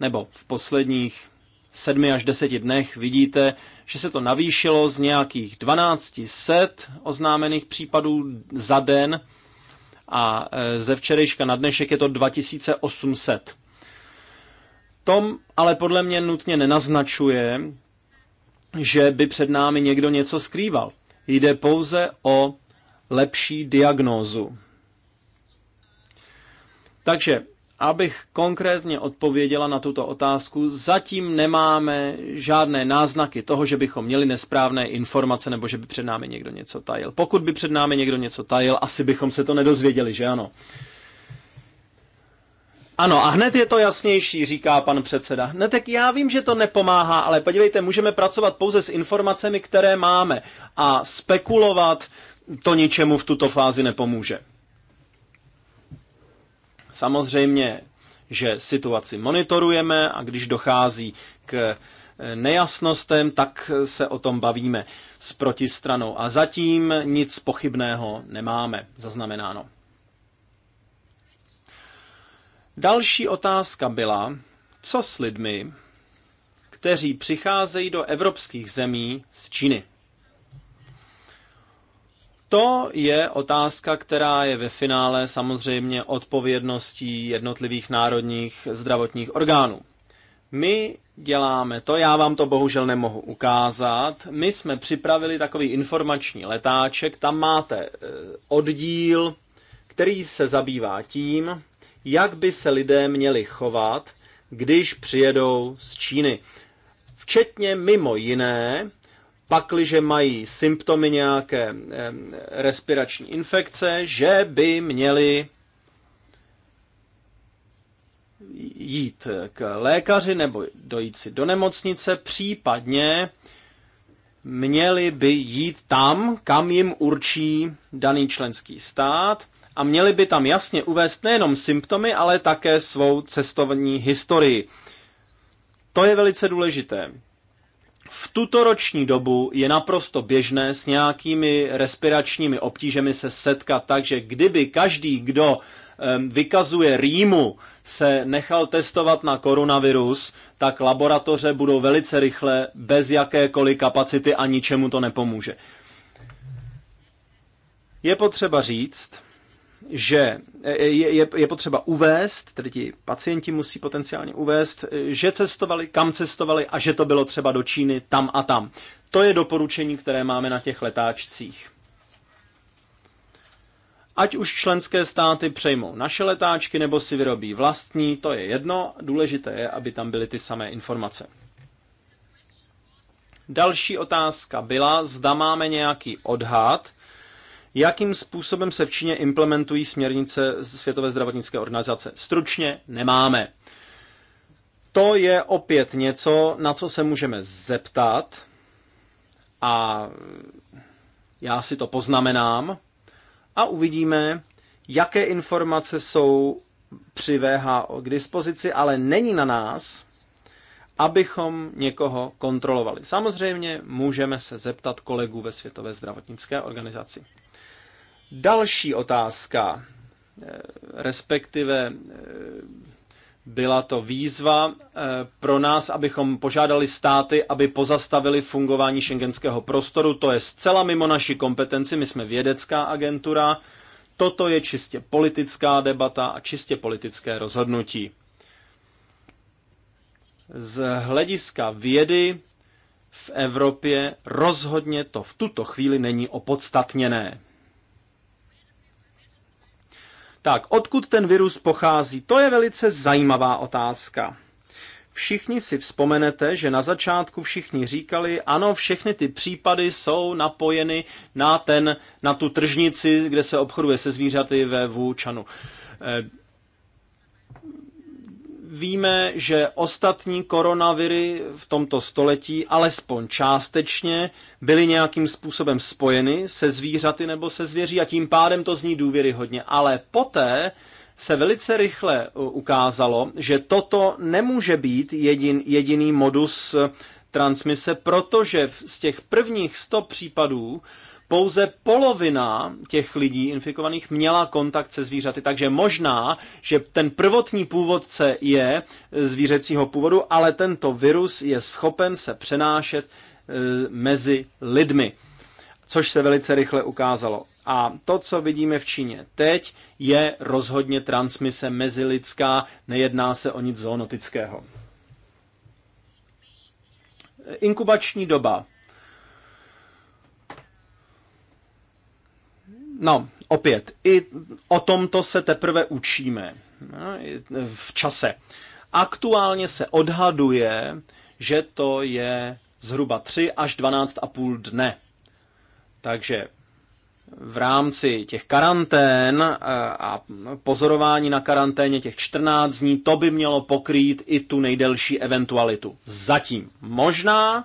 nebo v posledních sedmi až deseti dnech vidíte, že se to navýšilo z nějakých 1200 oznámených případů za den a e, ze včerejška na dnešek je to 2800. Tom ale podle mě nutně nenaznačuje, že by před námi někdo něco skrýval. Jde pouze o lepší diagnózu. Takže Abych konkrétně odpověděla na tuto otázku, zatím nemáme žádné náznaky toho, že bychom měli nesprávné informace nebo že by před námi někdo něco tajil. Pokud by před námi někdo něco tajil, asi bychom se to nedozvěděli, že ano? Ano, a hned je to jasnější, říká pan předseda. Ne, tak já vím, že to nepomáhá, ale podívejte, můžeme pracovat pouze s informacemi, které máme a spekulovat to ničemu v tuto fázi nepomůže. Samozřejmě, že situaci monitorujeme a když dochází k eh, nejasnostem, tak se o tom bavíme s protistranou. A zatím nic pochybného nemáme zaznamenáno. Další otázka byla, co s lidmi, kteří přicházejí do evropských zemí z Číny to je otázka, která je ve finále samozřejmě odpovědností jednotlivých národních zdravotních orgánů. My děláme to, já vám to bohužel nemohu ukázat. My jsme připravili takový informační letáček, tam máte eh, oddíl, který se zabývá tím, jak by se lidé měli chovat, když přijedou z Číny. Včetně mimo jiné pakliže mají symptomy nějaké respirační infekce, že by měli jít k lékaři nebo dojít si do nemocnice, případně měli by jít tam, kam jim určí daný členský stát a měli by tam jasně uvést nejenom symptomy, ale také svou cestovní historii. To je velice důležité v tuto roční dobu je naprosto běžné s nějakými respiračními obtížemi se setkat, takže kdyby každý, kdo vykazuje rýmu, se nechal testovat na koronavirus, tak laboratoře budou velice rychle, bez jakékoliv kapacity a ničemu to nepomůže. Je potřeba říct, že e, e, je, je, je potřeba uvést, tedy ti pacienti musí potenciálně uvést, e, že cestovali, kam cestovali a že to bylo třeba do Číny tam a tam. To je doporučení, které máme na těch letáčcích. Ať už členské státy přejmou naše letáčky nebo si vyrobí vlastní, to je jedno, důležité je, aby tam byly ty samé informace. Další otázka byla, zda máme nějaký odhad Jakým způsobem se v Číně implementují směrnice Světové zdravotnické organizace? Stručně nemáme. To je opět něco, na co se můžeme zeptat a já si to poznamenám a uvidíme, jaké informace jsou při VHO k dispozici, ale není na nás, abychom někoho kontrolovali. Samozřejmě můžeme se zeptat kolegů ve Světové zdravotnické organizaci. Další otázka, e, respektive e, byla to výzva e, pro nás, abychom požádali státy, aby pozastavili fungování šengenského prostoru. To je zcela mimo naši kompetenci, my jsme vědecká agentura. Toto je čistě politická debata a čistě politické rozhodnutí. Z hlediska vědy v Evropě rozhodně to v tuto chvíli není opodstatněné. Tak, odkud ten virus pochází? To je velice zajímavá otázka. Všichni si vzpomenete, že na začátku všichni říkali, ano, všechny ty případy jsou napojeny na, ten, na tu tržnici, kde se obchoduje se zvířaty ve Vůčanu. Víme, že ostatní koronaviry v tomto století alespoň částečně byly nějakým způsobem spojeny se zvířaty nebo se zvěří a tím pádem to zní hodně. Ale poté se velice rychle e, ukázalo, že toto nemůže být jedin, jediný modus e, transmise, protože z těch prvních 100 případů pouze polovina těch lidí infikovaných měla kontakt se zvířaty, takže možná, že ten prvotní původce je zvířecího původu, ale tento virus je schopen se přenášet e, mezi lidmi, což se velice rychle ukázalo. A to, co vidíme v Číně teď, je rozhodně transmise mezilidská, nejedná se o nic zoonotického. Inkubační doba No, opět, i o tomto se teprve učíme no, v čase. Aktuálně se odhaduje, že to je zhruba 3 až 12,5 dne. Takže v rámci těch karantén eh, a pozorování na karanténě těch 14 dní, to by mělo pokrýt i tu nejdelší eventualitu. Zatím možná,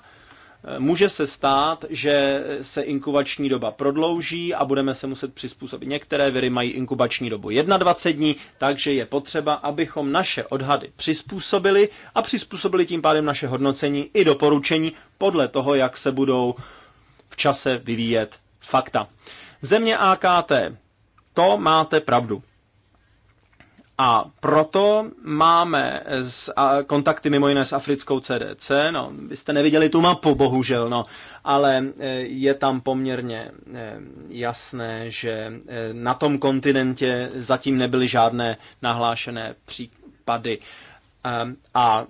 Může se stát, že se inkubační doba prodlouží a budeme se muset přizpůsobit. Některé viry mají inkubační dobu 21 dní, takže je potřeba, abychom naše odhady přizpůsobili a přizpůsobili tím pádem naše hodnocení i doporučení podle toho, jak se budou v čase vyvíjet fakta. Země AKT. To máte pravdu. A proto máme s, a, kontakty mimo jiné s africkou CDC. No, vy jste neviděli tu mapu, bohužel, no, ale e, je tam poměrně e, jasné, že e, na tom kontinentě zatím nebyly žádné nahlášené případy. A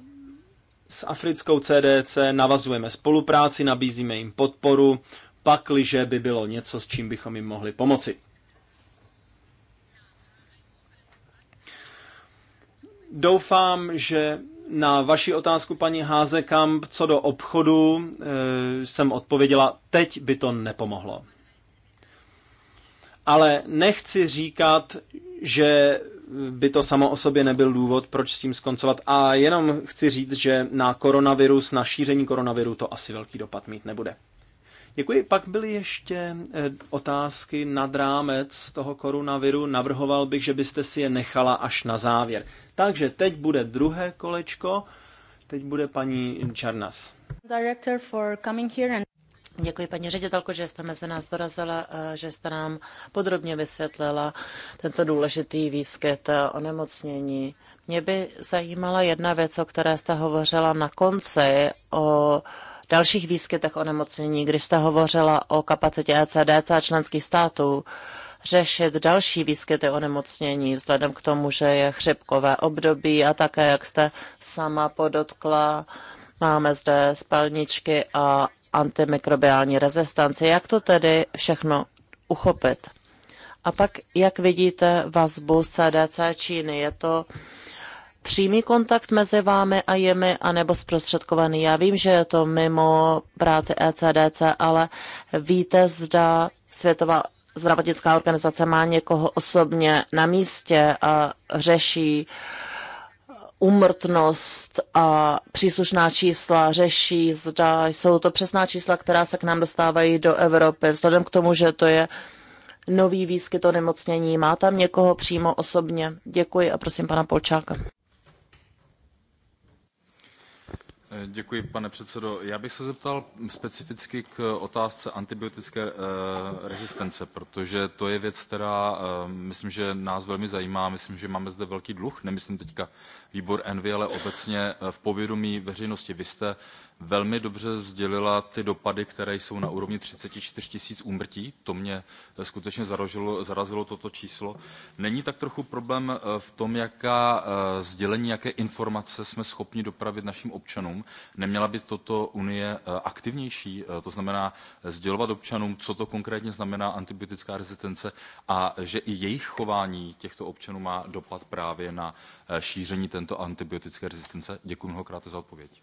s africkou CDC navazujeme spolupráci, nabízíme jim podporu, pakliže by bylo něco, s čím bychom jim mohli pomoci. Doufám, že na vaši otázku, paní Házekamp, co do obchodu eh, jsem odpověděla, teď by to nepomohlo. Ale nechci říkat, že by to samo o sobě nebyl důvod, proč s tím skoncovat. A jenom chci říct, že na koronavirus, na šíření koronaviru to asi velký dopad mít nebude. Děkuji. Pak byly ještě eh, otázky nad rámec toho koronaviru. Navrhoval bych, že byste si je nechala až na závěr. Takže teď bude druhé kolečko. Teď bude paní Čarnas. Director for coming here and... Děkuji, paní ředitelko, že jste mezi nás dorazila, eh, že jste nám podrobně vysvětlila tento důležitý výskyt eh, onemocnění. Mě by zajímala jedna věc, o které jste hovořila na konci, o dalších výskytech onemocnění, když jste hovořila o kapacitě ECDC a členských států řešit další výskyty onemocnění, vzhledem k tomu, že je chřipkové období a také, jak jste sama podotkla, máme zde spalničky a antimikrobiální rezistanci. Jak to tedy všechno uchopit? A pak, jak vidíte vazbu CDC Číny? Je to přímý kontakt mezi vámi a jimi, anebo zprostředkovaný? Já vím, že je to mimo práci ECDC, ale víte, zda Světová zdravotnická organizace má někoho osobně na místě a řeší umrtnost a příslušná čísla řeší, zda jsou to přesná čísla, která se k nám dostávají do Evropy. Vzhledem k tomu, že to je nový výskyt onemocnění, má tam někoho přímo osobně. Děkuji a prosím pana Polčáka. Eh, děkuji, pane předsedající Já bych se zeptal specificky k otázce antibiotické eh, rezistence, protože to je věc, která eh, myslím, že nás velmi zajímá. Myslím, že máme zde velký dluh, nemyslím teď výbor Envi, ale obecně v povědomí veřejnosti. Vy jste velmi dobře sdělila ty dopady které jsou na úrovni thirty four tisíc úmrtí to mě eh, skutečně zarazilo toto číslo. není tak trochu problém eh, v tom jaká eh, sdělení jaké informace jsme schopni dopravit našim občanům? neměla by toto unie aktivnější to znamená sdělovat občanům co to konkrétně znamená antibiotická rezistence a že i jejich chování těchto občanů má dopad právě na šíření této antibiotické rezistence? děkuji mnohokrát za odpověď.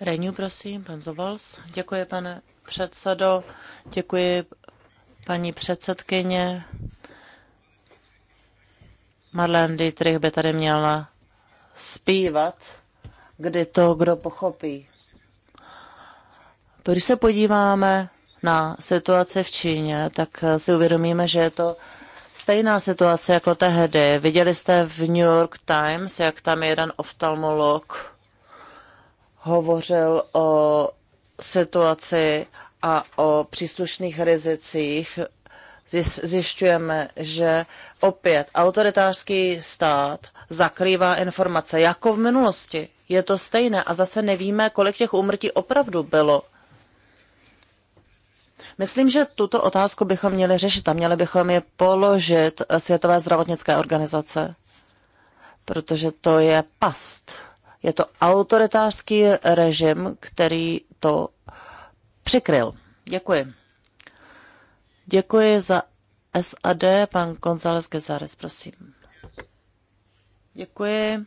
Renew, prosím, pan Zovals. Děkuji, pane předsedo. Děkuji, paní předsedkyně. Marlene Dietrich by tady měla zpívat, kdy to kdo pochopí. Když se podíváme na situaci v Číně, tak si uvědomíme, že je to stejná situace jako tehdy. Viděli jste v New York Times, jak tam jeden oftalmolog hovořil o situaci a o příslušných rizicích. Zjišťujeme, že opět autoritářský stát zakrývá informace jako v minulosti. Je to stejné a zase nevíme, kolik těch úmrtí opravdu bylo Myslím, že tuto otázku bychom měli řešit a měli bychom je položit Světové zdravotnické organizace, protože to je past. Je to autoritářský režim, který to přikryl. Děkuji. Děkuji za SAD, pan González Gezares, prosím. Děkuji.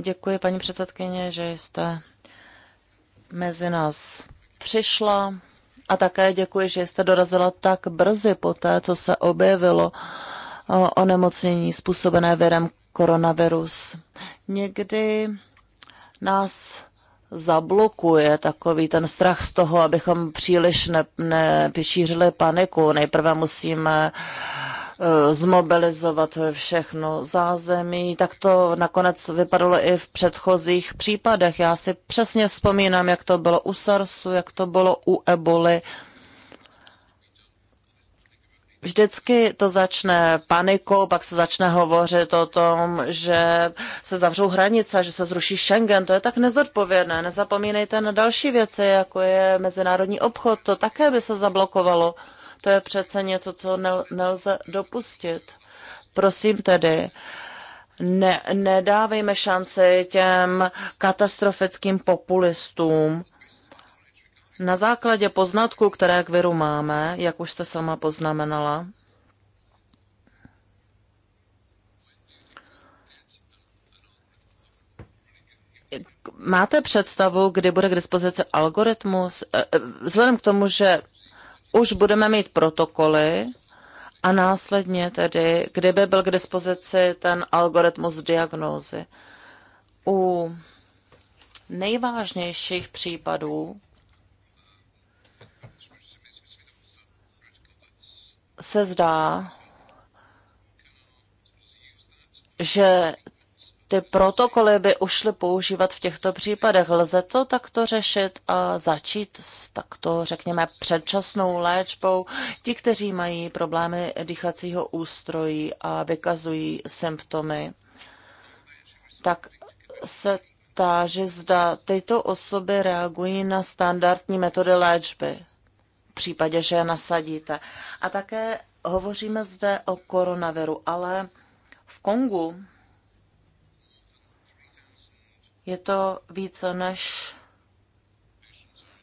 Děkuji, paní předsedkyně, že jste mezi nás přišla a také děkuji, že jste dorazila tak brzy po té, co se objevilo onemocnění způsobené virem koronavirus. Někdy nás zablokuje takový ten strach z toho, abychom příliš nepřišířili ne paniku. Nejprve musíme uh, Eh, zmobilizovat všechno zázemí. Tak to nakonec vypadalo i v předchozích případech. Já si přesně vzpomínám, jak to bylo u SARSu, jak to bylo u eboli. Vždycky to začne panikou, pak se začne hovořit o tom, že se zavřou hranice, že se zruší Schengen. To je tak nezodpovědné. Nezapomínejte na další věci, jako je mezinárodní obchod. To také by se zablokovalo. To je přece něco, co nelze dopustit. Prosím tedy, ne, nedávejme šanci těm katastrofickým populistům. Na základě poznatků, které k viru máme, jak už jste sama poznamenala, máte představu, kdy bude k dispozici algoritmus? Eh, vzhledem k tomu, že už budeme mít protokoly a následně tedy, kdyby byl k dispozici ten algoritmus diagnózy. U nejvážnějších případů se zdá, že ty protokoly by ušly používat v těchto případech. Lze to takto řešit a začít s takto, řekněme, předčasnou léčbou. Ti, kteří mají problémy dýchacího ústrojí a vykazují symptomy, tak se táže, zda tyto osoby reagují na standardní metody léčby v případě, že je nasadíte. A také hovoříme zde o koronaviru, ale v Kongu je to více než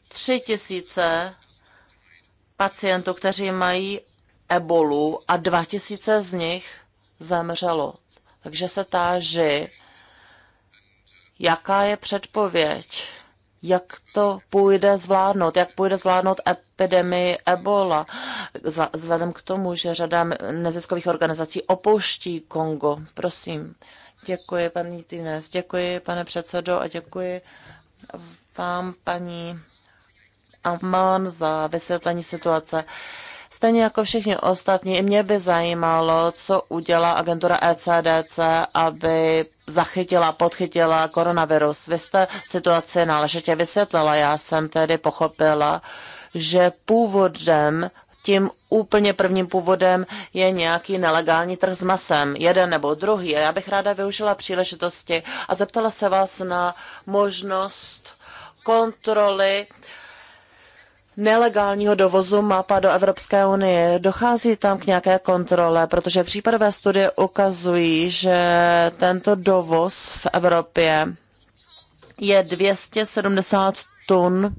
tři tisíce pacientů, kteří mají ebolu a dva tisíce z nich zemřelo. Takže se táži, jaká je předpověď, jak to půjde zvládnout, jak půjde zvládnout epidemii ebola, vzhledem k tomu, že řada neziskových organizací opouští Kongo. Prosím. Děkuji, paní Týnes. Děkuji, pane předsedo, a děkuji vám, paní Amman, za vysvětlení situace. Stejně jako všichni ostatní, mě by zajímalo, co udělá agentura ECDC, aby zachytila, podchytila koronavirus. Vy jste situaci náležitě vysvětlila. Já jsem tedy pochopila, že původem tím úplně prvním původem je nějaký nelegální trh s masem, jeden nebo druhý. A já bych ráda využila příležitosti a zeptala se vás na možnost kontroly nelegálního dovozu mapa do Evropské unie. Dochází tam k nějaké kontrole, protože případové studie ukazují, že tento dovoz v Evropě je 270 tun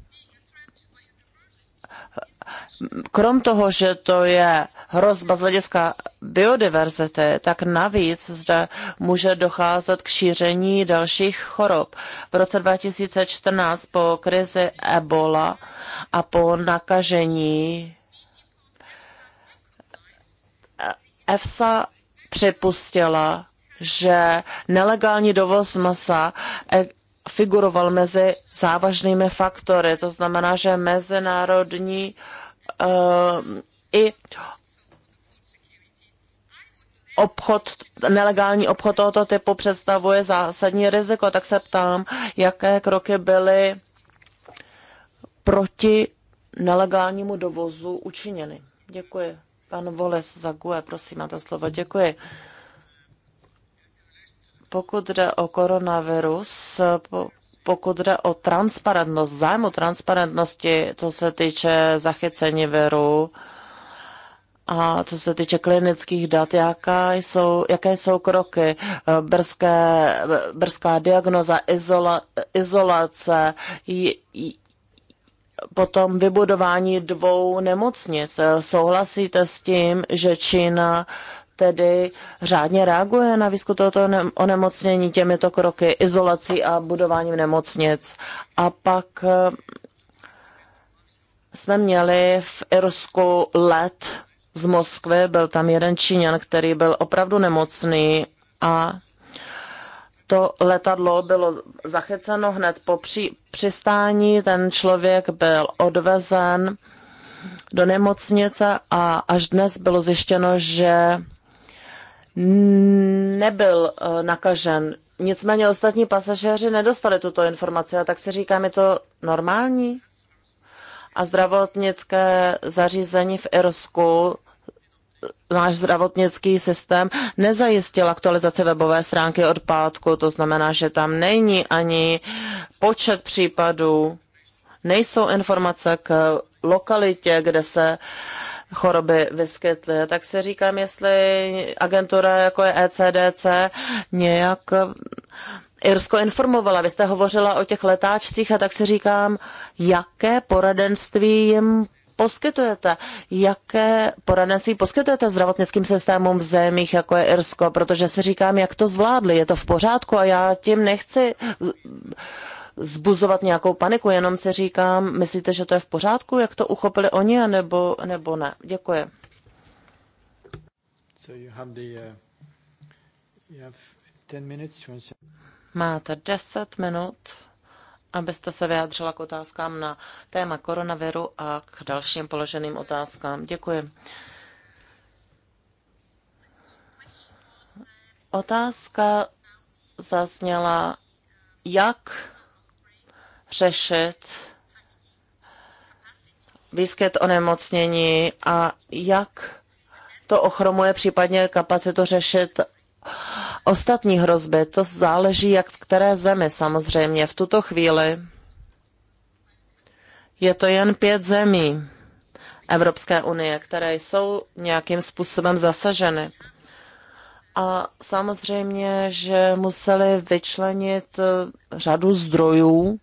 krom toho, že to je hrozba z hlediska biodiverzity, tak navíc zde může docházet k šíření dalších chorob. V roce 2014 po krizi Ebola a po nakažení eh, EFSA připustila, že nelegální dovoz masa eh, figuroval mezi závažnými faktory. To znamená, že mezinárodní uh, i obchod, nelegální obchod tohoto typu představuje zásadní riziko, tak se ptám, jaké kroky byly proti nelegálnímu dovozu učiněny. Děkuji. Pan Voles Zague, prosím, máte slovo. Děkuji. Pokud jde o koronavirus, pokud jde o transparentnost, zájmu transparentnosti, co se týče zachycení viru a co se týče klinických dat, jaká jsou, jaké jsou kroky, brzké, brzká diagnoza, izola, izolace, j, j, potom vybudování dvou nemocnic. Souhlasíte s tím, že Čína tedy řádně reaguje na výskyt tohoto onemocnění těmito kroky, izolací a budováním nemocnic. A pak eh, jsme měli v Irsku let z Moskvy, byl tam jeden Číňan, který byl opravdu nemocný a to letadlo bylo zachyceno hned po při, přistání. Ten člověk byl odvezen do nemocnice a až dnes bylo zjištěno, že nebyl eh, nakažen. Nicméně ostatní pasažéři nedostali tuto informaci a tak si říkám, je to normální? A zdravotnické zařízení v Irsku náš zdravotnický systém nezajistil aktualizaci webové stránky od pátku, to znamená, že tam není ani počet případů, nejsou informace k lokalitě, kde se uh, choroby vyskytly. Tak si říkám, jestli agentura jako je ECDC nějak um, Irsko informovala. Vy jste hovořila o těch letáčcích a tak si říkám, jaké poradenství jim poskytujete? Jaké poradenství poskytujete zdravotnickým systémům v zemích, jako je Irsko? Protože si říkám, jak to zvládli, je to v pořádku a já tím nechci zbuzovat nějakou paniku, jenom se říkám, myslíte, že to je v pořádku, jak to uchopili oni, nebo, nebo ne? Děkuji. So you have the, uh, you have minutes Máte 10 minut, abyste se vyjádřila k otázkám na téma koronaviru a k dalším položeným otázkám. Děkuji. Otázka zazněla, jak řešit výskyt onemocnění a jak to ochromuje případně kapacitu řešit ostatní hrozby. To záleží jak v které zemi samozřejmě. V tuto chvíli je to jen pět zemí Evropské unie, které jsou nějakým způsobem zasaženy. A samozřejmě, že museli vyčlenit řadu zdrojů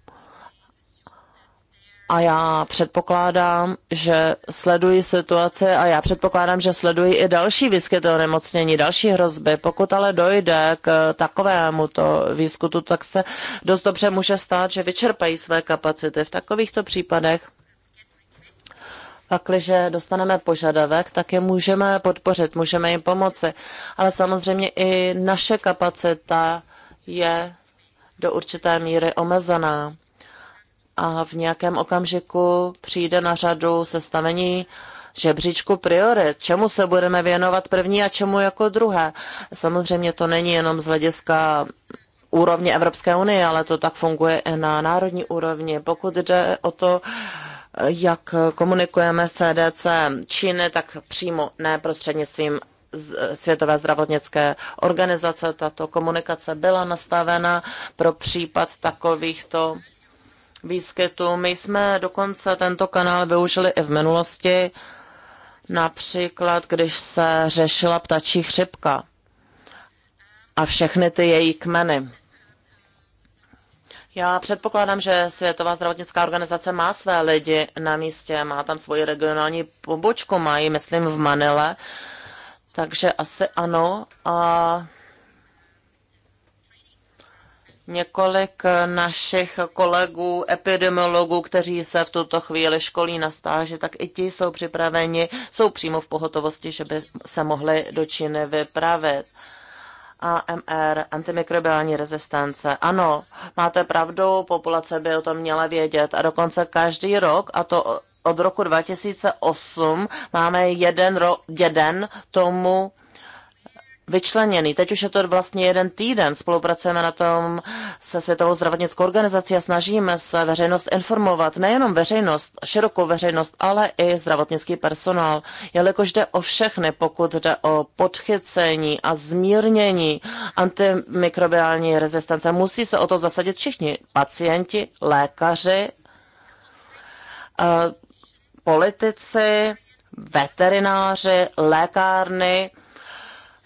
a já předpokládám, že sleduji situace a já předpokládám, že sleduji i další výskyty onemocnění, další hrozby. Pokud ale dojde k takovému to výskutu, tak se dost dobře může stát, že vyčerpají své kapacity. V takovýchto případech pakliže dostaneme požadavek, tak je můžeme podpořit, můžeme jim pomoci. Ale samozřejmě i naše kapacita je do určité míry omezená a v nějakém okamžiku přijde na řadu sestavení žebříčku priorit, čemu se budeme věnovat první a čemu jako druhé. Samozřejmě to není jenom z hlediska úrovně Evropské unie, ale to tak funguje i na národní úrovni. Pokud jde o to, jak komunikujeme CDC Číny, tak přímo ne prostřednictvím Světové zdravotnické organizace. Tato komunikace byla nastavena pro případ takovýchto výskytu. My jsme dokonce tento kanál využili i v minulosti, například když se řešila ptačí chřipka a všechny ty její kmeny. Já předpokládám, že Světová zdravotnická organizace má své lidi na místě, má tam svoji regionální pobočku, má myslím, v Manile, takže asi ano. A několik eh, našich kolegů, epidemiologů, kteří se v tuto chvíli školí na stáži, tak i ti jsou připraveni, jsou přímo v pohotovosti, že by se mohli do Číny vypravit. AMR, antimikrobiální rezistence. Ano, máte pravdu, populace by o tom měla vědět a dokonce každý rok, a to od roku 2008, máme jeden, ro- jeden tomu vyčleněný. Teď už je to vlastně jeden týden. Spolupracujeme na tom se Světovou zdravotnickou organizací a snažíme se veřejnost informovat. Nejenom veřejnost, širokou veřejnost, ale i zdravotnický personál. Jelikož jde o všechny, pokud jde o podchycení a zmírnění antimikrobiální rezistence, musí se o to zasadit všichni. Pacienti, lékaři, eh, politici, veterináři, lékárny,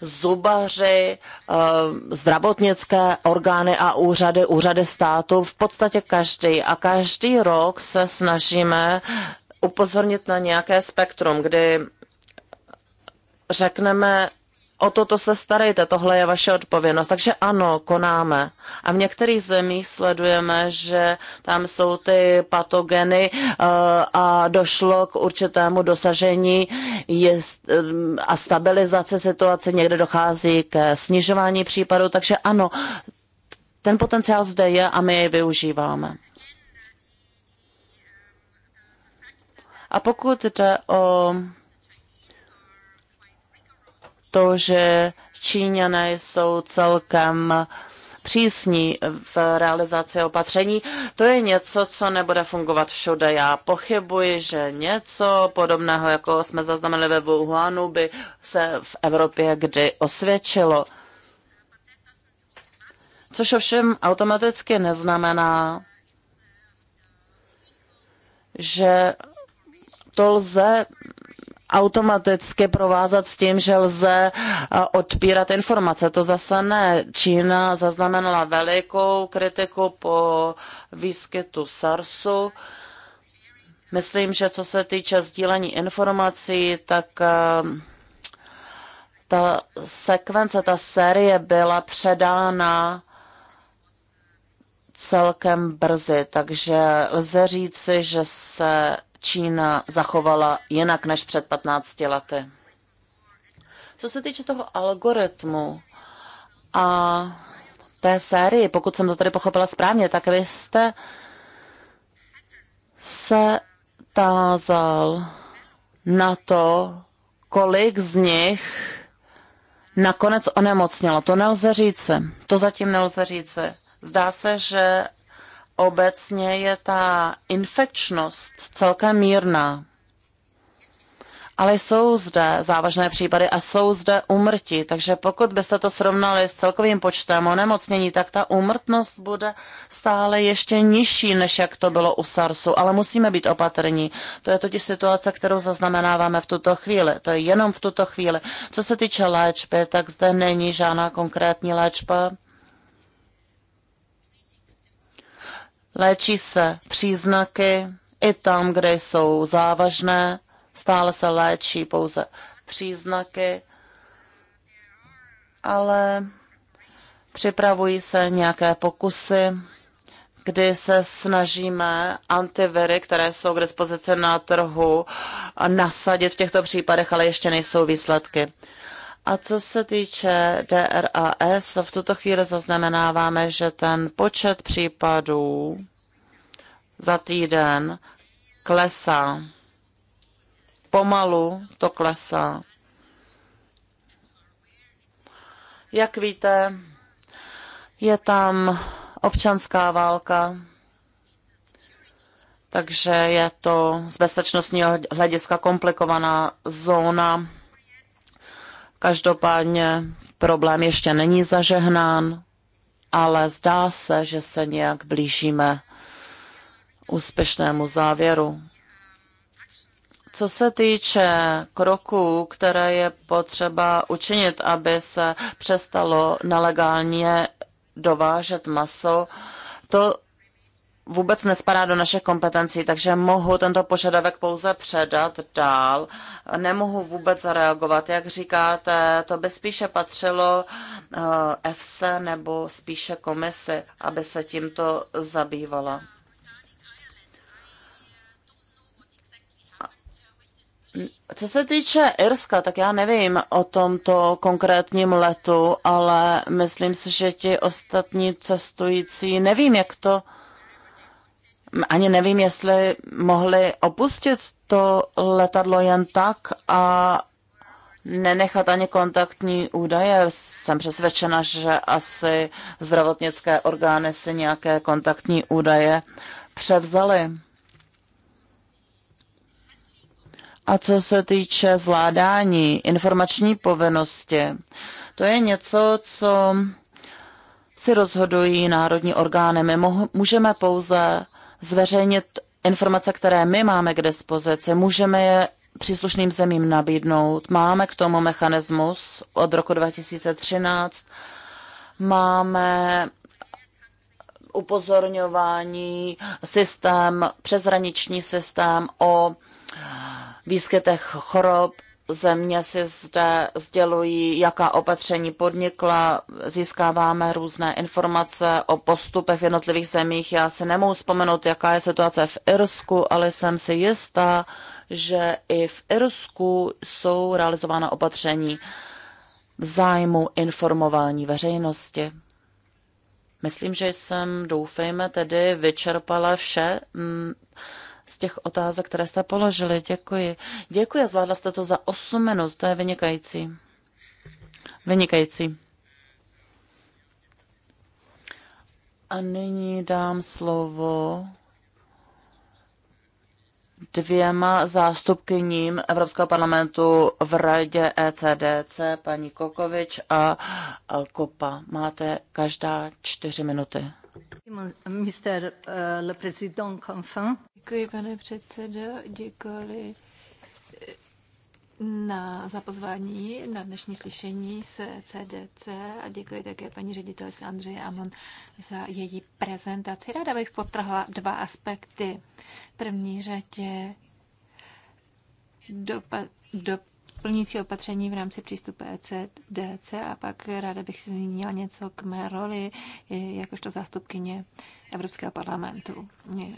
zubaři, eh, zdravotnické orgány a úřady, úřady státu, v podstatě každý. A každý rok se snažíme upozornit na nějaké spektrum, kdy řekneme o toto se starejte, tohle je vaše odpovědnost. Takže ano, konáme. A v některých zemích sledujeme, že tam jsou ty patogeny eh, a došlo k určitému dosažení eh, a stabilizace situace. Někde dochází ke snižování případů, takže ano, ten potenciál zde je a my jej využíváme. A pokud jde o to, že Číňané jsou celkem přísní v realizaci opatření. To je něco, co nebude fungovat všude. Já pochybuji, že něco podobného, jako jsme zaznamenali ve Wuhanu, by se v Evropě kdy osvědčilo. Což ovšem automaticky neznamená, že to lze automaticky provázat s tím, že lze eh, odpírat informace. To zase ne. Čína zaznamenala velikou kritiku po výskytu SARSu. Myslím, že co se týče sdílení informací, tak eh, ta sekvence, ta série byla předána celkem brzy, takže lze říci, že se Čína zachovala jinak než před 15 lety. Co se týče toho algoritmu a té série, pokud jsem to tady pochopila správně, tak vy jste se tázal na to, kolik z nich nakonec onemocnělo. To nelze říci. To zatím nelze říci. Zdá se, že obecně je ta infekčnost celkem mírná. Ale jsou zde závažné případy a jsou zde umrtí, takže pokud byste to srovnali s celkovým počtem onemocnění, tak ta úmrtnost bude stále ještě nižší, než jak to bylo u SARSu, ale musíme být opatrní. To je totiž situace, kterou zaznamenáváme v tuto chvíli. To je jenom v tuto chvíli. Co se týče léčby, tak zde není žádná konkrétní léčba Léčí se příznaky i tam, kde jsou závažné. Stále se léčí pouze příznaky, ale připravují se nějaké pokusy, kdy se snažíme antiviry, které jsou k dispozici na trhu, nasadit v těchto případech, ale ještě nejsou výsledky. A co se týče DRAS, v tuto chvíli zaznamenáváme, že ten počet případů za týden klesá. Pomalu to klesá. Jak víte, je tam občanská válka, takže je to z bezpečnostního hlediska komplikovaná zóna Každopádně problém ještě není zažehnán, ale zdá se, že se nějak blížíme úspěšnému závěru. Co se týče kroků, které je potřeba učinit, aby se přestalo nelegálně dovážet maso, to vůbec nespadá do našich kompetencí, takže mohu tento požadavek pouze předat dál. Nemohu vůbec zareagovat. Jak říkáte, to by spíše patřilo EFSE eh, nebo spíše komisi, aby se tímto zabývala. Co se týče Irska, tak já nevím o tomto konkrétním letu, ale myslím si, že ti ostatní cestující, nevím, jak to ani nevím, jestli mohli opustit to letadlo jen tak a nenechat ani kontaktní údaje. Jsem přesvědčena, že asi zdravotnické orgány si nějaké kontaktní údaje převzaly. A co se týče zvládání informační povinnosti, to je něco, co si rozhodují národní orgány. My můžeme pouze zveřejnit informace, které my máme k dispozici. Můžeme je příslušným zemím nabídnout. Máme k tomu mechanismus od roku 2013. Máme upozorňování, systém, přeshraniční systém o výskytech chorob země si zde sdělují, jaká opatření podnikla, získáváme různé informace o postupech v jednotlivých zemích. Já si nemohu vzpomenout, jaká je situace v Irsku, ale jsem si jistá, že i v Irsku jsou realizována opatření v zájmu informování veřejnosti. Myslím, že jsem, doufejme, tedy vyčerpala vše z těch otázek, které jste položili. Děkuji. Děkuji, zvládla jste to za 8 minut, to je vynikající. Vynikající. A nyní dám slovo dvěma zástupkyním Evropského parlamentu v radě ECDC, paní Kokovič a Kopa. Máte každá čtyři minuty. Mr. Eh, le Président Confin. Děkuji, pane předsedo, děkuji eh, na, za pozvání na dnešní slyšení s CDC a děkuji také paní ředitelce Andřeje Amon za její prezentaci. Ráda bych potrhla dva aspekty. V první řadě dopad, dopad plnící opatření v rámci přístupu ECDC a pak ráda bych zmínila něco k mé roli jakožto zástupkyně Evropského parlamentu,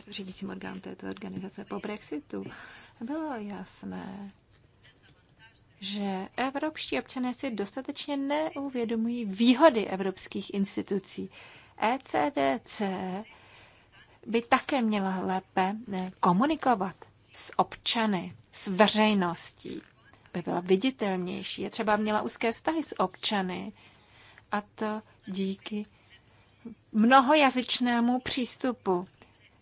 řídícím orgán této organizace po Brexitu. Bylo jasné, že evropští občané si dostatečně neuvědomují výhody evropských institucí. ECDC by také měla lépe komunikovat s občany, s veřejností aby byla viditelnější. Je třeba měla úzké vztahy s občany a to díky mnohojazyčnému přístupu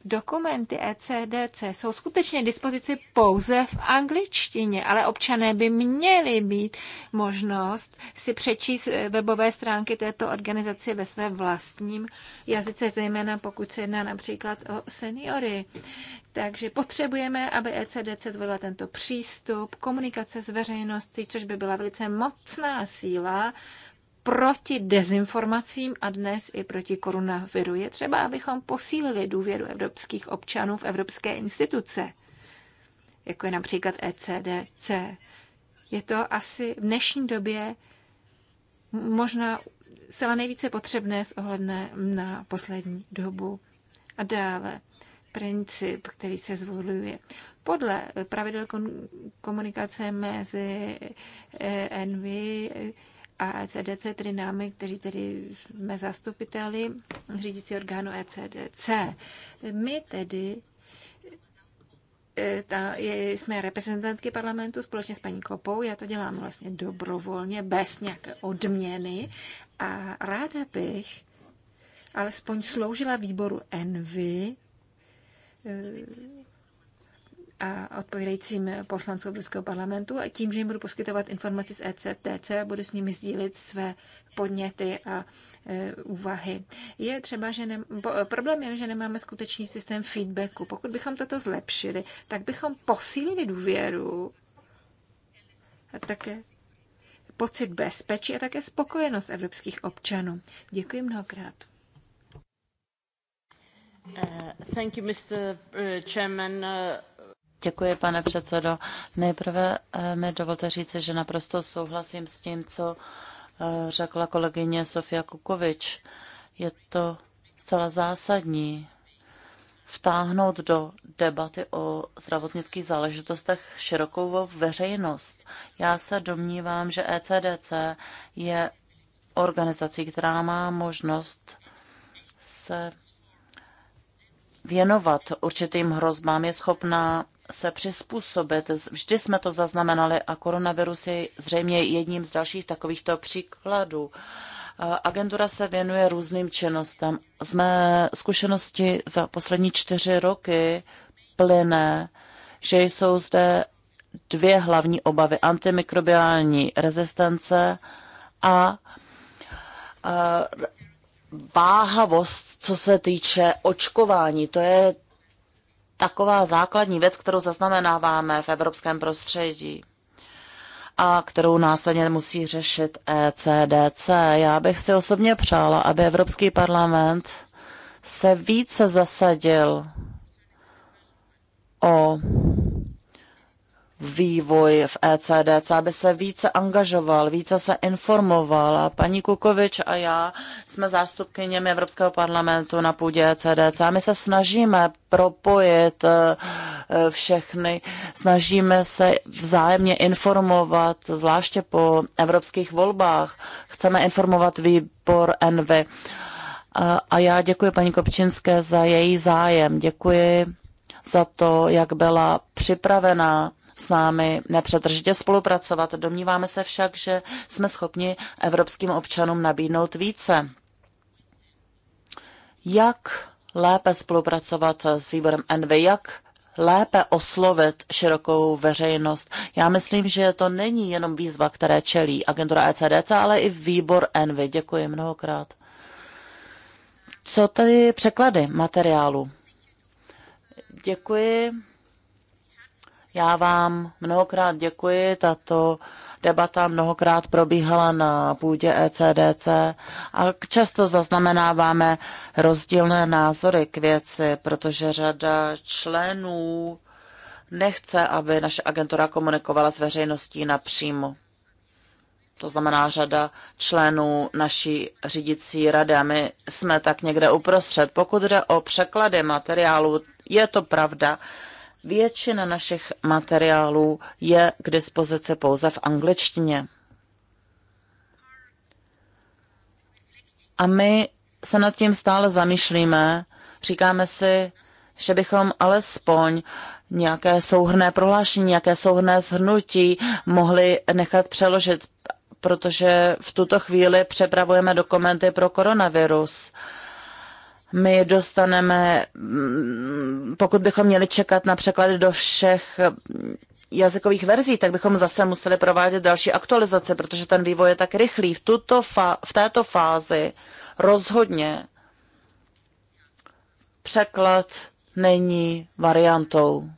dokumenty ECDC jsou skutečně dispozici pouze v angličtině, ale občané by měli mít možnost si přečíst eh, webové stránky této organizace ve své vlastním jazyce, zejména pokud se jedná například o seniory. Takže potřebujeme, aby ECDC zvolila tento přístup, komunikace s veřejností, což by byla velice mocná síla proti dezinformacím a dnes i proti koronaviru. Je třeba, abychom posílili důvěru evropských občanů v evropské instituce, jako je například ECDC. Je to asi v dnešní době možná zcela nejvíce potřebné s ohledem na poslední dobu. A dále princip, který se zvoluje. Podle pravidel komunikace mezi eh, NV a ECDC, tedy námi, kteří tedy jsme zastupiteli řídící orgánu ECDC. My tedy e, ta, je, jsme reprezentantky parlamentu společně s paní Kopou. Já to dělám vlastně dobrovolně, bez nějaké odměny. A ráda bych alespoň sloužila výboru Envy e, a odpovídajícím poslancům Evropského parlamentu a tím, že jim budu poskytovat informaci z ECTC, budu s nimi sdílit své podněty a e, úvahy. Je třeba, že ne, bo, problém je, že nemáme skutečný systém feedbacku. Pokud bychom toto zlepšili, tak bychom posílili důvěru a také pocit bezpečí a také spokojenost evropských občanů. Děkuji mnohokrát. Uh, thank you, Mr. Uh, chairman. Uh... Děkuji, pane předsedo. Nejprve eh, mi dovolte říct, že naprosto souhlasím s tím, co eh, řekla kolegyně Sofia Kukovič. Je to zcela zásadní vtáhnout do debaty o zdravotnických záležitostech širokou veřejnost. Já se domnívám, že ECDC je organizací, která má možnost se věnovat určitým hrozbám, je schopná se přizpůsobit. Vždy jsme to zaznamenali a koronavirus je zřejmě jedním z dalších takovýchto příkladů. Agentura se věnuje různým činnostem. Z mé zkušenosti za poslední čtyři roky plyne, že jsou zde dvě hlavní obavy. Antimikrobiální rezistence a váhavost, co se týče očkování. To je taková základní věc, kterou zaznamenáváme v evropském prostředí a kterou následně musí řešit ECDC. Já bych si osobně přála, aby Evropský parlament se více zasadil o vývoj v ECDC, aby se více angažoval, více se informoval. A paní Kukovič a já jsme zástupkyněmi Evropského parlamentu na půdě ECDC a my se snažíme propojit eh, všechny, snažíme se vzájemně informovat, zvláště po evropských volbách. Chceme informovat výbor Envy. A já děkuji paní Kopčinské za její zájem. Děkuji za to, jak byla připravená s námi nepřetržitě spolupracovat. Domníváme se však, že jsme schopni evropským občanům nabídnout více. Jak lépe spolupracovat s výborem NV, jak lépe oslovit širokou veřejnost. Já myslím, že to není jenom výzva, které čelí agentura ECDC, ale i výbor Envy. Děkuji mnohokrát. Co tady překlady materiálu? Děkuji já vám mnohokrát děkuji. Tato debata mnohokrát probíhala na půdě ECDC a často zaznamenáváme rozdílné názory k věci, protože řada členů nechce, aby naše agentura komunikovala s veřejností napřímo. To znamená řada členů naší řídící rady a my jsme tak někde uprostřed. Pokud jde o překlady materiálu, je to pravda, Většina našich materiálů je k dispozici pouze v angličtině. A my se nad tím stále zamýšlíme, říkáme si, že bychom alespoň nějaké souhrné prohlášení, nějaké souhrné zhrnutí mohli nechat přeložit, protože v tuto chvíli přepravujeme dokumenty pro koronavirus my dostaneme, mm, pokud bychom měli čekat na překlady do všech mm, jazykových verzí, tak bychom zase museli provádět další aktualizace, protože ten vývoj je tak rychlý. V, tuto v této fázi rozhodně překlad není variantou.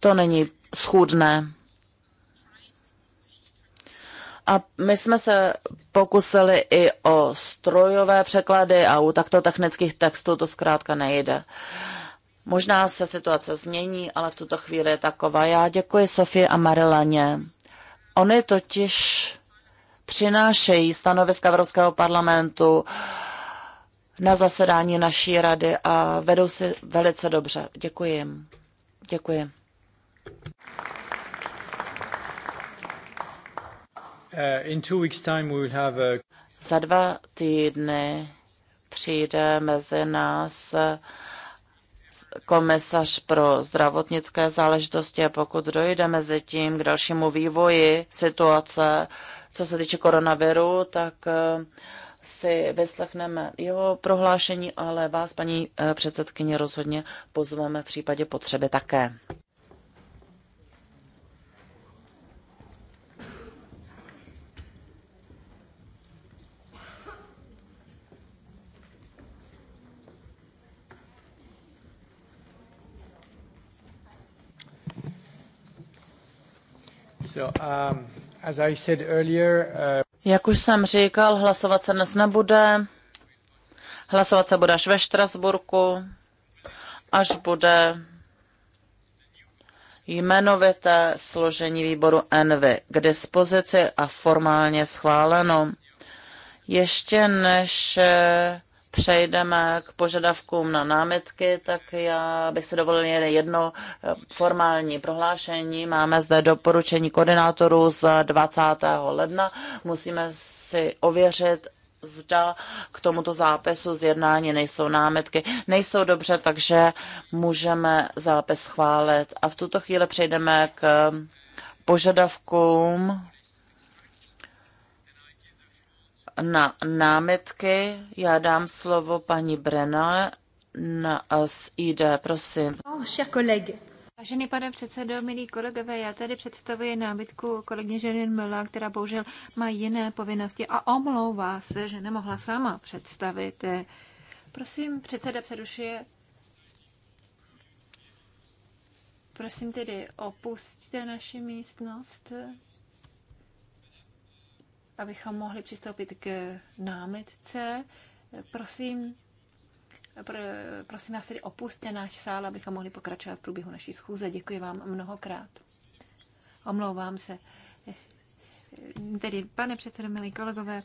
To není schůdné. A my jsme se pokusili i o strojové překlady a u takto technických textů to zkrátka nejde. Možná se situace změní, ale v tuto chvíli je taková. Já děkuji Sofii a Marilaně. Oni totiž přinášejí stanoviska Evropského parlamentu na zasedání naší rady a vedou si velice dobře. Děkuji jim. Děkuji. Uh, in two weeks time we will have a... Za dva týdny přijde mezi nás komisař pro zdravotnické záležitosti a pokud dojde mezi tím k dalšímu vývoji situace, co se týče koronaviru, tak eh, si vyslechneme jeho prohlášení, ale vás, paní eh, předsedkyně, rozhodně pozveme v případě potřeby také. Um, uh, Jak už jsem říkal, hlasovat se dnes nebude. Hlasovat se bude až ve Štrasburku, až bude jmenovité složení výboru ENVY k dispozici a formálně schváleno. Ještě než přejdeme k požadavkům na námitky, tak já bych se dovolil jen jedno eh, formální prohlášení. Máme zde doporučení koordinátorů z 20. ledna. Musíme si ověřit, zda k tomuto zápisu z jednání nejsou námitky. Nejsou dobře, takže můžeme zápis schválit. A v tuto chvíli přejdeme k požadavkům na námitky. Já dám slovo paní Brena na, z ID, prosím. Oh, Vážený pane předsedo, milí kolegové, já tady představuji námitku kolegyně Ženy Mela, která bohužel má jiné povinnosti a omlouvá se, že nemohla sama představit. Prosím, předseda přerušuje. Prosím tedy, opustíte naši místnost abychom mohli přistoupit k námitce. Prosím, pr- prosím vás tedy opuste náš sál, abychom mohli pokračovat v průběhu naší schůze. Děkuji vám mnohokrát. Omlouvám se. Tedy, pane předsedo, milí kolegové,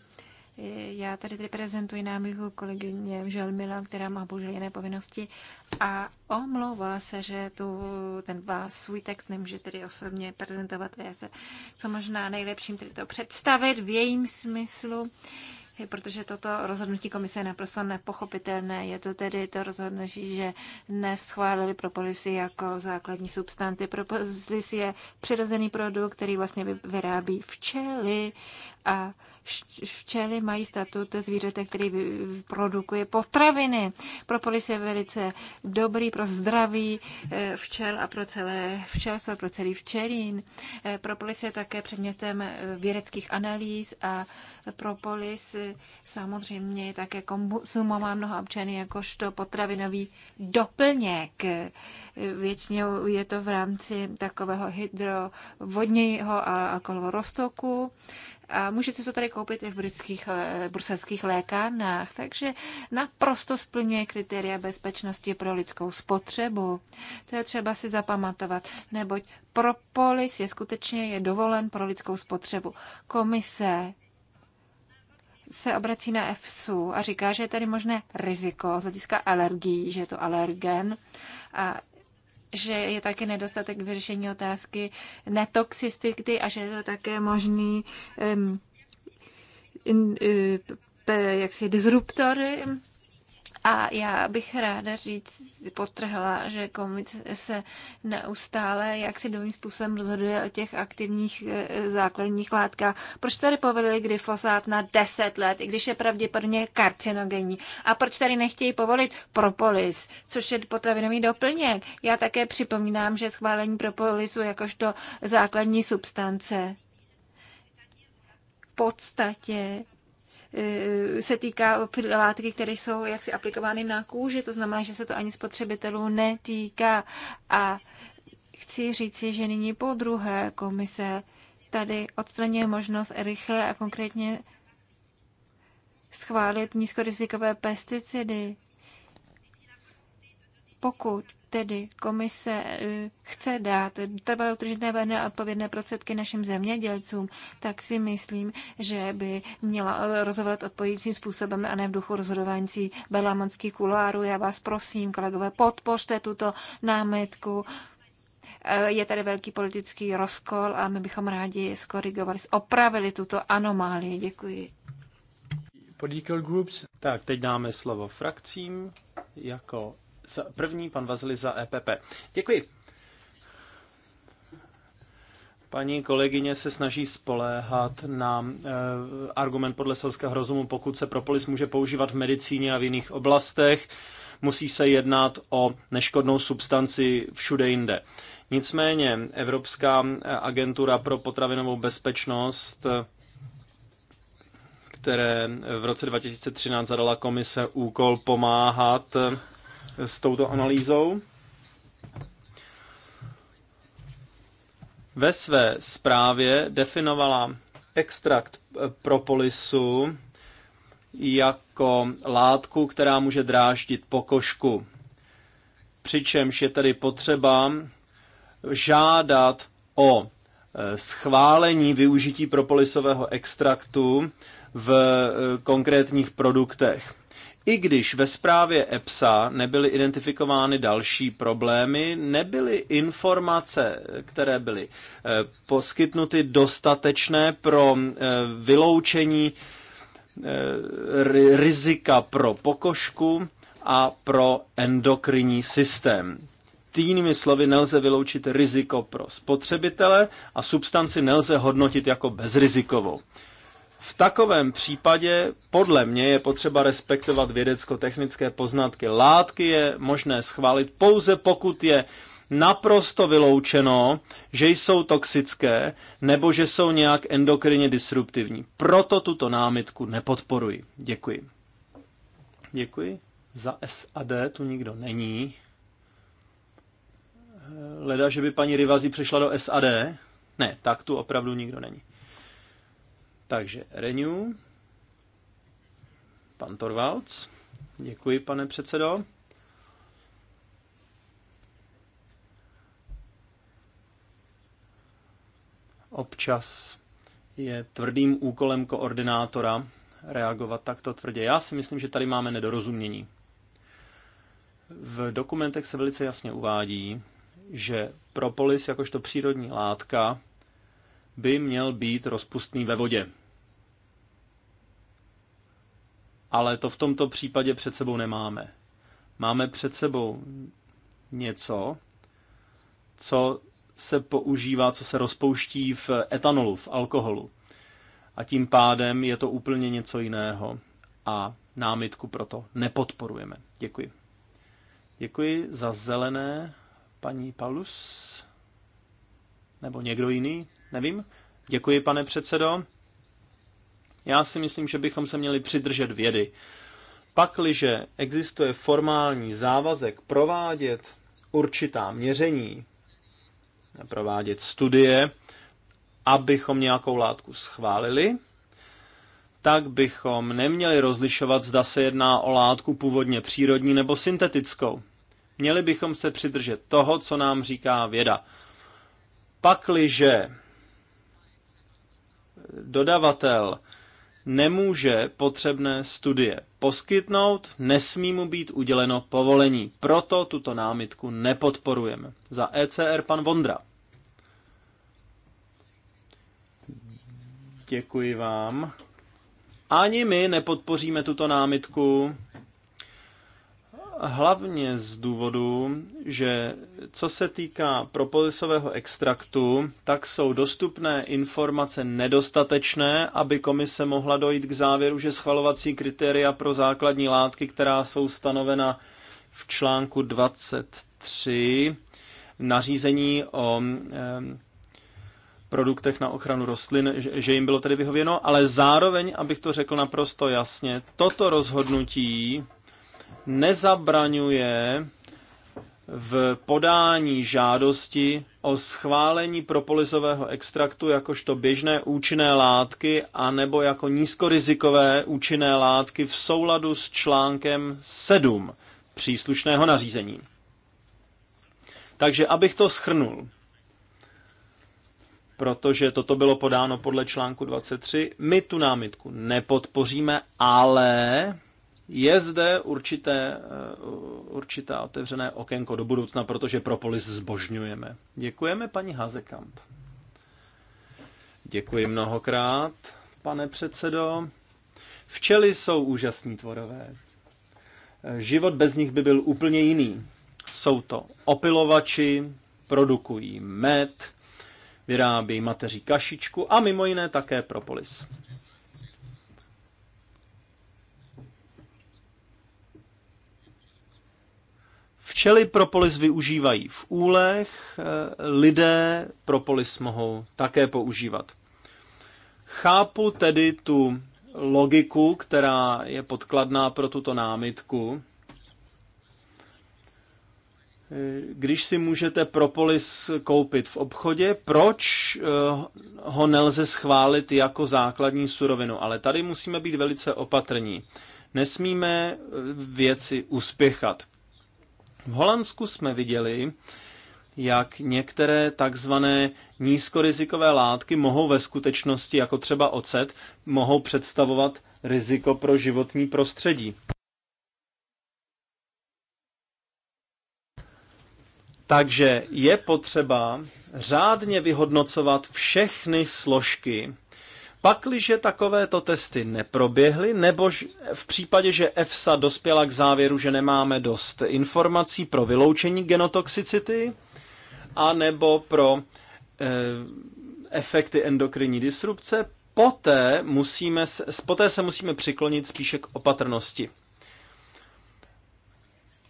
já tady reprezentuji jeho kolegyně Želmila, která má bohužel jiné povinnosti a omlouvá se, že tu ten vás svůj text nemůže tedy osobně prezentovat. Já se co možná nejlepším tedy to představit v jejím smyslu protože toto rozhodnutí komise je naprosto nepochopitelné. Je to tedy to rozhodnutí, že neschválili propolisy jako základní substanty. Propolis je přirozený produkt, který vlastně vyrábí včely a Včely mají statut zvířete, který produkuje potraviny. Propolis je velice dobrý pro zdraví eh, včel a pro celé včelstvo, pro celý včelín. Eh, propolis je také předmětem eh, vědeckých analýz a propolis samozřejmě je také konzumová mnoha občany jakožto potravinový doplněk. Většinou je to v rámci takového hydrovodního a alkoholového roztoku. A můžete to tady koupit i v britských, eh, bruselských lékárnách, takže naprosto splňuje kritéria bezpečnosti pro lidskou spotřebu. To je třeba si zapamatovat, neboť propolis je skutečně je dovolen pro lidskou spotřebu. Komise se obrací na EFSU a říká, že je tady možné riziko z hlediska alergií, že je to alergen a že je také nedostatek vyřešení otázky netoxicity a že je to také možný um, in, uh, p, jaksi disruptor a já bych ráda říct, potrhla, že komic se neustále, jak si novým způsobem rozhoduje o těch aktivních e, základních látkách. Proč tady povolili glyfosát na 10 let, i když je pravděpodobně karcinogenní? A proč tady nechtějí povolit propolis, což je potravinový doplněk? Já také připomínám, že schválení propolisu jakožto základní substance v podstatě Eh, se týká látky, které jsou jaksi aplikovány na kůži, to znamená, že se to ani spotřebitelů netýká. A chci říci, že nyní po druhé komise tady odstraňuje možnost rychle a konkrétně schválit nízkorizikové pesticidy. Pokud tedy komise eh, chce dát trvalé utržitné vené odpovědné prostředky našim zemědělcům, tak si myslím, že by měla rozhodovat odpovědným způsobem a ne v duchu rozhodování belamanských kuláru. Já vás prosím, kolegové, podpořte tuto námitku. Eh, je tady velký politický rozkol a my bychom rádi skorigovali, opravili tuto anomálii. Děkuji. Political groups. Tak, teď dáme slovo frakcím. Jako za První pan Vazli za EPP. Děkuji. Paní kolegyně se snaží spoléhat na e, argument podle selského rozumu, pokud se propolis může používat v medicíně a v jiných oblastech, musí se jednat o neškodnou substanci všude jinde. Nicméně Evropská agentura pro potravinovou bezpečnost které v roce 2013 zadala komise úkol pomáhat s touto analýzou. Ve své zprávě definovala extrakt propolisu jako látku, která může dráždit pokožku. Přičemž je tedy potřeba žádat o e, schválení využití propolisového extraktu v e, konkrétních produktech. I když ve zprávě EPSA nebyly identifikovány další problémy, nebyly informace, které byly eh, poskytnuty dostatečné pro eh, vyloučení eh, rizika pro pokožku a pro endokrinní systém. Týnými slovy nelze vyloučit riziko pro spotřebitele a substanci nelze hodnotit jako bezrizikovou. V takovém případě podle mě je potřeba respektovat vědecko-technické poznatky. Látky je možné schválit pouze pokud je naprosto vyloučeno, že jsou toxické nebo že jsou nějak endokrinně disruptivní. Proto tuto námitku nepodporuji. Děkuji. Děkuji. Za SAD tu nikdo není. Leda, že by paní Rivazi přišla do SAD? Ne, tak tu opravdu nikdo není. Takže Renew, pan Torvalds. Děkuji, pane předsedo. Občas je tvrdým úkolem koordinátora reagovat takto tvrdě. Já si myslím, že tady máme nedorozumění. V dokumentech se velice jasně uvádí, že propolis jakožto přírodní látka by měl být rozpustný ve vodě. ale to v tomto případě před sebou nemáme. Máme před sebou něco, co se používá, co se rozpouští v etanolu, v alkoholu. A tím pádem je to úplně něco jiného a námitku proto nepodporujeme. Děkuji. Děkuji za zelené, paní Paulus. Nebo někdo jiný, nevím. Děkuji, pane předsedo. Já si myslím, že bychom se měli přidržet vědy. Pakliže existuje formální závazek provádět určitá měření, provádět studie, abychom nějakou látku schválili, tak bychom neměli rozlišovat, zda se jedná o látku původně přírodní nebo syntetickou. Měli bychom se přidržet toho, co nám říká věda. Pakliže dodavatel nemůže potřebné studie poskytnout, nesmí mu být uděleno povolení. Proto tuto námitku nepodporujeme. Za ECR pan Vondra. Děkuji vám. Ani my nepodpoříme tuto námitku, hlavně z důvodu, že co se týká propolisového extraktu, tak jsou dostupné informace nedostatečné, aby komise mohla dojít k závěru, že schvalovací kritéria pro základní látky, která jsou stanovena v článku 23 nařízení o produktech na ochranu rostlin, že jim bylo tedy vyhověno, ale zároveň, abych to řekl naprosto jasně, toto rozhodnutí nezabraňuje v podání žádosti o schválení propolizového extraktu jakožto běžné účinné látky a nebo jako nízkorizikové účinné látky v souladu s článkem 7 příslušného nařízení. Takže abych to schrnul, protože toto bylo podáno podle článku 23, my tu námitku nepodpoříme, ale je zde určité, eh, určité otevřené okénko do budoucna, protože Propolis zbožňujeme. Děkujeme paní Hazekamp. Děkuji mnohokrát, pane předsedo. Včely jsou úžasní tvorové. Eh, život bez nich by byl úplně jiný. Jsou to opilovači, produkují med, vyrábí mateří kašičku a mimo jiné také propolis. Včely propolis využívají v úlech, eh, lidé propolis mohou také používat. Chápu tedy tu logiku, která je podkladná pro tuto námitku. Eh, když si můžete propolis koupit v obchodě, proč eh, ho nelze schválit jako základní surovinu? Ale tady musíme být velice opatrní. Nesmíme věci uspěchat. V Holandsku jsme viděli, jak některé takzvané nízkorizikové látky mohou ve skutečnosti, jako třeba ocet, mohou představovat riziko pro životní prostředí. Takže je potřeba řádně vyhodnocovat všechny složky Pakliže takovéto testy neproběhly, nebo v případě, že EFSA dospěla k závěru, že nemáme dost informací pro vyloučení genotoxicity, a nebo pro e, efekty endokrinní disrupce, poté, musíme, poté se musíme přiklonit spíše k opatrnosti.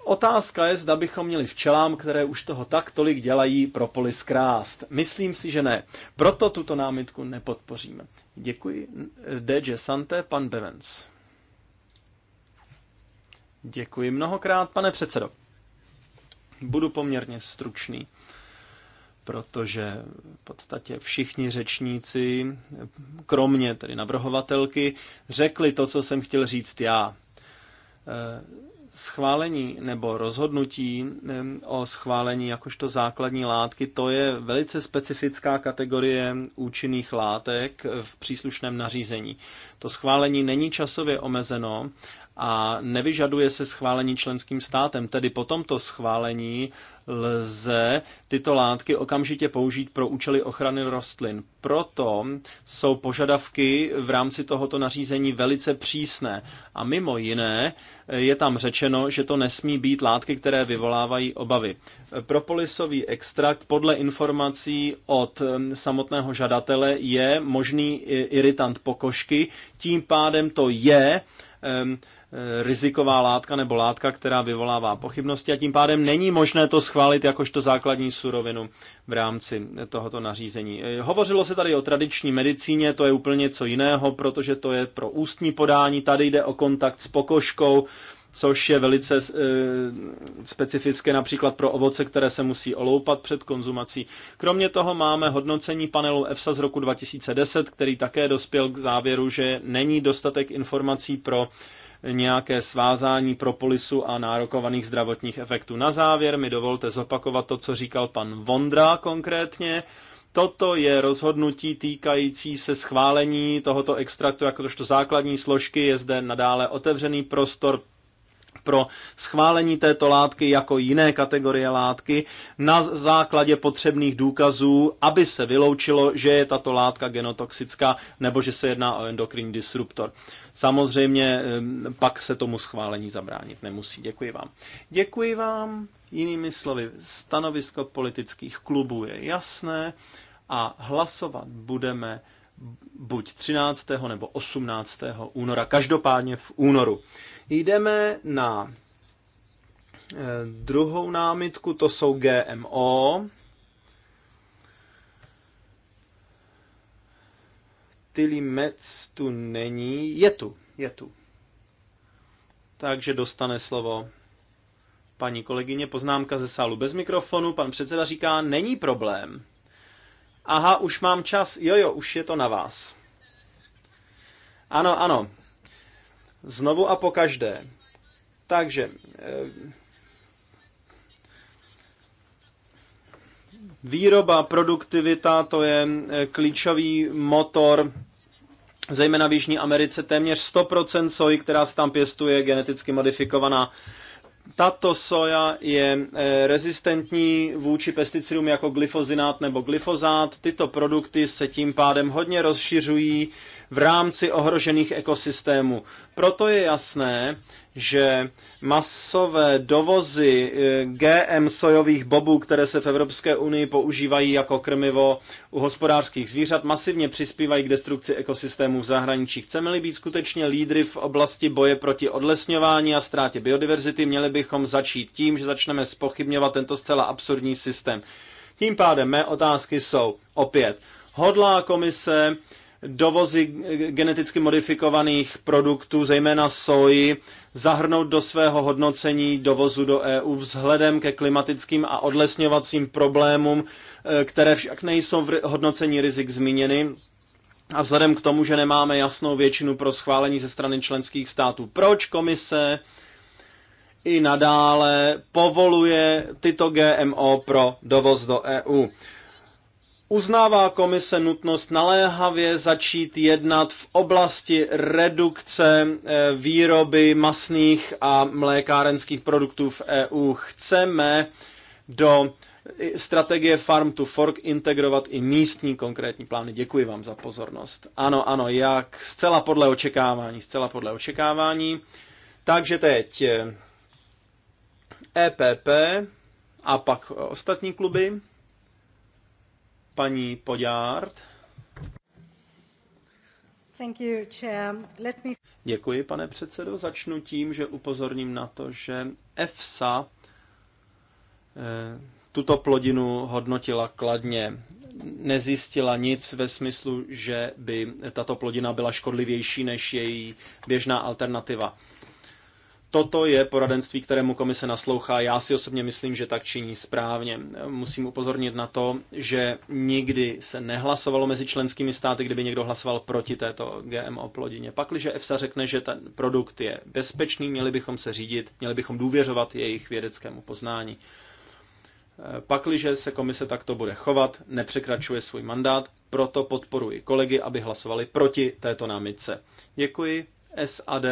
Otázka je, zda bychom měli včelám, které už toho tak tolik dělají, propolis krást. Myslím si, že ne. Proto tuto námitku nepodpoříme. Děkuji. DJ Sante, pan Bevens. Děkuji mnohokrát, pane předsedo. Budu poměrně stručný, protože v podstatě všichni řečníci, kromě tedy navrhovatelky, řekli to, co jsem chtěl říct já schválení nebo rozhodnutí o schválení jakožto základní látky, to je velice specifická kategorie účinných látek v příslušném nařízení. To schválení není časově omezeno a nevyžaduje se schválení členským státem. Tedy po tomto schválení lze tyto látky okamžitě použít pro účely ochrany rostlin. Proto jsou požadavky v rámci tohoto nařízení velice přísné. A mimo jiné je tam řečeno, že to nesmí být látky, které vyvolávají obavy. Propolisový extrakt podle informací od um, samotného žadatele je možný iritant pokožky, tím pádem to je um, Eh, riziková látka nebo látka, která vyvolává pochybnosti a tím pádem není možné to schválit jakožto základní surovinu v rámci tohoto nařízení. Eh, hovořilo se tady o tradiční medicíně, to je úplně co jiného, protože to je pro ústní podání, tady jde o kontakt s pokožkou, což je velice e, specifické například pro ovoce, které se musí oloupat před konzumací. Kromě toho máme hodnocení panelu EFSA z roku 2010, který také dospěl k závěru, že není dostatek informací pro nějaké svázání propolisu a nárokovaných zdravotních efektů. Na závěr mi dovolte zopakovat to, co říkal pan Vondra konkrétně. Toto je rozhodnutí týkající se schválení tohoto extraktu jakožto základní složky. Je zde nadále otevřený prostor pro schválení této látky jako jiné kategorie látky na základě potřebných důkazů, aby se vyloučilo, že je tato látka genotoxická nebo že se jedná o endokrinní disruptor. Samozřejmě pak se tomu schválení zabránit nemusí. Děkuji vám. Děkuji vám. Jinými slovy, stanovisko politických klubů je jasné a hlasovat budeme buď 13. nebo 18. února, každopádně v únoru. Jdeme na eh, druhou námitku, to jsou GMO. Tilly Metz tu není. Je tu, je tu. Takže dostane slovo paní kolegyně. Poznámka ze sálu bez mikrofonu. Pan předseda říká, není problém. Aha, už mám čas. Jo, jo, už je to na vás. Ano, ano. Znovu a po každé. Takže, eh, Výroba, produktivita, to je e, klíčový motor, zejména v Jižní Americe, téměř 100% soji, která se tam pěstuje, geneticky modifikovaná. Tato soja je e, rezistentní vůči pesticidům jako glyfozinát nebo glyfozát. Tyto produkty se tím pádem hodně rozšiřují v rámci ohrožených ekosystémů. Proto je jasné, že masové dovozy eh, GM sojových bobů, které se v Evropské unii používají jako krmivo u hospodářských zvířat, masivně přispívají k destrukci ekosystémů v zahraničí. Chceme-li být skutečně lídry v oblasti boje proti odlesňování a ztrátě biodiverzity, měli bychom začít tím, že začneme spochybňovat tento zcela absurdní systém. Tím pádem mé otázky jsou opět. Hodlá komise dovozy geneticky modifikovaných produktů, zejména soji, zahrnout do svého hodnocení dovozu do EU vzhledem ke klimatickým a odlesňovacím problémům, eh, které však nejsou v hodnocení rizik zmíněny. A vzhledem k tomu, že nemáme jasnou většinu pro schválení ze strany členských států, proč komise i nadále povoluje tyto GMO pro dovoz do EU? uznává komise nutnost naléhavě začít jednat v oblasti redukce eh, výroby masných a mlékárenských produktů v EU. Chceme do eh, strategie Farm to Fork integrovat i místní konkrétní plány. Děkuji vám za pozornost. Ano, ano, jak zcela podle očekávání, zcela podle očekávání. Takže teď EPP eh, e a pak ostatní kluby paní Podjárd. You, me... Děkuji, pane předsedo. Začnu tím, že upozorním na to, že EFSA eh, tuto plodinu hodnotila kladně. Nezjistila nic ve smyslu, že by tato plodina byla škodlivější než její běžná alternativa. Toto je poradenství, kterému komise naslouchá. Já si osobně myslím, že tak činí správně. Musím upozornit na to, že nikdy se nehlasovalo mezi členskými státy, kdyby někdo hlasoval proti této GMO plodině. Pakliže EFSA řekne, že ten produkt je bezpečný, měli bychom se řídit, měli bychom důvěřovat jejich vědeckému poznání. Pakliže se komise takto bude chovat, nepřekračuje svůj mandát, proto podporuji kolegy, aby hlasovali proti této námitce. Děkuji. SAD,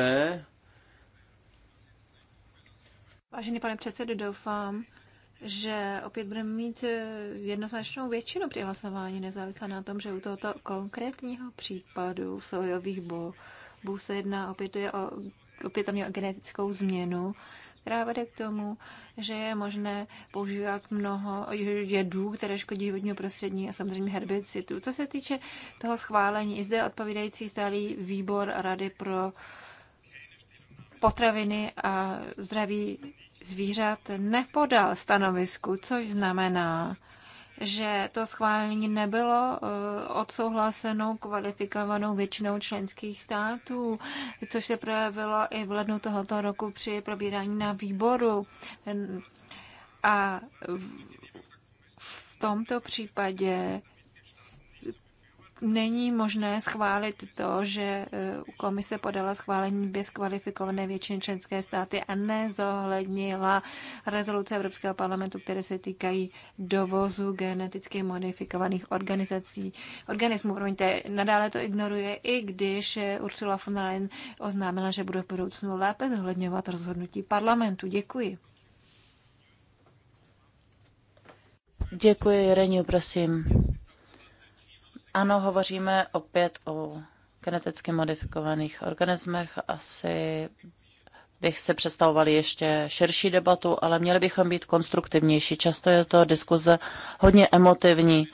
Vážený pane předsedo, doufám, že opět budeme mít eh, jednoznačnou většinu při hlasování, nezávisle na tom, že u tohoto konkrétního případu sojových bobů se jedná opět, je o, opět za mě o genetickou změnu, která vede k tomu, že je možné používat mnoho jedů, které škodí životního prostředí a samozřejmě herbicidů. Co se týče toho schválení, i zde odpovídající stálý výbor Rady pro uh, potraviny a zdraví zvířat nepodal stanovisku, což znamená, že to schválení nebylo eh, odsouhlaseno kvalifikovanou většinou členských států, což se projevilo i v lednu tohoto roku při probírání na výboru. A v tomto případě není možné schválit to, že e, komise podala schválení bez kvalifikované většiny členské státy a nezohlednila rezoluce Evropského parlamentu, které se týkají dovozu geneticky modifikovaných organizací, organismů. Promiňte, nadále to ignoruje, i když e, Ursula von der Leyen oznámila, že bude v budoucnu lépe zohledňovat rozhodnutí parlamentu. Děkuji. Děkuji, Reňu, prosím. Ano, hovoříme opět o geneticky modifikovaných organismech. Asi bych se představoval ještě širší debatu, ale měli bychom být konstruktivnější. Často je to diskuze hodně emotivní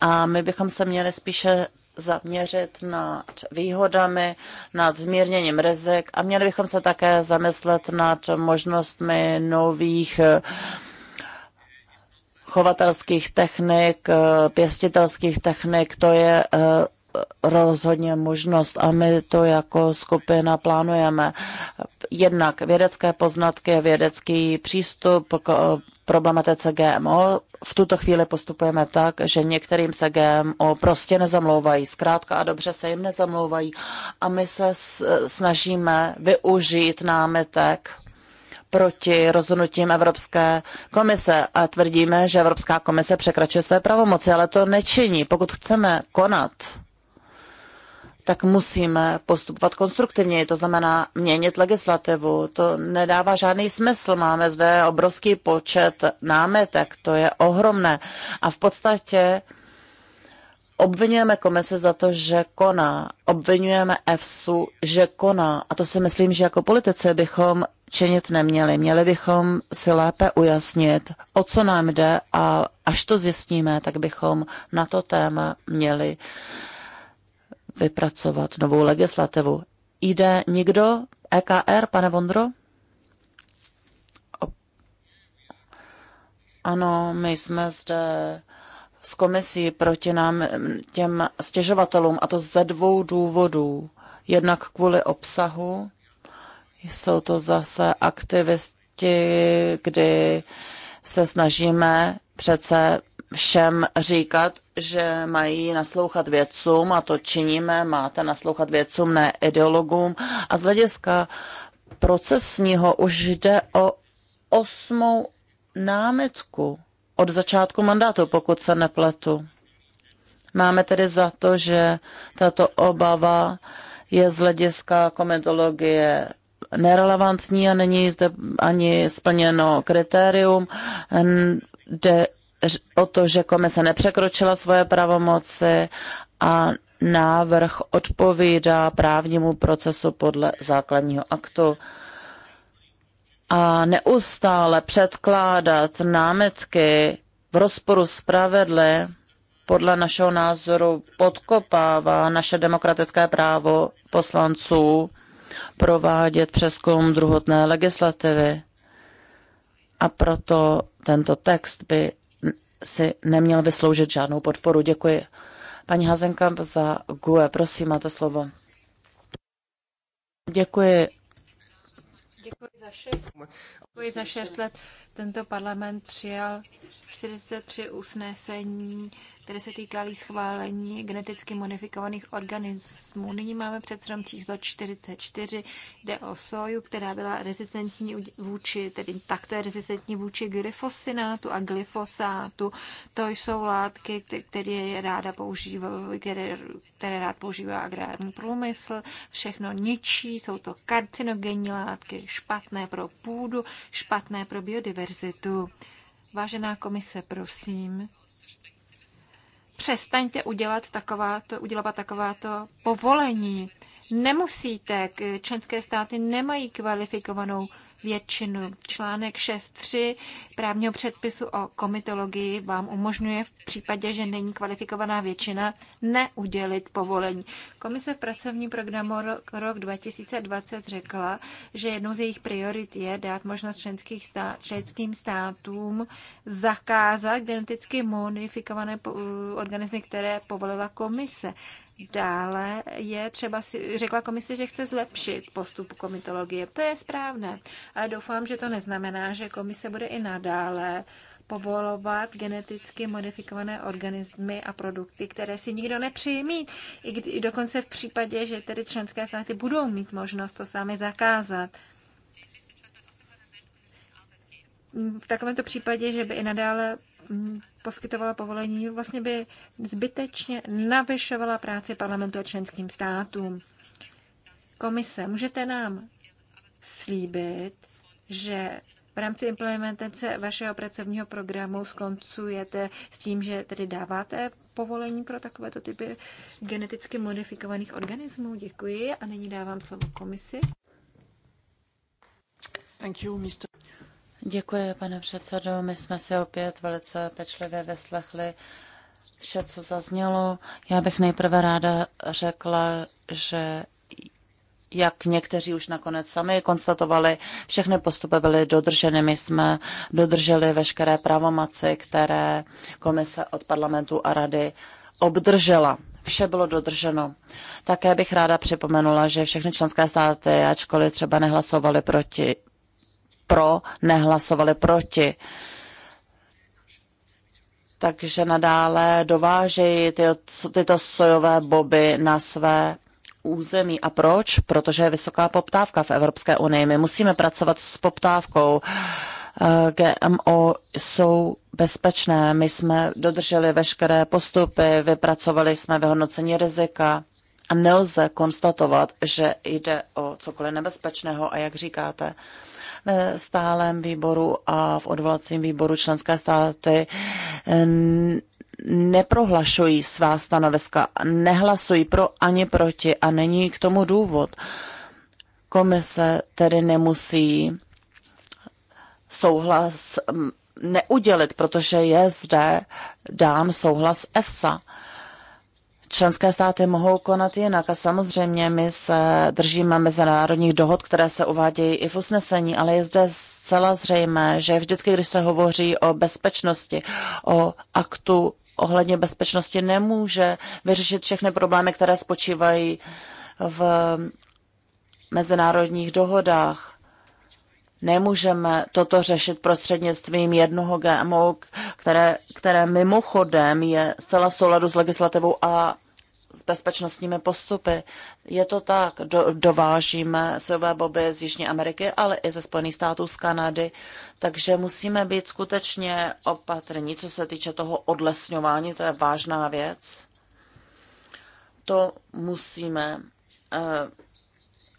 a my bychom se měli spíše zaměřit nad výhodami, nad zmírněním rizik a měli bychom se také zamyslet nad možnostmi nových uh, chovatelských technik, eh, pěstitelských technik, to je eh, rozhodně možnost a my to jako skupina plánujeme. Jednak vědecké poznatky, vědecký přístup k eh, problematice GMO. V tuto chvíli postupujeme tak, že některým se GMO prostě nezamlouvají. Zkrátka a dobře se jim nezamlouvají. A my se snažíme využít námetek proti rozhodnutím Evropské komise a tvrdíme, že Evropská komise překračuje své pravomoci, ale to nečiní. Pokud chceme konat, tak musíme postupovat konstruktivně, to znamená měnit legislativu. To nedává žádný smysl. Máme zde obrovský počet námetek, to je ohromné. A v podstatě obvinujeme komise za to, že koná. Obvinujeme EFSU, že koná. A to si myslím, že jako politici bychom činit neměli. Měli bychom si lépe ujasnit, o co nám jde a až to zjistíme, tak bychom na to téma měli vypracovat novou legislativu. Jde někdo? EKR, pane Vondro? Ano, my jsme zde s komisí proti nám těm stěžovatelům, a to ze dvou důvodů. Jednak kvůli obsahu jsou to zase aktivisti, kdy se snažíme přece všem říkat, že mají naslouchat vědcům a to činíme, máte naslouchat vědcům, ne ideologům. A z hlediska procesního už jde o osmou námitku od začátku mandátu, pokud se nepletu. Máme tedy za to, že tato obava je z hlediska komentologie nerelevantní a není zde ani splněno kritérium. Jde o to, že komise nepřekročila svoje pravomoci a návrh odpovídá právnímu procesu podle základního aktu. A neustále předkládat námitky v rozporu s pravidly podle našeho názoru podkopává naše demokratické právo poslanců provádět přeskum druhotné legislativy. A proto tento text by si neměl vysloužit žádnou podporu. Děkuji. Paní Hazenka za GUE, prosím, máte slovo. Děkuji. Děkuji za šest, děkuji za šest let. Tento parlament přijal 43 usnesení které se týkaly schválení geneticky modifikovaných organismů. Nyní máme před sebou číslo 44, jde o soju, která byla rezistentní vůči, tedy takto je rezistentní vůči glyfosinátu a glyfosátu. To jsou látky, které ráda používá, které, které rád používá agrární průmysl. Všechno ničí, jsou to karcinogenní látky, špatné pro půdu, špatné pro biodiverzitu. Vážená komise, prosím, přestaňte udělat takováto, udělat takováto povolení. Nemusíte, členské státy nemají kvalifikovanou většinu. Článek 6.3 právního předpisu o komitologii vám umožňuje v případě, že není kvalifikovaná většina, neudělit povolení. Komise v pracovním programu rok 2020 řekla, že jednou z jejich priorit je dát možnost členských stát, členským státům zakázat geneticky modifikované organismy, které povolila komise. Dále je třeba si, řekla komise, že chce zlepšit postup komitologie. To je správné, ale doufám, že to neznamená, že komise bude i nadále povolovat geneticky modifikované organismy a produkty, které si nikdo nepřeje mít. I, kdy, I dokonce v případě, že tedy členské státy budou mít možnost to sami zakázat. V takovémto případě, že by i nadále mm, poskytovala povolení, vlastně by zbytečně navyšovala práci parlamentu a členským státům. Komise, můžete nám slíbit, že v rámci implementace vašeho pracovního programu skoncujete s tím, že tedy dáváte povolení pro takovéto typy geneticky modifikovaných organismů. Děkuji a nyní dávám slovo komisi. Thank you, Mr. Děkuji, pane předsedo. My jsme si opět velice pečlivě vyslechli vše, co zaznělo. Já bych nejprve ráda řekla, že jak někteří už nakonec sami konstatovali, všechny postupy byly dodrženy. My jsme dodrželi veškeré pravomaci, které komise od parlamentu a rady obdržela. Vše bylo dodrženo. Také bych ráda připomenula, že všechny členské státy, ačkoliv třeba nehlasovaly proti pro, nehlasovali proti. Takže nadále dovážejí ty, tyto sojové boby na své území. A proč? Protože je vysoká poptávka v Evropské unii. My musíme pracovat s poptávkou. Eh, GMO jsou bezpečné. My jsme dodrželi veškeré postupy, vypracovali jsme vyhodnocení rizika a nelze konstatovat, že jde o cokoliv nebezpečného. A jak říkáte, ve stálem výboru a v odvolacím výboru členské státy neprohlašují svá stanoviska, nehlasují pro ani proti a není k tomu důvod. Komise tedy nemusí souhlas neudělit, protože je zde dán souhlas EFSA členské státy mohou konat jinak. A samozřejmě my se držíme mezinárodních dohod, které se uvádějí i v usnesení, ale je zde zcela zřejmé, že vždycky, když se hovoří o bezpečnosti, o aktu ohledně bezpečnosti, nemůže vyřešit všechny problémy, které spočívají v mezinárodních dohodách. Nemůžeme toto řešit prostřednictvím jednoho GMO, které, které mimochodem je zcela v souladu s legislativou a s bezpečnostními postupy. Je to tak, do, dovážíme sojové boby z Jižní Ameriky, ale i ze Spojených států, z Kanady, takže musíme být skutečně opatrní, co se týče toho odlesňování, to je vážná věc. To musíme uh,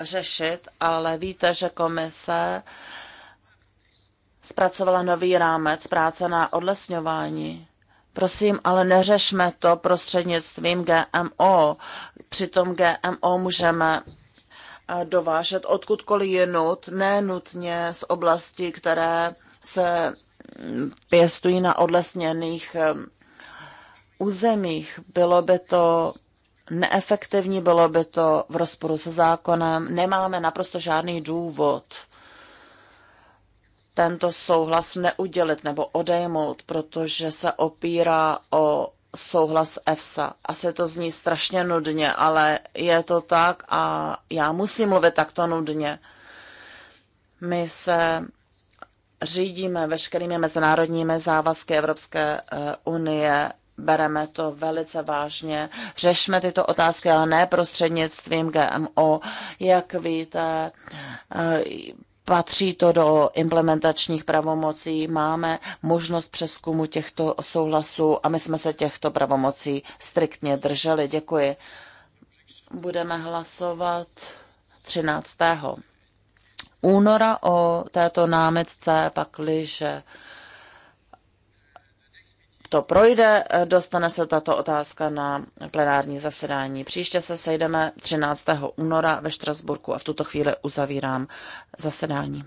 řešit, ale víte, že komise zpracovala nový rámec práce na odlesňování Prosím, ale neřešme to prostřednictvím GMO. Přitom GMO můžeme eh, dovážet odkudkoliv jinut, ne nutně z oblasti, které se mm, pěstují na odlesněných eh, územích. Bylo by to neefektivní, bylo by to v rozporu se zákonem. Nemáme naprosto žádný důvod tento souhlas neudělit nebo odejmout, protože se opírá o souhlas EFSA. Asi to zní strašně nudně, ale je to tak a já musím mluvit takto nudně. My se řídíme veškerými mezinárodními závazky Evropské eh, unie, bereme to velice vážně, řešme tyto otázky, ale ne prostřednictvím GMO. Jak víte, eh, Patří to do implementačních pravomocí, máme možnost přeskumu těchto souhlasů a my jsme se těchto pravomocí striktně drželi. Děkuji. Budeme hlasovat 13. února o této námitce, pakliže to projde, dostane se tato otázka na plenární zasedání. Příště se sejdeme 13. února ve Štrasburku a v tuto chvíli uzavírám zasedání.